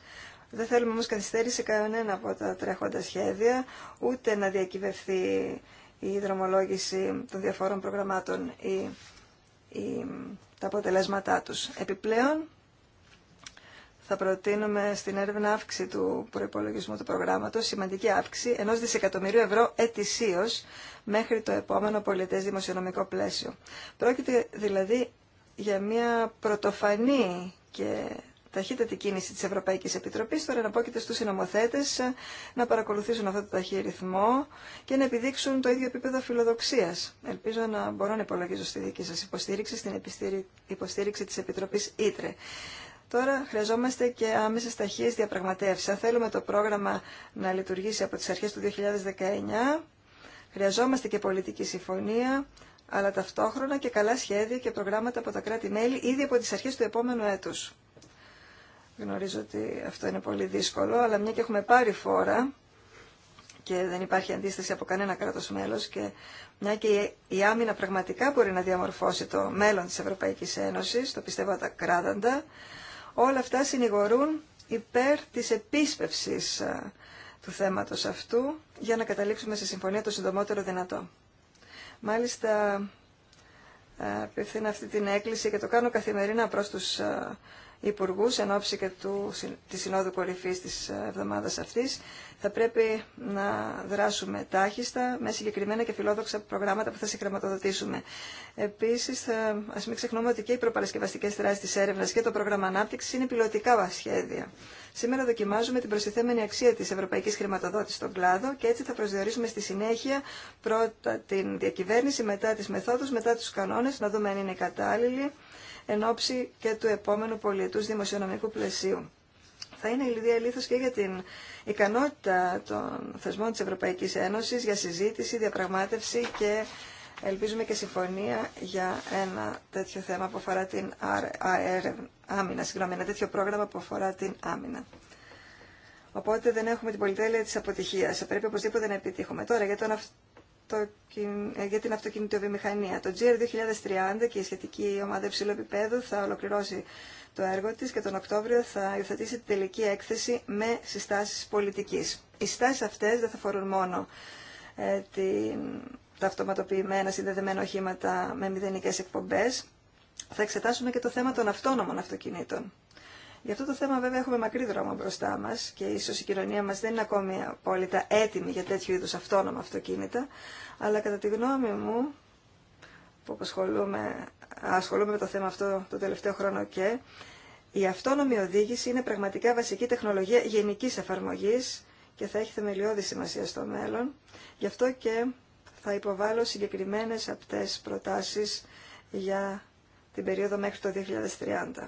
Δεν θέλουμε όμως καθυστέρηση κανένα από τα τρέχοντα σχέδια, ούτε να διακυβευθεί η δρομολόγηση των διαφόρων προγραμμάτων ή, ή τα αποτελέσματά τους. Επιπλέον, θα προτείνουμε στην έρευνα αύξηση του προπολογισμού του προγράμματο. σημαντική αύξηση ενό δισεκατομμυρίου ευρώ ετησίως μέχρι το επόμενο πολιτέ δημοσιονομικό πλαίσιο. Πρόκειται δηλαδή για μια πρωτοφανή και ταχύτατη κίνηση τη Ευρωπαϊκή Επιτροπή, Τώρα να εναπόκειται στου συνομοθέτε να παρακολουθήσουν αυτό το ταχύ ρυθμό και να επιδείξουν το ίδιο επίπεδο φιλοδοξία. Ελπίζω να μπορώ να υπολογίζω στη δική σα υποστήριξη, στην υποστήριξη τη Επιτροπή Ήτρε. Τώρα χρειαζόμαστε και άμεσες ταχείες διαπραγματεύσεις. Αν θέλουμε το πρόγραμμα να λειτουργήσει από τις αρχές του 2019, χρειαζόμαστε και πολιτική συμφωνία, αλλά ταυτόχρονα και καλά σχέδια και προγράμματα από τα κράτη-μέλη ήδη από τις αρχές του επόμενου έτους. Γνωρίζω ότι αυτό είναι πολύ δύσκολο, αλλά μια και έχουμε πάρει φόρα και δεν υπάρχει αντίσταση από κανένα κράτος μέλος και μια και η άμυνα πραγματικά μπορεί να διαμορφώσει το μέλλον της Ευρωπαϊκής Ένωσης, το πιστεύω τα Όλα αυτά συνηγορούν υπέρ της επίσπευσης του θέματος αυτού για να καταλήξουμε σε συμφωνία το συντομότερο δυνατό. Μάλιστα, απευθύνω αυτή την έκκληση και το κάνω καθημερινά προς τους υπουργούς εν ώψη και του, της Συνόδου Κορυφής της ε, εβδομάδας αυτής. Θα πρέπει να δράσουμε τάχιστα με συγκεκριμένα και φιλόδοξα προγράμματα που θα συγχρηματοδοτήσουμε. Επίσης, θα, ας μην ξεχνούμε ότι και οι προπαρασκευαστικές δράσεις της έρευνας και το πρόγραμμα ανάπτυξης είναι πιλωτικά σχέδια. Σήμερα δοκιμάζουμε την προστιθέμενη αξία της ευρωπαϊκής χρηματοδότησης στον κλάδο και έτσι θα προσδιορίσουμε στη συνέχεια πρώτα την διακυβέρνηση, μετά τις μεθόδους, μετά τους κανόνες, να δούμε αν είναι κατάλληλοι εν ώψη και του επόμενου πολιετούς δημοσιονομικού πλαισίου. Θα είναι η λίθος και για την ικανότητα των θεσμών της Ευρωπαϊκής Ένωσης για συζήτηση, διαπραγμάτευση και ελπίζουμε και συμφωνία για ένα τέτοιο θέμα που αφορά την άμυνα, συγγνώμη, ένα τέτοιο πρόγραμμα που αφορά την άμυνα. Οπότε δεν έχουμε την πολυτέλεια της αποτυχίας. Θα πρέπει οπωσδήποτε να επιτύχουμε. Τώρα για τον ε, για την αυτοκινητοβιομηχανία. Το GR 2030 και η σχετική ομάδα υψηλού επίπεδου θα ολοκληρώσει το έργο της και τον Οκτώβριο θα υιοθετήσει την τελική έκθεση με συστάσεις πολιτικής. Οι συστάσεις αυτές δεν θα φορούν μόνο ε, την, τα αυτοματοποιημένα συνδεδεμένα οχήματα με μηδενικές εκπομπές. Θα εξετάσουμε και το θέμα των αυτόνομων αυτοκινήτων. Για αυτό το θέμα βέβαια έχουμε μακρύ δρόμο μπροστά μας και ίσως η κοινωνία μας δεν είναι ακόμη απόλυτα έτοιμη για τέτοιου είδους αυτόνομα αυτοκίνητα, αλλά κατά τη γνώμη μου, που ασχολούμαι, ασχολούμαι με το θέμα αυτό το τελευταίο χρόνο και, η αυτόνομη οδήγηση είναι πραγματικά βασική τεχνολογία γενικής εφαρμογής και θα έχει θεμελιώδη σημασία στο μέλλον. Γι' αυτό και θα υποβάλω συγκεκριμένες απτές προτάσεις για την περίοδο μέχρι το 2030.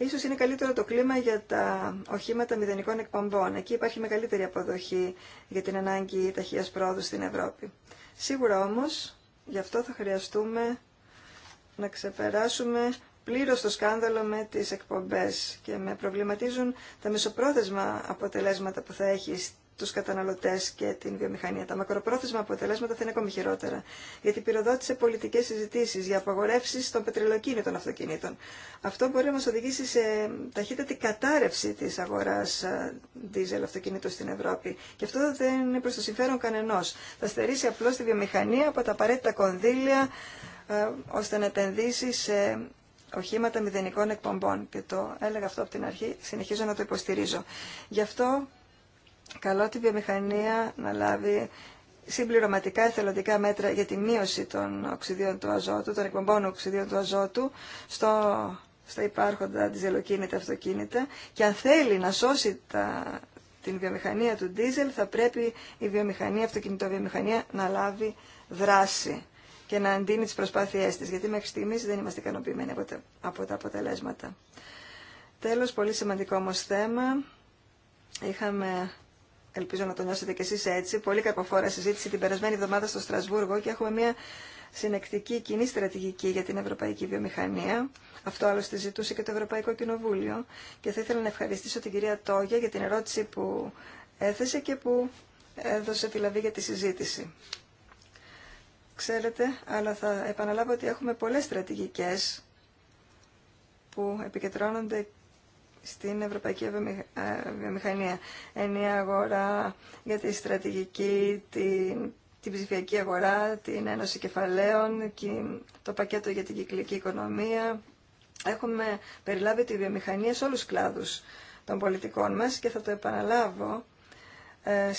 Ίσως είναι καλύτερο το κλίμα για τα οχήματα μηδενικών εκπομπών. Εκεί υπάρχει μεγαλύτερη αποδοχή για την ανάγκη ταχείας πρόοδου στην Ευρώπη. Σίγουρα όμως, γι' αυτό θα χρειαστούμε να ξεπεράσουμε πλήρω το σκάνδαλο με τις εκπομπές και με προβληματίζουν τα μεσοπρόθεσμα αποτελέσματα που θα έχει τους καταναλωτές και την βιομηχανία. Τα μακροπρόθεσμα αποτελέσματα θα είναι ακόμη χειρότερα, γιατί πυροδότησε πολιτικές συζητήσεις για απαγορεύσεις των πετρελοκίνητων αυτοκινήτων. Αυτό μπορεί να μας οδηγήσει σε ταχύτατη κατάρρευση της αγοράς ε, δίζελ αυτοκινήτων στην Ευρώπη. Και αυτό δεν είναι προς το συμφέρον κανενός. Θα στερήσει απλώς τη βιομηχανία από τα απαραίτητα κονδύλια, ε, ώστε να επενδύσει σε οχήματα μηδενικών εκπομπών. Και το έλεγα αυτό από την αρχή, συνεχίζω να το υποστηρίζω. Γι' αυτό Καλό τη βιομηχανία να λάβει συμπληρωματικά εθελοντικά μέτρα για τη μείωση των οξυδίων του αζότου, των εκπομπών οξυδίων του αζότου στο, στα υπάρχοντα διζελοκίνητα αυτοκίνητα και αν θέλει να σώσει την βιομηχανία του ντίζελ θα πρέπει η βιομηχανία, η αυτοκινητοβιομηχανία να λάβει δράση και να αντίνει τις προσπάθειές της, γιατί μέχρι στιγμής δεν είμαστε ικανοποιημένοι από τα, αποτελέσματα. Τέλος, πολύ σημαντικό όμως θέμα, είχαμε ελπίζω να το νιώσετε κι εσείς έτσι, πολύ κακοφόρα συζήτηση την περασμένη εβδομάδα στο Στρασβούργο και έχουμε μια συνεκτική κοινή στρατηγική για την ευρωπαϊκή βιομηχανία. Αυτό άλλωστε ζητούσε και το Ευρωπαϊκό Κοινοβούλιο. Και θα ήθελα να ευχαριστήσω την κυρία Τόγια για την ερώτηση που έθεσε και που έδωσε τη για τη συζήτηση. Ξέρετε, αλλά θα επαναλάβω ότι έχουμε πολλές στρατηγικές που επικεντρώνονται στην Ευρωπαϊκή ε, Βιομηχανία. Ενία αγορά για τη στρατηγική, την, ψηφιακή αγορά, την ένωση κεφαλαίων, το πακέτο για την κυκλική οικονομία. Έχουμε περιλάβει τη βιομηχανία σε όλους τους κλάδους των πολιτικών μας και θα το επαναλάβω. Ε,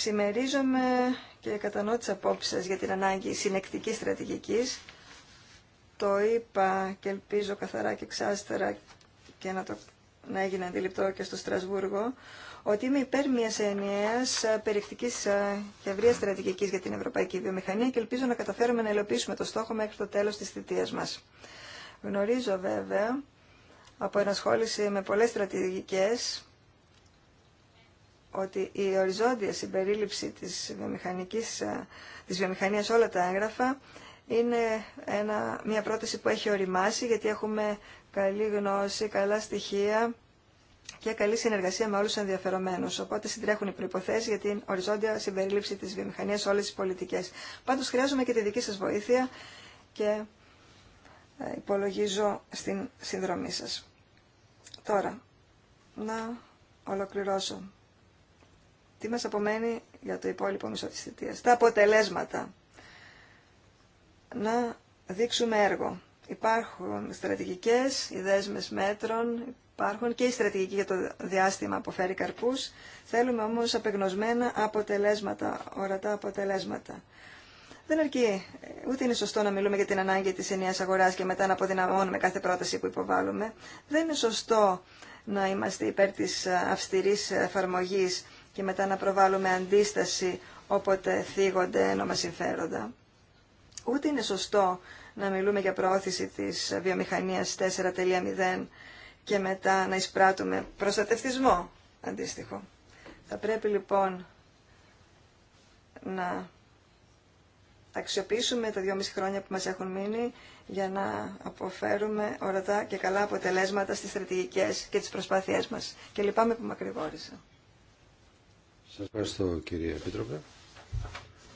και κατανοώ τις σας για την ανάγκη συνεκτικής στρατηγικής. Το είπα και ελπίζω καθαρά και εξάστερα και να το να έγινε αντιληπτό και στο Στρασβούργο, ότι είμαι υπέρ μια ενιαία ε, περιεκτική ε, και ευρεία στρατηγική για την ευρωπαϊκή βιομηχανία και ελπίζω να καταφέρουμε να υλοποιήσουμε το στόχο μέχρι το τέλο τη θητεία μα. Γνωρίζω βέβαια από ενασχόληση με πολλέ στρατηγικέ ότι η οριζόντια συμπερίληψη της, βιομηχανικής, ε, της βιομηχανίας όλα τα έγγραφα είναι ένα, μια πρόταση που έχει οριμάσει γιατί έχουμε καλή γνώση, καλά στοιχεία και καλή συνεργασία με όλου του ενδιαφερομένου. Οπότε συντρέχουν οι προποθέσει για την οριζόντια συμπερίληψη τη βιομηχανία σε όλε τι πολιτικέ. Πάντω χρειάζομαι και τη δική σα βοήθεια και ε, υπολογίζω στην συνδρομή σας. Τώρα, να ολοκληρώσω. Τι μας απομένει για το υπόλοιπο μισό της Τα αποτελέσματα. Να δείξουμε έργο. Υπάρχουν στρατηγικές, οι δέσμες μέτρων, υπάρχουν και η στρατηγική για το διάστημα που φέρει καρπούς. Θέλουμε όμως απεγνωσμένα αποτελέσματα, ορατά αποτελέσματα. Δεν αρκεί, ούτε είναι σωστό να μιλούμε για την ανάγκη της ενιαίας αγοράς και μετά να αποδυναμώνουμε κάθε πρόταση που υποβάλλουμε. Δεν είναι σωστό να είμαστε υπέρ της αυστηρής εφαρμογής και μετά να προβάλλουμε αντίσταση όποτε θίγονται ένομα συμφέροντα. Ούτε είναι σωστό να μιλούμε για προώθηση της βιομηχανίας 4.0 και μετά να εισπράττουμε προστατευτισμό αντίστοιχο. Θα πρέπει λοιπόν να αξιοποιήσουμε τα μισή χρόνια που μας έχουν μείνει για να αποφέρουμε ορατά και καλά αποτελέσματα στις στρατηγικές και τις προσπάθειές μας. Και λυπάμαι που μακρηγόρησα. Σας ευχαριστώ κύριε Επίτροπε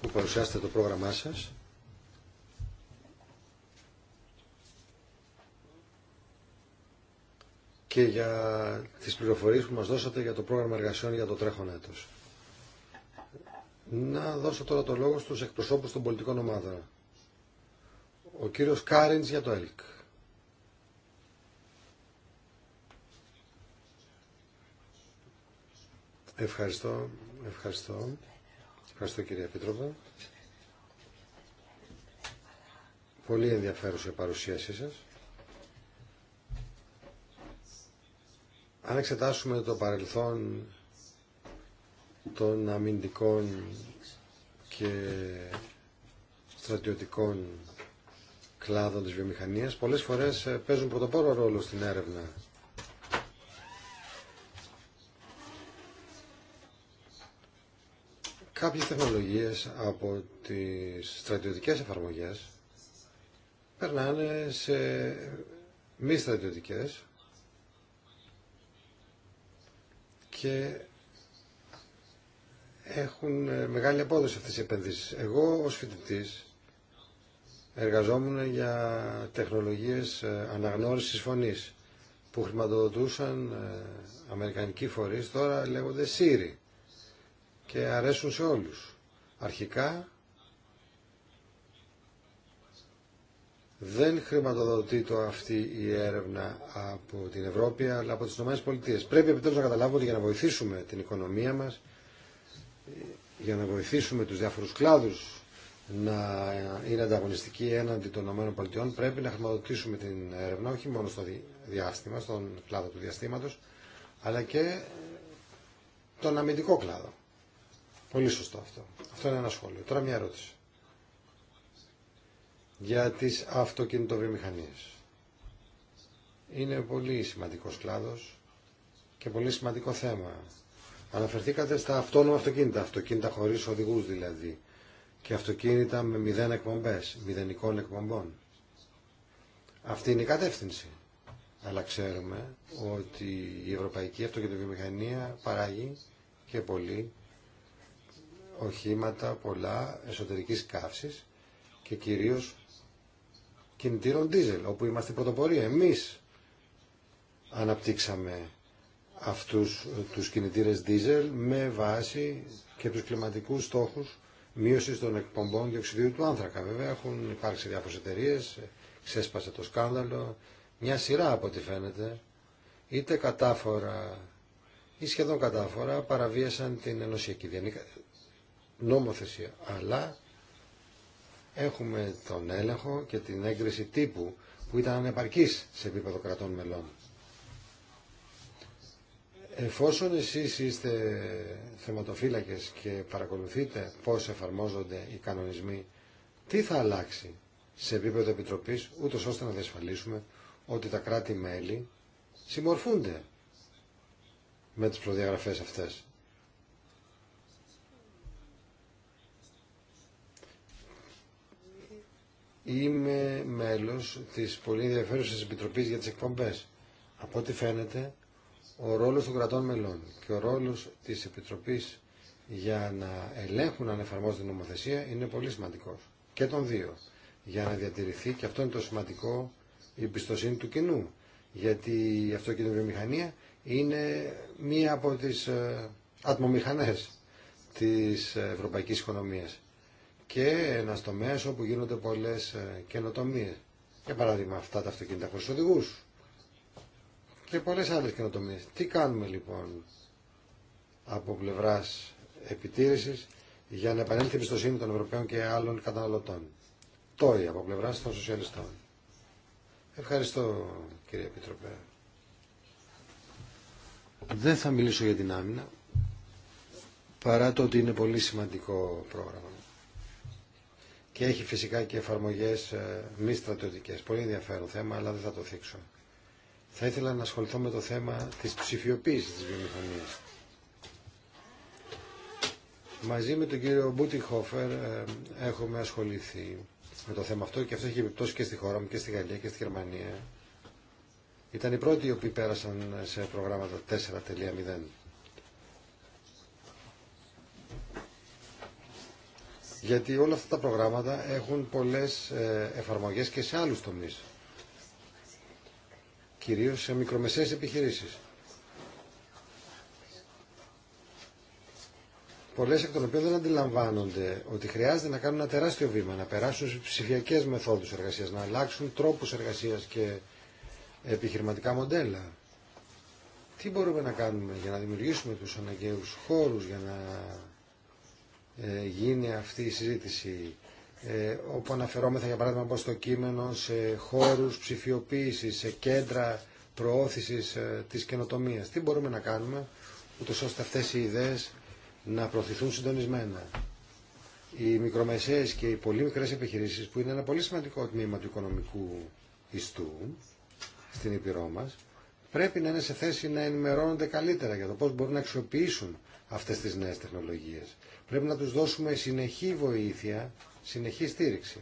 που παρουσιάσετε το πρόγραμμά σας. και για τις πληροφορίες που μας δώσατε για το πρόγραμμα εργασιών για το τρέχον έτος. Να δώσω τώρα το λόγο στους εκπροσώπους των πολιτικών ομάδων. Ο κύριος Κάριντς για το ΕΛΚ. Ευχαριστώ, ευχαριστώ. Ευχαριστώ κύριε Επίτροπο. Πολύ ενδιαφέρουσα η παρουσίασή σας. Αν εξετάσουμε το παρελθόν των αμυντικών και στρατιωτικών κλάδων της βιομηχανίας, πολλές φορές ε, παίζουν πρωτοπόρο ρόλο στην έρευνα. Κάποιες τεχνολογίες από τις στρατιωτικές εφαρμογές περνάνε σε μη στρατιωτικές και έχουν ε, μεγάλη απόδοση αυτές οι επενδύσεις. Εγώ ως φοιτητής εργαζόμουν για τεχνολογίες ε, αναγνώρισης φωνής που χρηματοδοτούσαν ε, αμερικανικοί φορείς, τώρα λέγονται Siri και αρέσουν σε όλους. Αρχικά δεν χρηματοδοτείται αυτή η έρευνα από την Ευρώπη αλλά από τις ΗΠΑ. Πρέπει επιτέλους να καταλάβουμε ότι για να βοηθήσουμε την οικονομία μας, για να βοηθήσουμε τους διάφορους κλάδους να είναι ανταγωνιστικοί έναντι των ΗΠΑ πρέπει να χρηματοδοτήσουμε την έρευνα όχι μόνο στο διάστημα, στον κλάδο του διαστήματος αλλά και τον αμυντικό κλάδο. Πολύ σωστό αυτό. Αυτό είναι ένα σχόλιο. Τώρα μια ερώτηση για τις αυτοκινητοβιομηχανίες. Είναι πολύ σημαντικός κλάδος και πολύ σημαντικό θέμα. Αναφερθήκατε στα αυτόνομα αυτοκίνητα, αυτοκίνητα χωρίς οδηγούς δηλαδή και αυτοκίνητα με μηδέν εκπομπές, μηδενικών εκπομπών. Αυτή είναι η κατεύθυνση. Αλλά ξέρουμε ότι η ευρωπαϊκή αυτοκινητοβιομηχανία παράγει και πολύ οχήματα πολλά εσωτερικής καύσης και κυρίως κινητήρων δίζελ, όπου είμαστε πρωτοπορία. Εμείς αναπτύξαμε αυτούς ε, τους κινητήρες δίζελ με βάση και τους κλιματικούς στόχους μείωσης των εκπομπών διοξιδίου του άνθρακα. Βέβαια έχουν υπάρξει διάφορες εταιρείε, ε, ξέσπασε το σκάνδαλο, μια σειρά από ό,τι φαίνεται, είτε κατάφορα ή σχεδόν κατάφορα παραβίασαν την ενωσιακή νομοθεσία. Αλλά Έχουμε τον έλεγχο και την έγκριση τύπου που ήταν ανεπαρκής σε επίπεδο κρατών μελών. Εφόσον εσείς είστε θεματοφύλακες και παρακολουθείτε πώς εφαρμόζονται οι κανονισμοί, τι θα αλλάξει σε επίπεδο Επιτροπής, ούτω ώστε να διασφαλίσουμε ότι τα κράτη-μέλη συμμορφούνται με τις προδιαγραφές αυτές. Είμαι μέλος της πολύ ενδιαφέρουσα Επιτροπής για τις εκπομπές. Από ό,τι φαίνεται, ο ρόλος των κρατών μελών και ο ρόλος της Επιτροπής για να ελέγχουν αν εφαρμόζεται νομοθεσία είναι πολύ σημαντικός. Και των δύο. Για να διατηρηθεί, και αυτό είναι το σημαντικό, η εμπιστοσύνη του κοινού. Γιατί η αυτοκινητοβιομηχανία είναι μία από τις ε, ατμομηχανές της ε, ευρωπαϊκής οικονομίας και ένα τομέα όπου γίνονται πολλέ ε, καινοτομίε. Για παράδειγμα, αυτά τα αυτοκίνητα χωρί οδηγού και πολλέ άλλε καινοτομίε. Τι κάνουμε λοιπόν από πλευρά επιτήρηση για να επανέλθει η εμπιστοσύνη των Ευρωπαίων και άλλων καταναλωτών. Τόι από πλευρά των Σοσιαλιστών. Ευχαριστώ κύριε Επιτροπέ. Δεν θα μιλήσω για την άμυνα παρά το ότι είναι πολύ σημαντικό πρόγραμμα και έχει φυσικά και εφαρμογές ε, μη στρατιωτικές. Πολύ ενδιαφέρον θέμα, αλλά δεν θα το θίξω. Θα ήθελα να ασχοληθώ με το θέμα της ψηφιοποίησης της βιομηχανίας. Μαζί με τον κύριο Μπούτιχόφερ ε, έχουμε ασχοληθεί με το θέμα αυτό και αυτό έχει επιπτώσει και στη χώρα μου και στη Γαλλία και στη Γερμανία. Ήταν οι πρώτοι οι οποίοι πέρασαν σε προγράμματα 4.0. γιατί όλα αυτά τα προγράμματα έχουν πολλές ε, εφαρμογές και σε άλλους τομείς, κυρίως σε μικρομεσαίες επιχειρήσεις. Πολλές εκ των οποίων δεν αντιλαμβάνονται ότι χρειάζεται να κάνουν ένα τεράστιο βήμα, να περάσουν σε ψηφιακές μεθόδους εργασίας, να αλλάξουν τρόπους εργασίας και επιχειρηματικά μοντέλα. Τι μπορούμε να κάνουμε για να δημιουργήσουμε τους αναγκαίους χώρους, για να ε, γίνει αυτή η συζήτηση ε, όπου αναφερόμεθα για παράδειγμα πως το κείμενο σε χώρους ψηφιοποίησης, σε κέντρα προώθησης ε, της καινοτομίας. Τι μπορούμε να κάνουμε ούτως ώστε αυτές οι ιδέες να προωθηθούν συντονισμένα. Οι μικρομεσαίες και οι πολύ μικρές επιχειρήσεις που είναι ένα πολύ σημαντικό τμήμα του οικονομικού ιστού στην Ήπειρό μας πρέπει να είναι σε θέση να ενημερώνονται καλύτερα για το πώς μπορούν να αξιοποιήσουν αυτές τις νέες τεχνολογίες. Πρέπει να τους δώσουμε συνεχή βοήθεια, συνεχή στήριξη.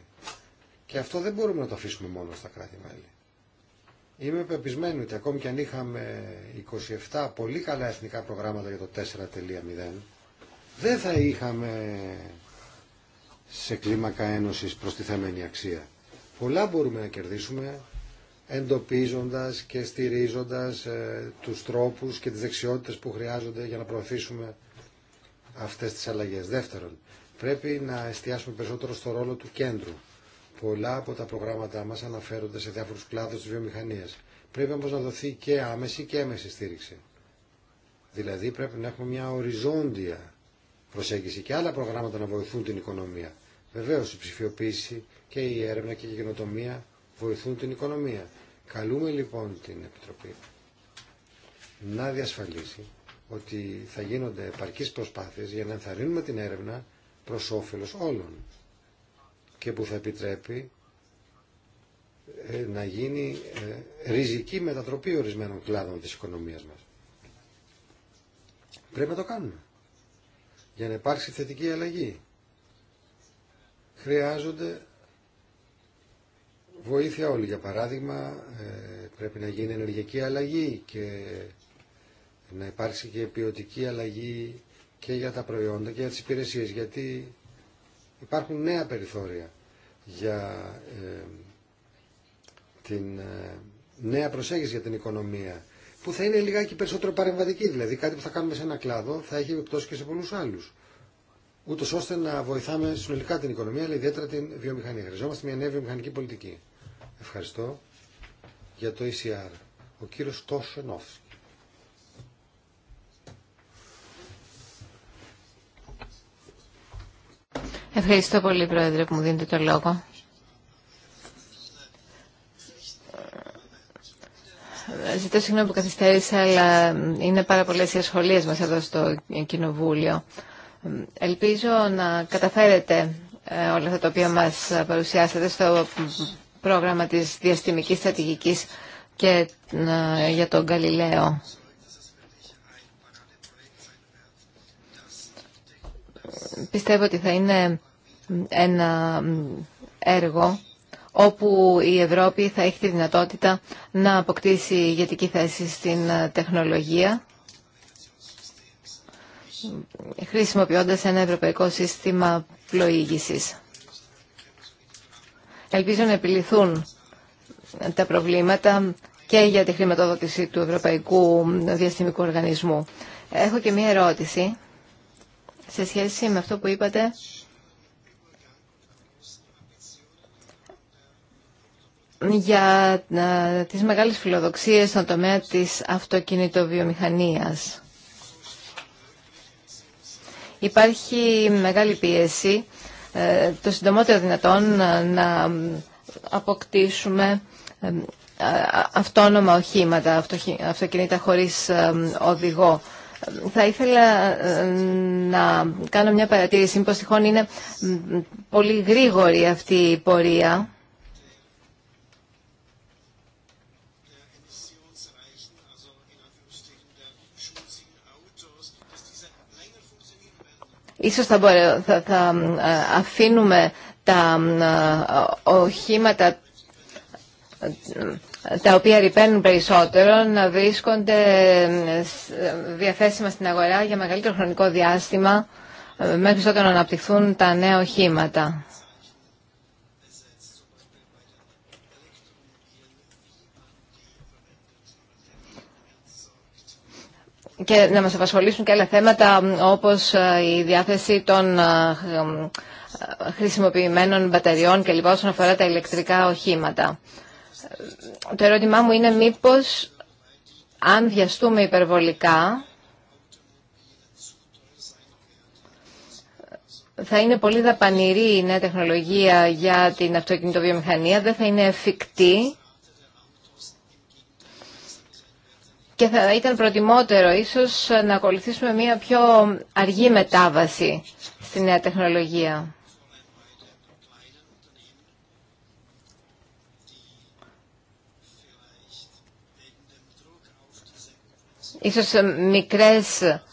Και αυτό δεν μπορούμε να το αφήσουμε μόνο στα κράτη-μέλη. Είμαι πεπισμένη ότι ακόμη και αν είχαμε 27 πολύ καλά εθνικά προγράμματα για το 4.0, δεν θα είχαμε σε κλίμακα ένωσης προστιθέμενη αξία. Πολλά μπορούμε να κερδίσουμε εντοπίζοντας και στηρίζοντας ε, τους τρόπους και τις δεξιότητες που χρειάζονται για να προωθήσουμε αυτές τις αλλαγές. Δεύτερον, πρέπει να εστιάσουμε περισσότερο στο ρόλο του κέντρου. Πολλά από τα προγράμματά μας αναφέρονται σε διάφορους κλάδους της βιομηχανίας. Πρέπει όμως να δοθεί και άμεση και έμεση στήριξη. Δηλαδή πρέπει να έχουμε μια οριζόντια προσέγγιση και άλλα προγράμματα να βοηθούν την οικονομία. Βεβαίως η ψηφιοποίηση και η έρευνα και η γενοτομία βοηθούν την οικονομία. Καλούμε λοιπόν την Επιτροπή να διασφαλίσει ότι θα γίνονται επαρκείς προσπάθειες για να ενθαρρύνουμε την έρευνα προς όφελος όλων και που θα επιτρέπει ε, να γίνει ε, ριζική μετατροπή ορισμένων κλάδων της οικονομίας μας. Πρέπει να το κάνουμε. Για να υπάρξει θετική αλλαγή χρειάζονται βοήθεια όλοι. Για παράδειγμα, ε, πρέπει να γίνει ενεργειακή αλλαγή και να υπάρξει και ποιοτική αλλαγή και για τα προϊόντα και για τις υπηρεσίες, γιατί υπάρχουν νέα περιθώρια για ε, την ε, νέα προσέγγιση για την οικονομία, που θα είναι λιγάκι περισσότερο παρεμβατική, δηλαδή κάτι που θα κάνουμε σε ένα κλάδο θα έχει επιπτώσει και σε πολλούς άλλους. Ούτω ώστε να βοηθάμε συνολικά την οικονομία, αλλά ιδιαίτερα την βιομηχανία. Χρειαζόμαστε μια νέα βιομηχανική πολιτική. Ευχαριστώ για το ECR. Ο κύριος Τόσενοφ. Ευχαριστώ πολύ, Πρόεδρε, που μου δίνετε το λόγο. Ζητώ συγγνώμη που καθυστέρησα, αλλά είναι πάρα πολλές οι ασχολίες μα εδώ στο Κοινοβούλιο. Ελπίζω να καταφέρετε ε, όλα αυτά τα οποία μα παρουσιάσατε στο πρόγραμμα της διαστημικής στρατηγικής και ε, για τον Γαλιλαίο. Πιστεύω ότι θα είναι ένα έργο όπου η Ευρώπη θα έχει τη δυνατότητα να αποκτήσει ηγετική θέση στην ε, τεχνολογία χρησιμοποιώντας ένα ευρωπαϊκό σύστημα πλοήγησης. Ελπίζω να επιληθούν τα προβλήματα και για τη χρηματοδότηση του Ευρωπαϊκού Διαστημικού Οργανισμού. Έχω και μία ερώτηση σε σχέση με αυτό που είπατε για τις μεγάλες φιλοδοξίες στον τομέα της αυτοκινητοβιομηχανίας. Υπάρχει μεγάλη πίεση ε, το συντομότερο δυνατόν ε, να αποκτήσουμε ε, αυτόνομα οχήματα, αυτοκινήτα χωρίς οδηγό. Θα ήθελα να κάνω μια παρατήρηση, μήπως τυχόν είναι πολύ γρήγορη αυτή η πορεία Ίσως θα, μπορέ, θα, θα ε, αφήνουμε τα ε, οχήματα ε, τα οποία ρηπαίνουν περισσότερο να βρίσκονται διαθέσιμα στην αγορά για μεγαλύτερο χρονικό διάστημα μέχρι όταν αναπτυχθούν τα νέα οχήματα. και να μας απασχολήσουν και άλλα θέματα όπως ε, η διάθεση των ε, ε, χρησιμοποιημένων μπαταριών και λοιπά όσον αφορά τα ηλεκτρικά οχήματα. Το ερώτημά μου είναι μήπως αν βιαστούμε υπερβολικά θα είναι πολύ δαπανηρή η νέα τεχνολογία για την αυτοκινητοβιομηχανία, δεν θα είναι εφικτή και θα ήταν προτιμότερο ίσως να ακολουθήσουμε μια πιο αργή μετάβαση στη νέα τεχνολογία. Ίσως ε, μικρές ε,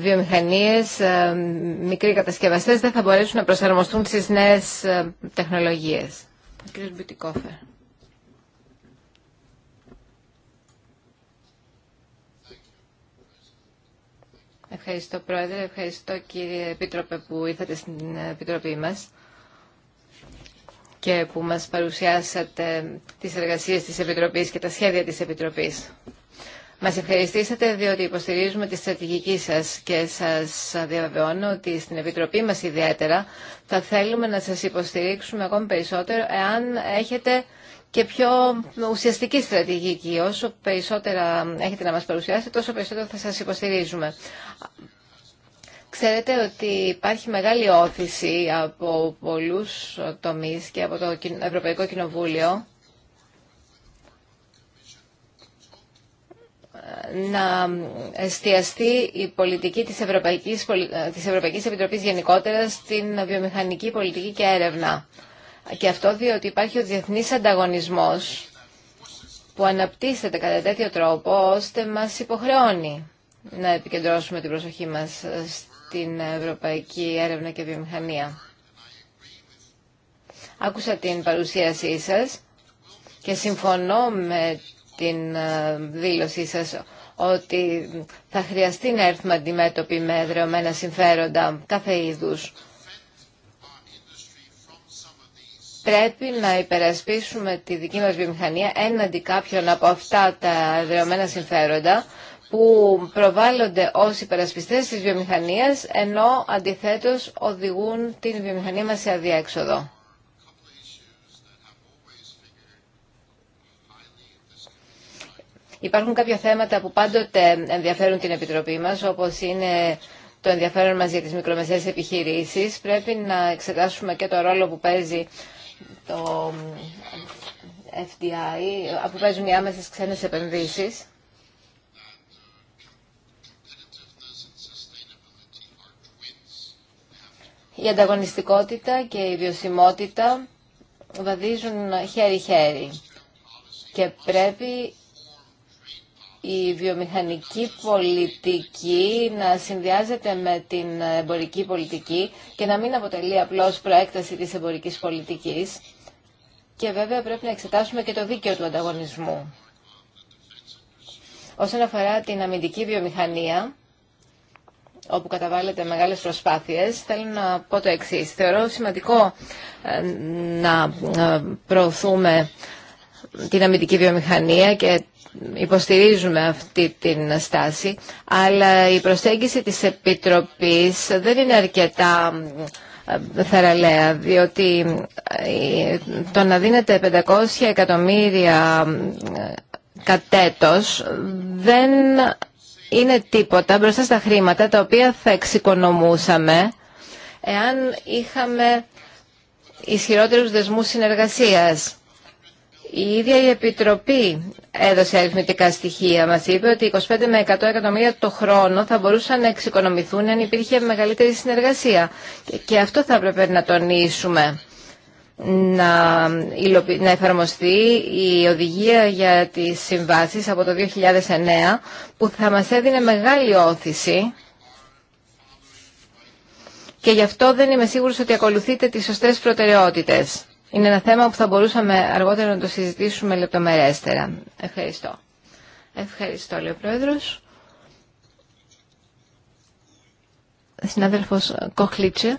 βιομηχανίες, ε, μικροί κατασκευαστές δεν θα μπορέσουν να προσαρμοστούν στις νέες τεχνολογίες. Ο Μπιτικόφερ. Ευχαριστώ Πρόεδρε, ευχαριστώ κύριε Επίτροπε που ήρθατε στην Επιτροπή μας και που μας παρουσιάσατε τις εργασίες της Επιτροπής και τα σχέδια της Επιτροπής. Μας ευχαριστήσατε διότι υποστηρίζουμε τη στρατηγική σας και σας διαβεβαιώνω ότι στην Επιτροπή μας ιδιαίτερα θα θέλουμε να σας υποστηρίξουμε ακόμη περισσότερο εάν έχετε και πιο ουσιαστική στρατηγική. Όσο περισσότερα έχετε να μας παρουσιάσετε, τόσο περισσότερο θα σας υποστηρίζουμε. Ξέρετε ότι υπάρχει μεγάλη όθηση από πολλούς τομείς και από το Ευρωπαϊκό Κοινοβούλιο να εστιαστεί η πολιτική της Ευρωπαϊκής, της Ευρωπαϊκής Επιτροπής γενικότερα στην βιομηχανική πολιτική και έρευνα. Και αυτό διότι υπάρχει ο διεθνής ανταγωνισμός που αναπτύσσεται κατά τέτοιο τρόπο ώστε μας υποχρεώνει να επικεντρώσουμε την προσοχή μας στην ευρωπαϊκή έρευνα και βιομηχανία. Άκουσα την παρουσίασή σας και συμφωνώ με την ε, δήλωσή σας ότι θα χρειαστεί να έρθουμε αντιμέτωποι με δρεωμένα συμφέροντα κάθε είδους πρέπει να υπερασπίσουμε τη δική μας βιομηχανία έναντι κάποιων από αυτά τα δρεωμένα συμφέροντα που προβάλλονται ως υπερασπιστές της βιομηχανίας ενώ αντιθέτως οδηγούν την βιομηχανία μας σε αδιέξοδο. Υπάρχουν κάποια θέματα που πάντοτε ενδιαφέρουν την Επιτροπή μας, όπως είναι το ενδιαφέρον μας για τις μικρομεσαίες επιχειρήσεις. Πρέπει να εξετάσουμε και το ρόλο που παίζει το ε, FDI, που παίζουν οι άμεσες ξένες επενδύσεις. Η ανταγωνιστικότητα και η βιωσιμότητα βαδίζουν χέρι-χέρι και πρέπει η βιομηχανική πολιτική να συνδυάζεται με την εμπορική πολιτική και να μην αποτελεί απλώς προέκταση της εμπορικής πολιτικής. Και βέβαια πρέπει να εξετάσουμε και το δίκαιο του ανταγωνισμού. Όσον αφορά την αμυντική βιομηχανία, όπου καταβάλλεται μεγάλες προσπάθειες, θέλω να πω το εξή. Θεωρώ σημαντικό ε, να ε, προωθούμε την αμυντική βιομηχανία και υποστηρίζουμε αυτή την στάση, αλλά η προσέγγιση της Επιτροπής δεν είναι αρκετά ε, θεραλέα, διότι ε, το να δίνετε 500 εκατομμύρια ε, κατέτος δεν είναι τίποτα μπροστά στα χρήματα τα οποία θα εξοικονομούσαμε εάν είχαμε ισχυρότερους δεσμούς συνεργασίας. Η ίδια η Επιτροπή έδωσε αριθμητικά στοιχεία. Μας είπε ότι 25 με 100 εκατομμύρια το χρόνο θα μπορούσαν να εξοικονομηθούν αν υπήρχε μεγαλύτερη συνεργασία. Και αυτό θα έπρεπε να τονίσουμε. Να, να εφαρμοστεί η οδηγία για τις συμβάσεις από το 2009 που θα μας έδινε μεγάλη όθηση και γι' αυτό δεν είμαι σίγουρος ότι ακολουθείτε τις σωστές προτεραιότητες. Είναι ένα θέμα που θα μπορούσαμε αργότερα να το συζητήσουμε λεπτομερέστερα. Ευχαριστώ. Ευχαριστώ, λέει ο Πρόεδρος. Συνάδελφος Κοχλίτσε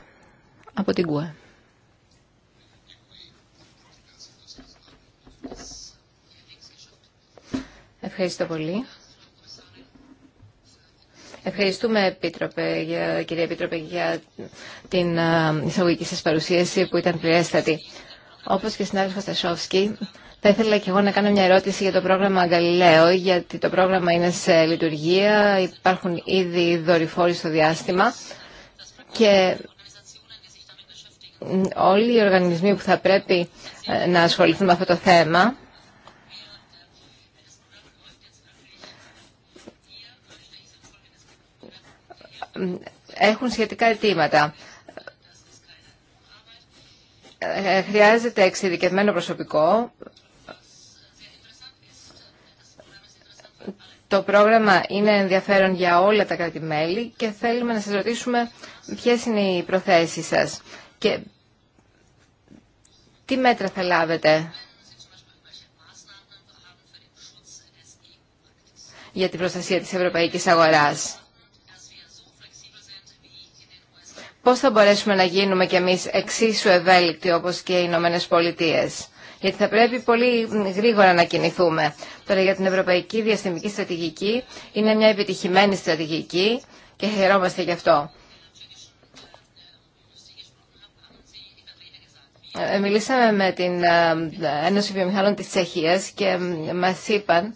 από την ΚΟΕ. Ευχαριστώ πολύ. Ευχαριστούμε, Επίτροπε, για, κυρία Επίτροπε, για την ε, εισαγωγική σας παρουσίαση που ήταν πληρέστατη. Όπως και στην συνάδελφος θα ήθελα και εγώ να κάνω μια ερώτηση για το πρόγραμμα Γαλιλαίο, γιατί το πρόγραμμα είναι σε λειτουργία, υπάρχουν ήδη δορυφόροι στο διάστημα και όλοι οι οργανισμοί που θα πρέπει ε, να ασχοληθούν με αυτό το θέμα έχουν σχετικά αιτήματα. Ε, χρειάζεται εξειδικευμένο προσωπικό. Το πρόγραμμα είναι ενδιαφέρον για όλα τα κράτη-μέλη και θέλουμε να σας ρωτήσουμε ποιες είναι οι προθέσεις σας και τι μέτρα θα λάβετε για την προστασία της ευρωπαϊκής αγοράς. πώς θα μπορέσουμε να γίνουμε κι εμείς εξίσου ευέλικτοι όπως και οι Ηνωμένε Πολιτείε. Γιατί θα πρέπει πολύ γρήγορα να κινηθούμε. Τώρα για την Ευρωπαϊκή Διαστημική Στρατηγική είναι μια επιτυχημένη στρατηγική και χαιρόμαστε γι' αυτό. Ε, μιλήσαμε με την ε, Ένωση Βιομηχανών της Τσεχίας και ε, μας είπαν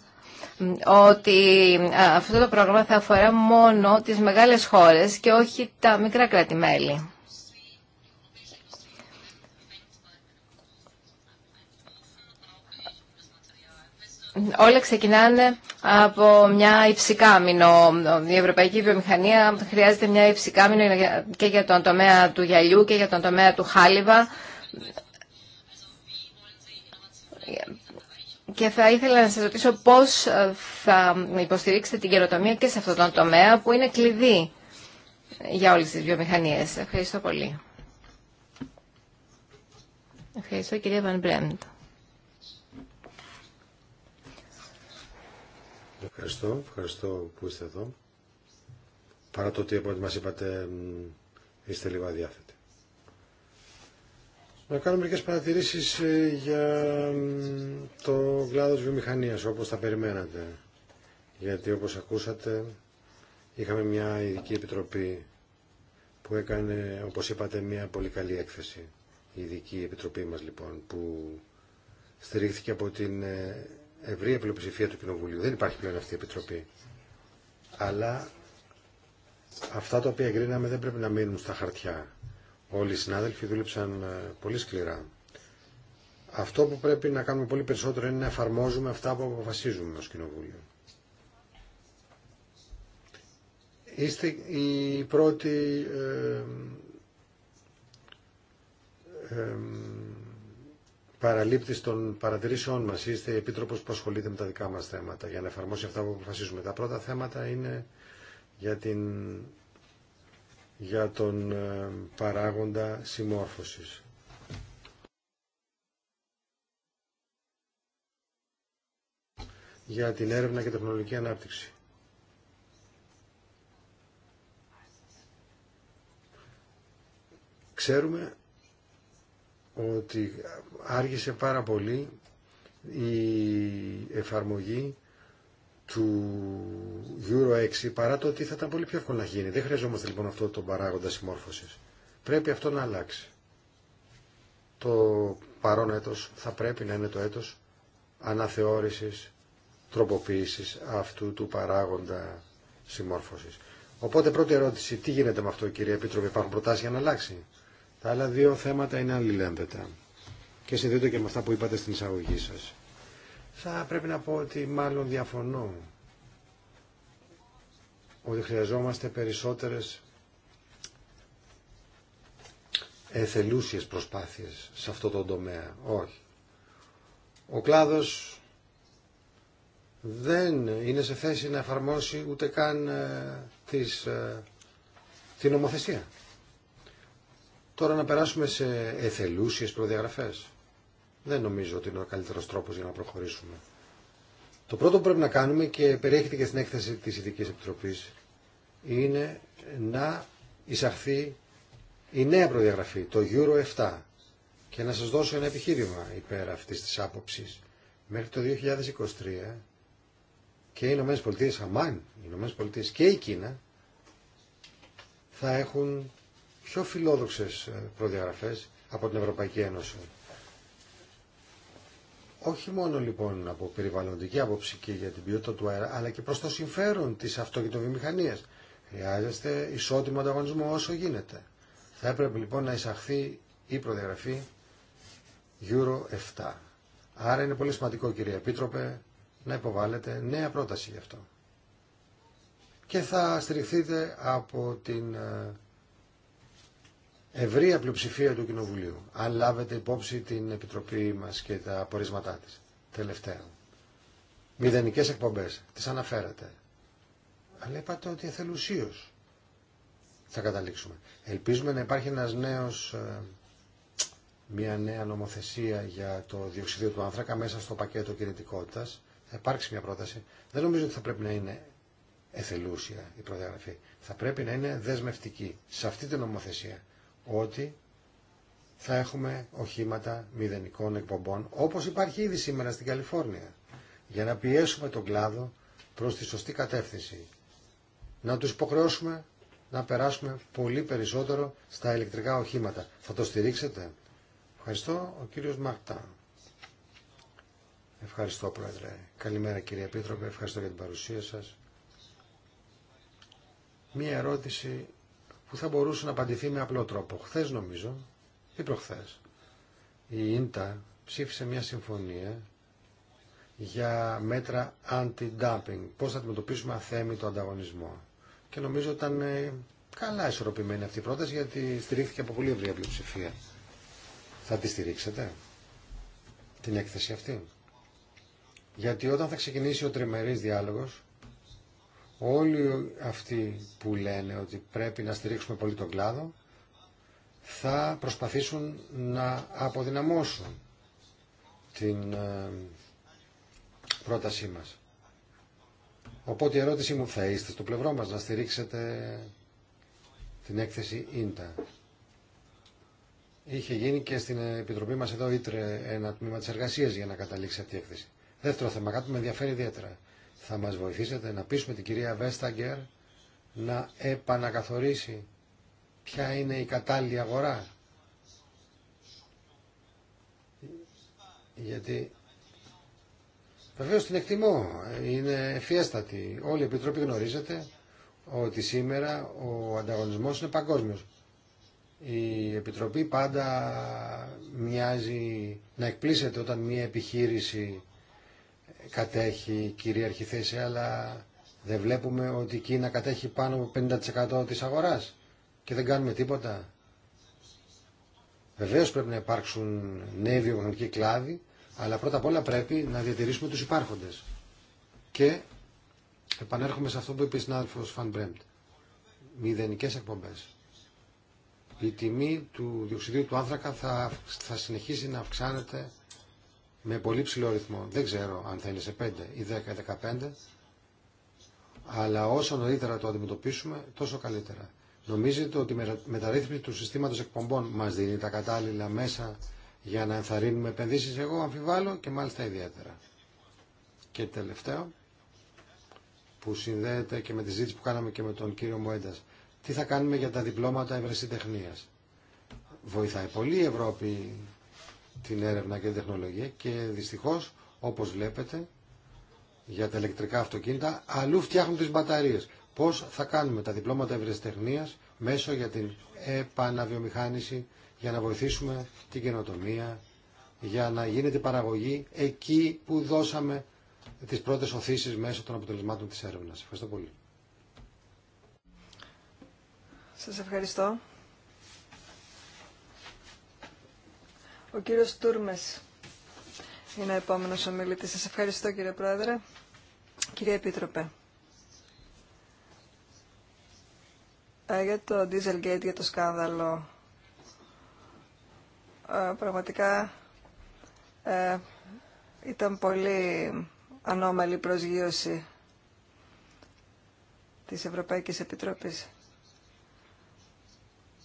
ότι ε, αυτό το πρόγραμμα θα αφορά μόνο τις μεγάλες χώρες και όχι τα μικρά κράτη-μέλη. Όλα ξεκινάνε από μια υψικάμινο. Η ευρωπαϊκή βιομηχανία χρειάζεται μια υψικάμινο και για τον τομέα του γυαλιού και για τον τομέα του χάλιβα και θα ήθελα να σας ρωτήσω πώς ε, θα υποστηρίξετε την καιροτομία και σε αυτόν τον τομέα που είναι κλειδί για όλες τις βιομηχανίες. Ευχαριστώ πολύ. Ευχαριστώ κυρία Βαν Ευχαριστώ, ευχαριστώ που είστε εδώ. Παρά το ότι ό,τι μας είπατε είστε λίγο αδιάθετοι. Να κάνω μερικές παρατηρήσεις ε, για το κλάδο βιομηχανίας, όπως τα περιμένατε. Γιατί όπως ακούσατε, είχαμε μια ειδική επιτροπή που έκανε, όπως είπατε, μια πολύ καλή έκθεση. Η ειδική επιτροπή μας, λοιπόν, που στηρίχθηκε από την ε, ευρία πλειοψηφία του Κοινοβουλίου. Δεν υπάρχει πλέον αυτή η επιτροπή. Αλλά αυτά τα οποία εγκρίναμε δεν πρέπει να μείνουν στα χαρτιά. Όλοι οι συνάδελφοι δούλεψαν ε, πολύ σκληρά. Αυτό που πρέπει να κάνουμε πολύ περισσότερο είναι να εφαρμόζουμε αυτά που αποφασίζουμε ως Κοινοβούλιο. Είστε η πρώτη ε, ε, παραλήπτης των παρατηρήσεών μας. Είστε η Επίτροπος που ασχολείται με τα δικά μας θέματα για να εφαρμόσει αυτά που αποφασίζουμε. Τα πρώτα θέματα είναι για την για τον ε, παράγοντα συμμόρφωσης. για την έρευνα και τεχνολογική ανάπτυξη. Ξέρουμε ότι άργησε πάρα πολύ η εφαρμογή του Euro 6 παρά το ότι θα ήταν πολύ πιο εύκολο να γίνει. Δεν χρειαζόμαστε λοιπόν αυτό το παράγοντα συμμόρφωση. Πρέπει αυτό να αλλάξει. Το παρόν έτος θα πρέπει να είναι το έτος αναθεώρησης, τροποποίησης αυτού του παράγοντα συμμόρφωσης. Οπότε πρώτη ερώτηση, τι γίνεται με αυτό κύριε Επίτροπε, υπάρχουν προτάσεις για να αλλάξει. Τα άλλα δύο θέματα είναι αλληλένδετα και συνδέονται και με αυτά που είπατε στην εισαγωγή σας. Θα πρέπει να πω ότι μάλλον διαφωνώ ότι χρειαζόμαστε περισσότερες εθελούσιες προσπάθειες σε αυτό το τομέα. Όχι. Ο κλάδος δεν είναι σε θέση να εφαρμόσει ούτε καν ε, ε, την ομοθεσία. Τώρα να περάσουμε σε εθελούσιες προδιαγραφές δεν νομίζω ότι είναι ο καλύτερος τρόπος για να προχωρήσουμε. Το πρώτο που πρέπει να κάνουμε και περιέχεται και στην έκθεση της ειδική επιτροπή, είναι να εισαχθεί η νέα προδιαγραφή, το Euro 7. Και να σας δώσω ένα επιχείρημα υπέρ αυτής της άποψη Μέχρι το 2023 και οι Ηνωμένε Πολιτείε, αμάν, οι Ηνωμένε Πολιτείε και η Κίνα θα έχουν πιο φιλόδοξες ε, προδιαγραφές από την Ευρωπαϊκή Ένωση όχι μόνο λοιπόν από περιβαλλοντική άποψη και για την ποιότητα του αέρα, αλλά και προς το συμφέρον της αυτοκινητοβιομηχανίας. Χρειάζεστε ισότιμο ανταγωνισμό όσο γίνεται. Θα έπρεπε λοιπόν να εισαχθεί η προδιαγραφή Euro 7. Άρα είναι πολύ σημαντικό κύριε Επίτροπε να υποβάλλετε νέα πρόταση γι' αυτό. Και θα στηριχθείτε από την ε, Ευρία πλειοψηφία του Κοινοβουλίου, αν λάβετε υπόψη την Επιτροπή μα και τα απορίσματά τη Τελευταία. Μηδενικέ εκπομπέ, τι αναφέρατε. Αλλά είπατε ότι εθελουσίω θα καταλήξουμε. Ελπίζουμε να υπάρχει ένα νέο ε, μια νέα νομοθεσία για το διοξιδίο του άνθρακα μέσα στο πακέτο κινητικότητα. Θα υπάρξει μια πρόταση. Δεν νομίζω ότι θα πρέπει να είναι εθελούσια η προδιαγραφή. Θα πρέπει να είναι δεσμευτική σε αυτή την νομοθεσία ότι θα έχουμε οχήματα μηδενικών εκπομπών, όπως υπάρχει ήδη σήμερα στην Καλιφόρνια, για να πιέσουμε τον κλάδο προς τη σωστή κατεύθυνση. Να τους υποχρεώσουμε να περάσουμε πολύ περισσότερο στα ηλεκτρικά οχήματα. Θα το στηρίξετε. Ευχαριστώ, ο κύριος Μαρτά. Ευχαριστώ, Πρόεδρε. Καλημέρα, κύριε Επίτροπε. Ευχαριστώ για την παρουσία σας. Μία ερώτηση που θα μπορούσε να απαντηθεί με απλό τρόπο. Χθε νομίζω ή προχθέ η ΙΝΤΑ ψήφισε μια συμφωνία για μέτρα anti-dumping, πώς θα αντιμετωπίσουμε αθέμητο ανταγωνισμό. Και νομίζω ήταν ε, καλά ισορροπημένη αυτή η πρόταση γιατί στηρίχθηκε από πολύ ευρία πλειοψηφία. Θα τη στηρίξετε την έκθεση αυτή. Γιατί όταν θα ξεκινήσει ο τριμερής διάλογος όλοι αυτοί που λένε ότι πρέπει να στηρίξουμε πολύ τον κλάδο θα προσπαθήσουν να αποδυναμώσουν την ε, πρότασή μας. Οπότε η ερώτησή μου θα είστε στο πλευρό μας να στηρίξετε την έκθεση ίντα. Είχε γίνει και στην Επιτροπή μας εδώ ήτρε ένα τμήμα της εργασίας για να καταλήξει αυτή η έκθεση. Δεύτερο θέμα, κάτι που με ενδιαφέρει ιδιαίτερα θα μας βοηθήσετε να πείσουμε την κυρία Βέσταγκερ να επανακαθορίσει ποια είναι η κατάλληλη αγορά. Γιατί βεβαίω την εκτιμώ, είναι ευφιέστατη. Όλη η Επιτροπή γνωρίζετε ότι σήμερα ο ανταγωνισμός είναι παγκόσμιος. Η Επιτροπή πάντα μοιάζει να εκπλήσεται όταν μια επιχείρηση κατέχει κυρίαρχη θέση, αλλά δεν βλέπουμε ότι η Κίνα κατέχει πάνω από 50% της αγοράς και δεν κάνουμε τίποτα. Βεβαίως πρέπει να υπάρξουν νέοι βιογνωμικοί κλάδοι, αλλά πρώτα απ' όλα πρέπει να διατηρήσουμε τους υπάρχοντες. Και επανέρχομαι σε αυτό που είπε η συνάδελφος Φαν Μπρέμπτ. Μηδενικές εκπομπές. Η τιμή του διοξιδίου του άνθρακα θα, θα συνεχίσει να αυξάνεται με πολύ ψηλό ρυθμό. Δεν ξέρω αν θα είναι σε 5 ή 10 ή 15, αλλά όσο νωρίτερα το αντιμετωπίσουμε, τόσο καλύτερα. Νομίζετε ότι η μεταρρύθμιση του συστήματος εκπομπών μας δίνει τα κατάλληλα μέσα για να ενθαρρύνουμε επενδύσεις, εγώ αμφιβάλλω και μάλιστα ιδιαίτερα. Και τελευταίο, που συνδέεται και με τη ζήτηση που κάναμε και με τον κύριο Μουέντας, τι θα κάνουμε για τα διπλώματα ευρεσιτεχνίας. Βοηθάει πολύ η Ευρώπη την έρευνα και την τεχνολογία και δυστυχώς όπως βλέπετε για τα ηλεκτρικά αυτοκίνητα αλλού φτιάχνουν τις μπαταρίες. Πώς θα κάνουμε τα διπλώματα ευρεσιτεχνίας μέσω για την επαναβιομηχάνηση για να βοηθήσουμε την καινοτομία, για να γίνεται παραγωγή εκεί που δώσαμε τις πρώτες οθήσεις μέσω των αποτελεσμάτων της έρευνας. Ευχαριστώ πολύ. Σας ευχαριστώ. Ο κύριος Τούρμες είναι ο επόμενος ομιλητής. Σας ευχαριστώ κύριε Πρόεδρε. Κύριε Επίτροπε, ε, για το Dieselgate, για το σκάνδαλο, ε, πραγματικά ε, ήταν πολύ ανώμαλη προσγείωση της Ευρωπαϊκής Επιτροπής.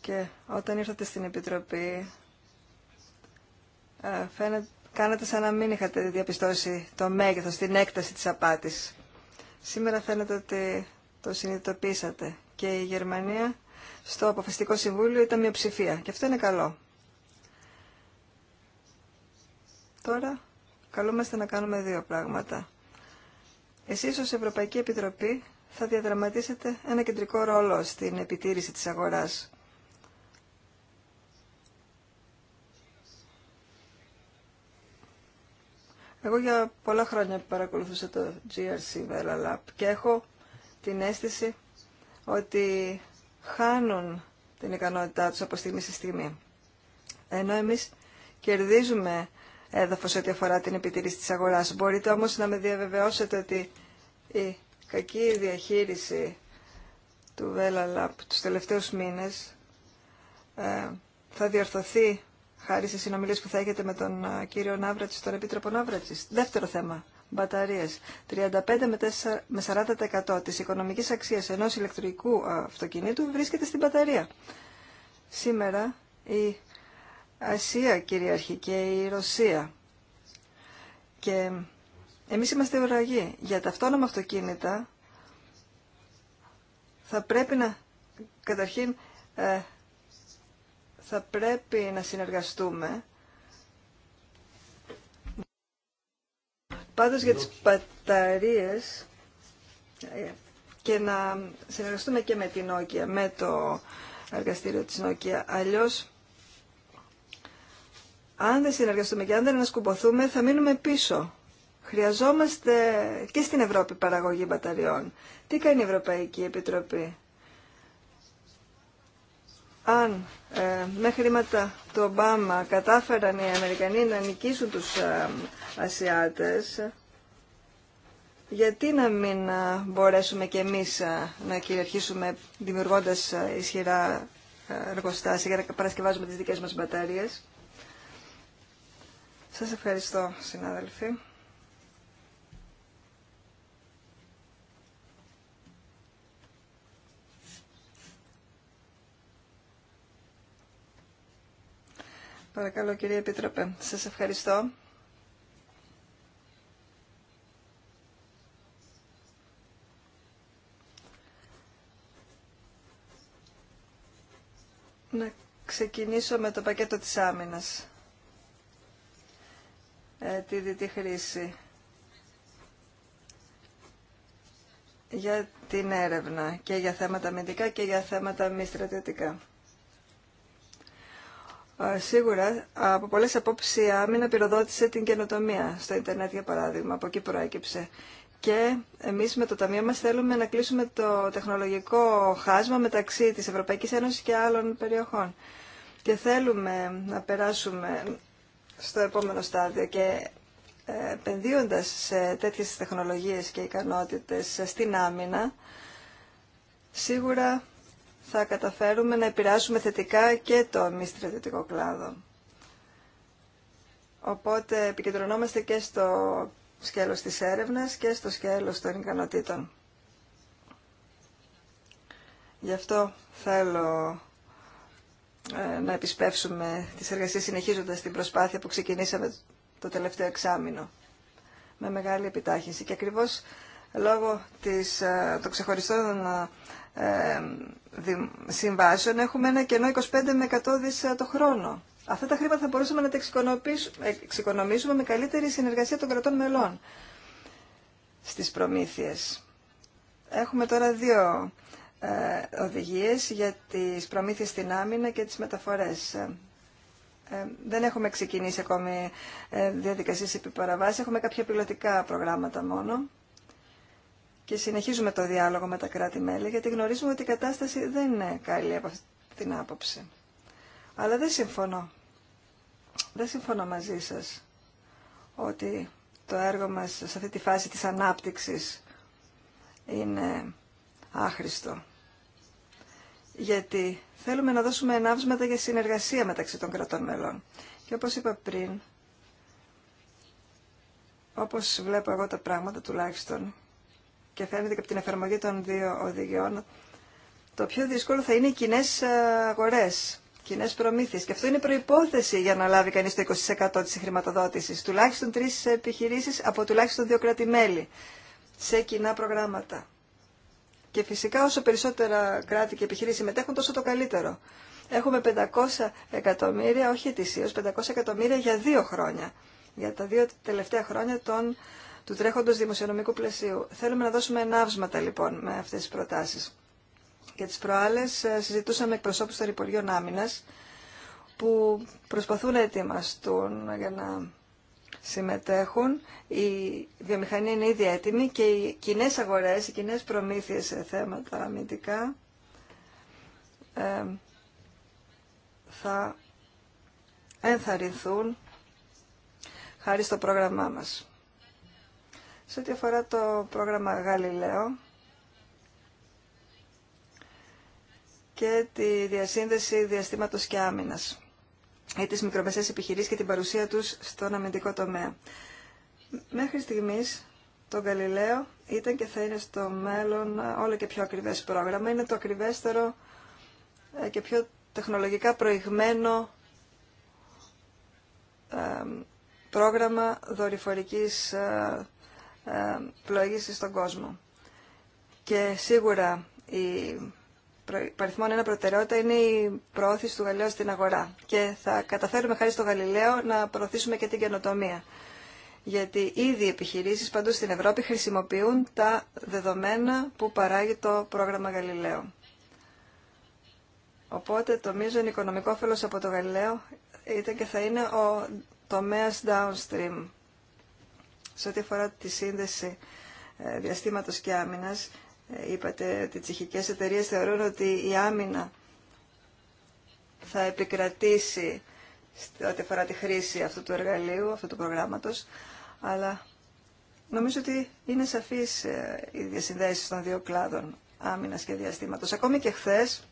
Και όταν ήρθατε στην Επιτροπή, Φαίνεται, κάνατε σαν να μην είχατε διαπιστώσει το μέγεθος, την έκταση της απάτης. Σήμερα φαίνεται ότι το συνειδητοποίησατε και η Γερμανία στο Αποφασιστικό Συμβούλιο ήταν μειοψηφία και αυτό είναι καλό. Τώρα καλούμαστε να κάνουμε δύο πράγματα. Εσείς ως Ευρωπαϊκή Επιτροπή θα διαδραματίσετε ένα κεντρικό ρόλο στην επιτήρηση της αγοράς Εγώ για πολλά χρόνια παρακολουθούσα το GRC Vela Lab και έχω την αίσθηση ότι χάνουν την ικανότητά τους από στιγμή σε στιγμή. Ενώ εμείς κερδίζουμε έδαφος ό,τι αφορά την επιτήρηση της αγοράς. Μπορείτε όμως να με διαβεβαιώσετε ότι η κακή διαχείριση του Vela Lab τους τελευταίους μήνες ε, θα διορθωθεί χάρη σε συνομιλίες που θα έχετε με τον κύριο Ναύρατση, τον Επίτροπο Ναύρατση. Δεύτερο θέμα, μπαταρίες. 35 με 40% της οικονομικής αξίας ενός ηλεκτρικού αυτοκινήτου βρίσκεται στην μπαταρία. Σήμερα η Ασία κυριαρχεί και η Ρωσία. Και εμείς είμαστε ουραγοί. Για τα αυτόνομα αυτοκίνητα θα πρέπει να καταρχήν ε, θα πρέπει να συνεργαστούμε. Πάντως για τις μπαταρίες ε, και να συνεργαστούμε και με την Nokia, με το εργαστήριο της Nokia. Αλλιώς, αν δεν συνεργαστούμε και αν δεν ανασκουμποθούμε, θα μείνουμε πίσω. Χρειαζόμαστε και στην Ευρώπη παραγωγή μπαταριών. Τι κάνει η Ευρωπαϊκή Επιτροπή αν ε, με χρήματα του Ομπάμα κατάφεραν οι Αμερικανοί να νικήσουν τους ε, Ασιάτες, γιατί να μην ε, μπορέσουμε και εμείς ε, να κυριαρχήσουμε δημιουργώντας ε, ισχυρά εργοστάσια για να παρασκευάζουμε τις δικές μας μπαταρίες. Σας ευχαριστώ, συνάδελφοι. Παρακαλώ κυρίε Επίτροπε. Σας ευχαριστώ. Να ξεκινήσω με το πακέτο της άμυνας. Ε, τη διτή χρήση. Για την έρευνα και για θέματα αμυντικά και για θέματα μη στρατιωτικά σίγουρα από πολλέ απόψεις η άμυνα πυροδότησε την καινοτομία στο Ιντερνετ για παράδειγμα, από εκεί προέκυψε. Και εμείς με το Ταμείο μας θέλουμε να κλείσουμε το τεχνολογικό χάσμα μεταξύ της Ευρωπαϊκής Ένωσης και άλλων περιοχών. Και θέλουμε να περάσουμε στο επόμενο στάδιο και ε, επενδύοντας σε τέτοιες τεχνολογίες και ικανότητε στην άμυνα, σίγουρα θα καταφέρουμε να επηρεάσουμε θετικά και το μη στρατιωτικό κλάδο. Οπότε επικεντρωνόμαστε και στο σκέλος της έρευνας και στο σκέλος των ικανοτήτων. Γι' αυτό θέλω ε, να επισπεύσουμε τις εργασίες συνεχίζοντας την προσπάθεια που ξεκινήσαμε το τελευταίο εξάμεινο με μεγάλη επιτάχυνση. Και ακριβώς λόγω της, ε, των ξεχωριστών ε, συμβάσεων έχουμε ένα κενό 25 με 100 δις ε, το χρόνο. Αυτά τα χρήματα θα μπορούσαμε να τα εξοικονομήσουμε με καλύτερη συνεργασία των κρατών μελών στις προμήθειες. Έχουμε τώρα δύο ε, οδηγίες για τις προμήθειες στην άμυνα και τις μεταφορές. δεν έχουμε ξεκινήσει ακόμη ε, διαδικασίες έχουμε κάποια πιλωτικά προγράμματα μόνο και συνεχίζουμε το διάλογο με τα κράτη-μέλη, γιατί γνωρίζουμε ότι η κατάσταση δεν είναι καλή από αυτή την άποψη. Αλλά δεν συμφωνώ. Δεν συμφωνώ μαζί σας ότι το έργο μας σε αυτή τη φάση της ανάπτυξης είναι άχρηστο. Γιατί θέλουμε να δώσουμε ενάψματα για συνεργασία μεταξύ των κρατών μελών. Και όπως είπα πριν, όπως βλέπω εγώ τα πράγματα τουλάχιστον και φαίνεται και από την εφαρμογή των δύο οδηγιών, το πιο δύσκολο θα είναι οι κοινέ ε, αγορέ, κοινέ προμήθειε. Και αυτό είναι προπόθεση για να λάβει κανεί το 20% τη χρηματοδότηση. Τουλάχιστον τρει επιχειρήσει από τουλάχιστον δύο κράτη-μέλη σε κοινά προγράμματα. Και φυσικά όσο περισσότερα κράτη και επιχειρήσει συμμετέχουν τόσο το καλύτερο. Έχουμε 500 εκατομμύρια, όχι ετησίω, 500 εκατομμύρια για δύο χρόνια. Για τα δύο τελευταία χρόνια των του τρέχοντος δημοσιονομικού πλαισίου. Θέλουμε να δώσουμε ενάυσματα λοιπόν με αυτές τις προτάσεις. Και τις προάλλες ε, συζητούσαμε εκπροσώπους των Υπουργείων Άμυνα, που προσπαθούν να ετοιμαστούν για να συμμετέχουν. Η βιομηχανία είναι ήδη έτοιμη και οι κοινέ αγορές, οι κοινέ προμήθειες σε θέματα αμυντικά ε, θα ενθαρρυνθούν χάρη στο πρόγραμμά μας. Σε ό,τι αφορά το πρόγραμμα Γαλιλαίο και τη διασύνδεση διαστήματος και άμυνας ή τις μικρομεσαίες επιχειρήσεις και την παρουσία τους στον αμυντικό τομέα. Μέχρι στιγμής το Γαλιλαίο ήταν και θα είναι στο μέλλον όλο και πιο ακριβές πρόγραμμα. Είναι το ακριβέστερο ε, και πιο τεχνολογικά προηγμένο ε, πρόγραμμα δορυφορικής ε, ε, πλοήγηση στον κόσμο. Και σίγουρα η παριθμόν ένα προτεραιότητα είναι η προώθηση του Γαλιλαίου στην αγορά. Και θα καταφέρουμε χάρη στο Γαλιλαίο να προωθήσουμε και την καινοτομία. Γιατί ήδη οι επιχειρήσεις παντού στην Ευρώπη χρησιμοποιούν τα δεδομένα που παράγει το πρόγραμμα Γαλιλαίο. Οπότε το μείζον οικονομικό φέλος από το Γαλιλαίο ήταν και θα είναι ο τομέα downstream σε ό,τι αφορά τη σύνδεση ε, διαστήματος και άμυνας, ε, είπατε ότι οι τσιχικές εταιρείες θεωρούν ότι η άμυνα θα επικρατήσει σε ό,τι αφορά τη χρήση αυτού του εργαλείου, αυτού του προγράμματος, αλλά νομίζω ότι είναι σαφής ε, οι διασυνδέσεις των δύο κλάδων άμυνας και διαστήματος. Ακόμη και χθες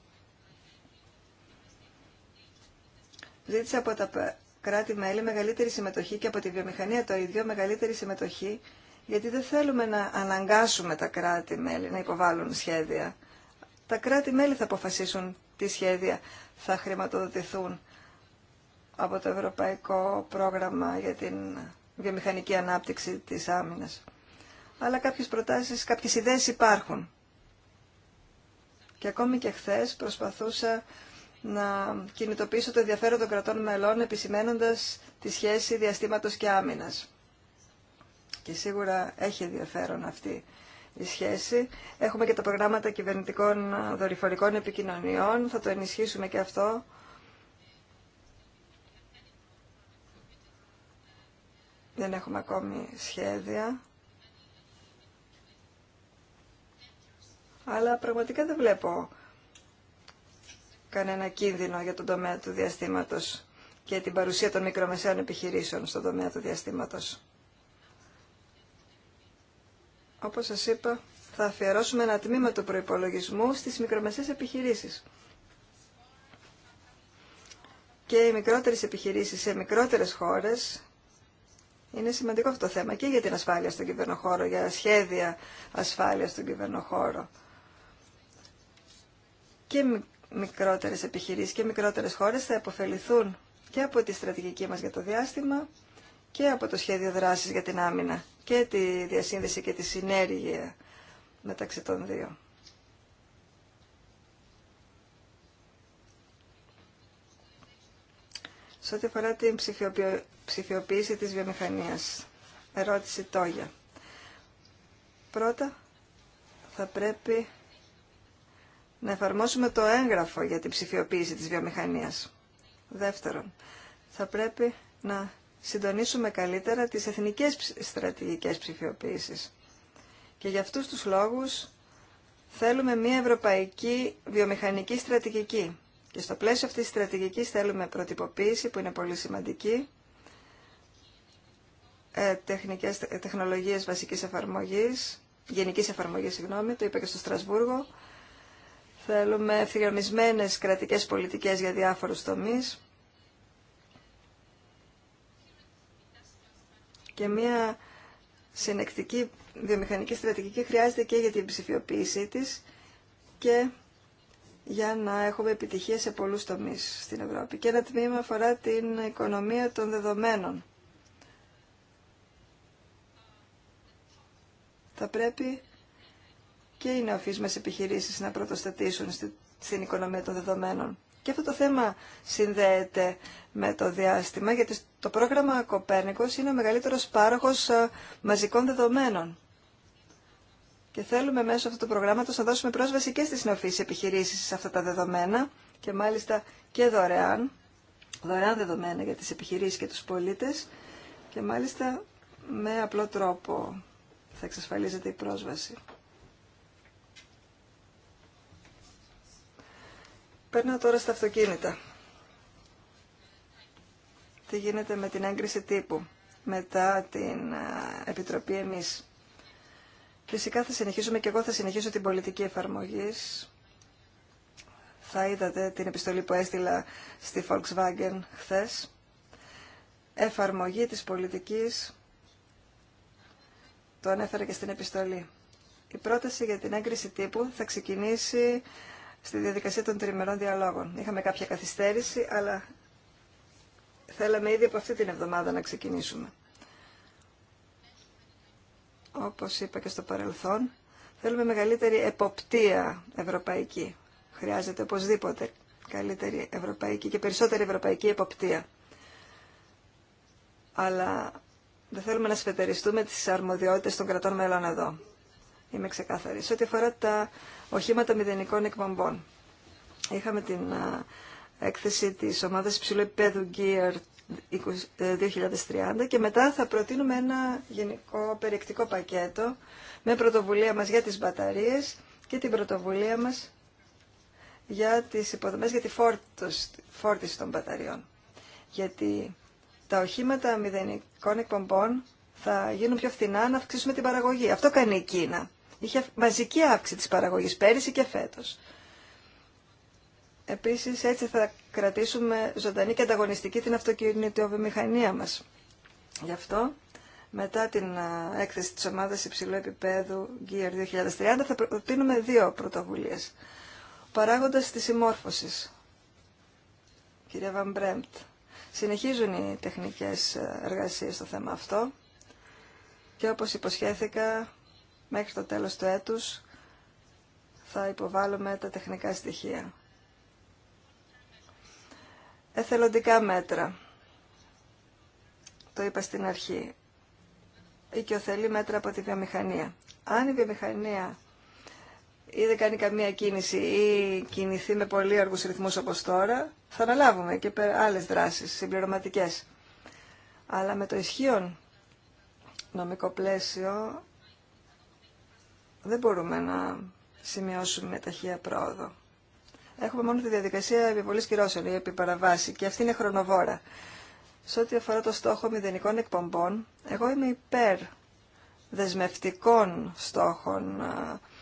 ζήτησα από τα κράτη-μέλη μεγαλύτερη συμμετοχή και από τη βιομηχανία το ίδιο μεγαλύτερη συμμετοχή, γιατί δεν θέλουμε να αναγκάσουμε τα κράτη-μέλη να υποβάλουν σχέδια. Τα κράτη-μέλη θα αποφασίσουν τι σχέδια θα χρηματοδοτηθούν από το Ευρωπαϊκό Πρόγραμμα για την Βιομηχανική Ανάπτυξη της Άμυνας. Αλλά κάποιες προτάσεις, κάποιες ιδέες υπάρχουν. Και ακόμη και χθε προσπαθούσα να κινητοποιήσω το ενδιαφέρον των κρατών μελών επισημένοντας τη σχέση διαστήματος και άμυνας. Και σίγουρα έχει ενδιαφέρον αυτή η σχέση. Έχουμε και τα προγράμματα κυβερνητικών δορυφορικών επικοινωνιών, θα το ενισχύσουμε και αυτό. Δεν έχουμε ακόμη σχέδια. Αλλά πραγματικά δεν βλέπω κανένα κίνδυνο για τον τομέα του διαστήματος και την παρουσία των μικρομεσαίων επιχειρήσεων στον τομέα του διαστήματος. Όπως σας είπα, θα αφιερώσουμε ένα τμήμα του προϋπολογισμού στις μικρομεσαίες επιχειρήσεις. Και οι μικρότερες επιχειρήσεις σε μικρότερες χώρες είναι σημαντικό αυτό το θέμα και για την ασφάλεια στον κυβερνοχώρο, για σχέδια ασφάλεια στον κυβερνοχώρο. Και μικρότερες επιχειρήσεις και μικρότερες χώρες θα υποφεληθούν και από τη στρατηγική μας για το διάστημα και από το σχέδιο δράσης για την άμυνα και τη διασύνδεση και τη συνέργεια μεταξύ των δύο. Σε ό,τι αφορά την ψηφιοποίηση της βιομηχανίας, ερώτηση Τόγια. Πρώτα θα πρέπει να εφαρμόσουμε το έγγραφο για την ψηφιοποίηση της βιομηχανίας. Δεύτερον, θα πρέπει να συντονίσουμε καλύτερα τις εθνικές στρατηγικές ψηφιοποίησεις. Και για αυτούς τους λόγους θέλουμε μια ευρωπαϊκή βιομηχανική στρατηγική. Και στο πλαίσιο αυτής της στρατηγικής θέλουμε προτυποποίηση που είναι πολύ σημαντική, ε, τεχνικές, ε, τεχνολογίες βασικής εφαρμογής, γενικής εφαρμογής, συγγνώμη, το είπα και στο Στρασβούργο, Θέλουμε ευθυγραμμισμένες κρατικές πολιτικές για διάφορους τομείς και μια συνεκτική βιομηχανική στρατηγική χρειάζεται και για την ψηφιοποίησή της και για να έχουμε επιτυχία σε πολλούς τομείς στην Ευρώπη. Και ένα τμήμα αφορά την οικονομία των δεδομένων. Θα πρέπει και οι νεοφύσμες επιχειρήσει επιχειρήσεις να πρωτοστατήσουν στην οικονομία των δεδομένων. Και αυτό το θέμα συνδέεται με το διάστημα, γιατί το πρόγραμμα Κοπέρνικος είναι ο μεγαλύτερος πάροχος ε, μαζικών δεδομένων. Και θέλουμε μέσω αυτού του προγράμματος να δώσουμε πρόσβαση και στις νεοφύσεις επιχειρήσεις σε αυτά τα δεδομένα και μάλιστα και δωρεάν, δωρεάν δεδομένα για τις επιχειρήσεις και τους πολίτες και μάλιστα με απλό τρόπο θα εξασφαλίζεται η πρόσβαση. Περνάω τώρα στα αυτοκίνητα. Τι γίνεται με την έγκριση τύπου μετά την Επιτροπή εμείς. Φυσικά θα συνεχίσουμε και εγώ θα συνεχίσω την πολιτική εφαρμογής. Θα είδατε την επιστολή που έστειλα στη Volkswagen χθες. Εφαρμογή της πολιτικής, το ανέφερα και στην επιστολή. Η πρόταση για την έγκριση τύπου θα ξεκινήσει στη διαδικασία των τριμερών διαλόγων. Είχαμε κάποια καθυστέρηση, αλλά θέλαμε ήδη από αυτή την εβδομάδα να ξεκινήσουμε. Όπως είπα και στο παρελθόν, θέλουμε μεγαλύτερη εποπτεία ευρωπαϊκή. Χρειάζεται οπωσδήποτε καλύτερη ευρωπαϊκή και περισσότερη ευρωπαϊκή εποπτεία. Αλλά δεν θέλουμε να σφετεριστούμε τις αρμοδιότητες των κρατών μελών εδώ. Είμαι ξεκάθαρη. Σε ό,τι αφορά τα οχήματα μηδενικών εκπομπών. Είχαμε την έκθεση της ομάδας υψηλού επίπεδου Gear 2030 ε, και μετά θα προτείνουμε ένα γενικό περιεκτικό πακέτο με πρωτοβουλία μας για τις μπαταρίες και την πρωτοβουλία μας για τις υποδομές για τη φόρτιση των μπαταριών. Γιατί τα οχήματα μηδενικών εκπομπών θα γίνουν πιο φθηνά να αυξήσουμε την παραγωγή. Αυτό κάνει η Κίνα. Είχε μαζική αύξηση της παραγωγής πέρυσι και φέτος. Επίσης έτσι θα κρατήσουμε ζωντανή και ανταγωνιστική την αυτοκινητοβιομηχανία μας. Γι' αυτό μετά την έκθεση της ομάδας υψηλού επίπεδου Gear 2030 θα προτείνουμε δύο πρωτοβουλίες. Παράγοντας τη συμμόρφωση. Κυρία Βαμπρέμπτ, συνεχίζουν οι τεχνικές ε, εργασίες στο θέμα αυτό και όπως υποσχέθηκα μέχρι το τέλος του έτους θα υποβάλουμε τα τεχνικά στοιχεία. Εθελοντικά μέτρα. Το είπα στην αρχή. Οικιοθελή μέτρα από τη βιομηχανία. Αν η βιομηχανία ή δεν κάνει καμία κίνηση ή κινηθεί με πολύ αργούς ρυθμούς όπως τώρα, θα αναλάβουμε και άλλες δράσεις συμπληρωματικές. Αλλά με το ισχύον νομικό πλαίσιο δεν μπορούμε να σημειώσουμε ταχεία πρόοδο. Έχουμε μόνο τη διαδικασία επιβολή κυρώσεων ή επιπαραβάση και αυτή είναι χρονοβόρα. Σε ό,τι αφορά το στόχο μηδενικών εκπομπών, εγώ είμαι υπέρ δεσμευτικών στόχων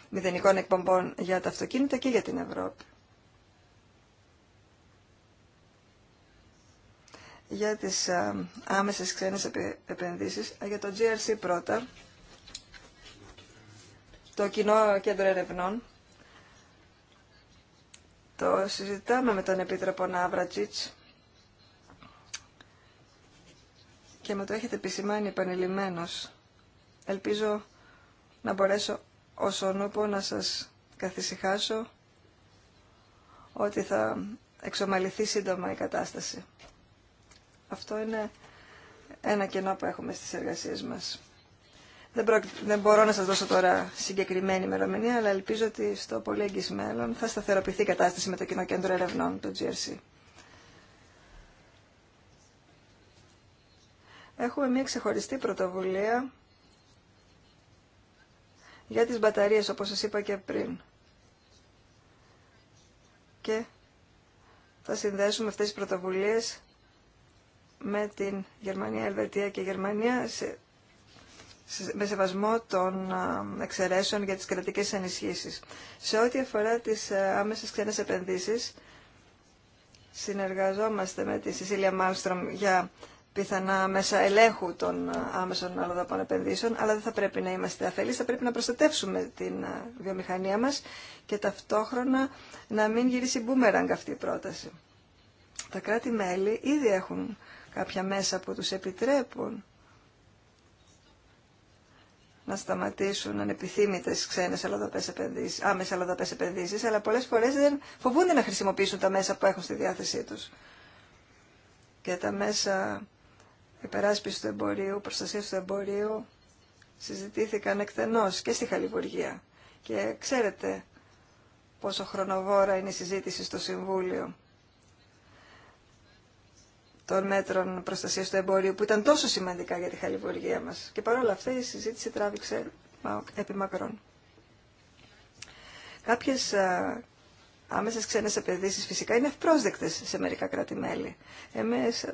μηδενικών εκπομπών για τα αυτοκίνητα και για την Ευρώπη. Για τις άμεσες ξένες επενδύσεις, για το GRC πρώτα, το κοινό κέντρο ερευνών. Το συζητάμε με τον Επίτροπο Ναύρατζιτς και με το έχετε επισημάνει επανειλημμένος. Ελπίζω να μπορέσω όσον να σας καθησυχάσω ότι θα εξομαλυθεί σύντομα η κατάσταση. Αυτό είναι ένα κενό που έχουμε στις εργασίες μας. Δεν, μπορώ να σας δώσω τώρα συγκεκριμένη ημερομηνία, αλλά ελπίζω ότι στο πολύ έγκυς μέλλον θα σταθεροποιηθεί η κατάσταση με το Κοινό Κέντρο Ερευνών, το GRC. Έχουμε μια ξεχωριστή πρωτοβουλία για τις μπαταρίες, όπως σας είπα και πριν. Και θα συνδέσουμε αυτές τις πρωτοβουλίες με την Γερμανία, Ελβετία και Γερμανία με σεβασμό των εξαιρέσεων για τις κρατικές ενισχύσεις. Σε ό,τι αφορά τις άμεσες ξένες επενδύσεις, συνεργαζόμαστε με τη Σισίλια Μάλστρομ για πιθανά μέσα ελέγχου των άμεσων αλλοδαπών επενδύσεων, αλλά δεν θα πρέπει να είμαστε αφελείς, θα πρέπει να προστατεύσουμε την βιομηχανία μας και ταυτόχρονα να μην γυρίσει μπούμεραγκ αυτή η πρόταση. Τα κράτη-μέλη ήδη έχουν κάποια μέσα που τους επιτρέπουν να σταματήσουν ανεπιθύμητε ξένες αλλοδαπές αλλοδαπέ άμεσες αλλά πολλές φορές δεν φοβούνται να χρησιμοποιήσουν τα μέσα που έχουν στη διάθεσή τους. Και τα μέσα υπεράσπιση του εμπορίου, προστασία του εμπορίου συζητήθηκαν εκτενώς και στη Χαλιβουργία. Και ξέρετε πόσο χρονοβόρα είναι η συζήτηση στο Συμβούλιο των μέτρων προστασίας του εμπόριου που ήταν τόσο σημαντικά για τη χαλιβουργία μας. Και παρόλα αυτά η συζήτηση τράβηξε επί μακρόν. Κάποιες Άμεσε ξένε επενδύσει φυσικά είναι ευπρόσδεκτε σε μερικά κράτη-μέλη.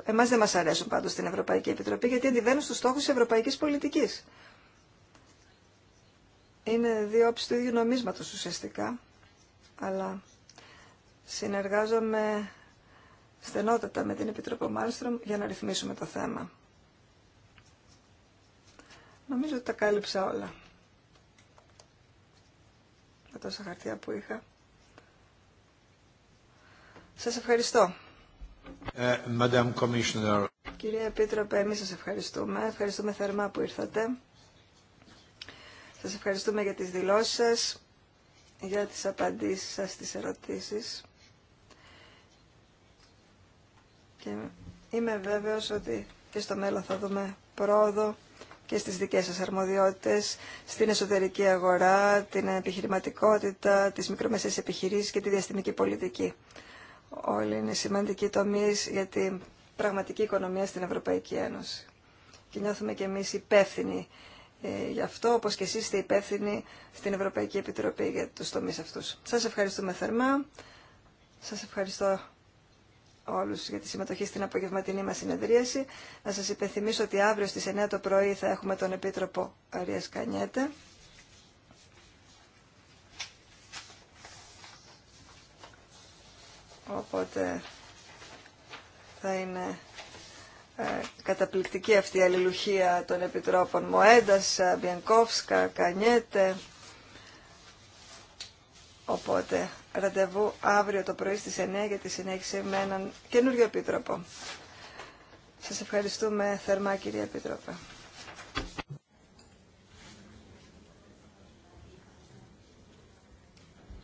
Εμά δεν μας αρέσουν πάντως στην Ευρωπαϊκή Επιτροπή γιατί αντιβαίνουν στου στόχου τη ευρωπαϊκή πολιτική. Είναι δύο όψει του ίδιου νομίσματο ουσιαστικά. Αλλά συνεργάζομαι στενότατα με την Επιτροπή Μάλστρομ για να ρυθμίσουμε το θέμα. Νομίζω ότι τα κάλυψα όλα. Με τόσα χαρτιά που είχα. Σας ευχαριστώ. Ε, Κυρία Επίτροπε, εμείς σας ευχαριστούμε. Ευχαριστούμε θερμά που ήρθατε. Σας ευχαριστούμε για τις δηλώσεις σας, για τις απαντήσεις σας στις ερωτήσεις. και είμαι βέβαιος ότι και στο μέλλον θα δούμε πρόοδο και στις δικές σας αρμοδιότητες, στην εσωτερική αγορά, την επιχειρηματικότητα, τις μικρομεσαίες επιχειρήσεις και τη διαστημική πολιτική. Όλοι είναι σημαντικοί τομείς για την πραγματική οικονομία στην Ευρωπαϊκή Ένωση. Και νιώθουμε και εμείς υπεύθυνοι ε, γι' αυτό, όπως και εσείς είστε υπεύθυνοι στην Ευρωπαϊκή Επιτροπή για τους τομείς αυτούς. Σας ευχαριστούμε θερμά. Σας ευχαριστώ όλους για τη συμμετοχή στην απογευματινή μας συνεδρίαση. Να σας υπενθυμίσω ότι αύριο στις 9 το πρωί θα έχουμε τον Επίτροπο Αρίας Κανιέτε. Οπότε θα είναι ε, καταπληκτική αυτή η αλληλουχία των Επιτρόπων Μοέντας, Μπιενκόφσκα, Κανιέτε. Οπότε ραντεβού αύριο το πρωί στις 9 για τη συνέχιση με έναν καινούριο επίτροπο. Σας ευχαριστούμε θερμά κύριε Επίτροπε.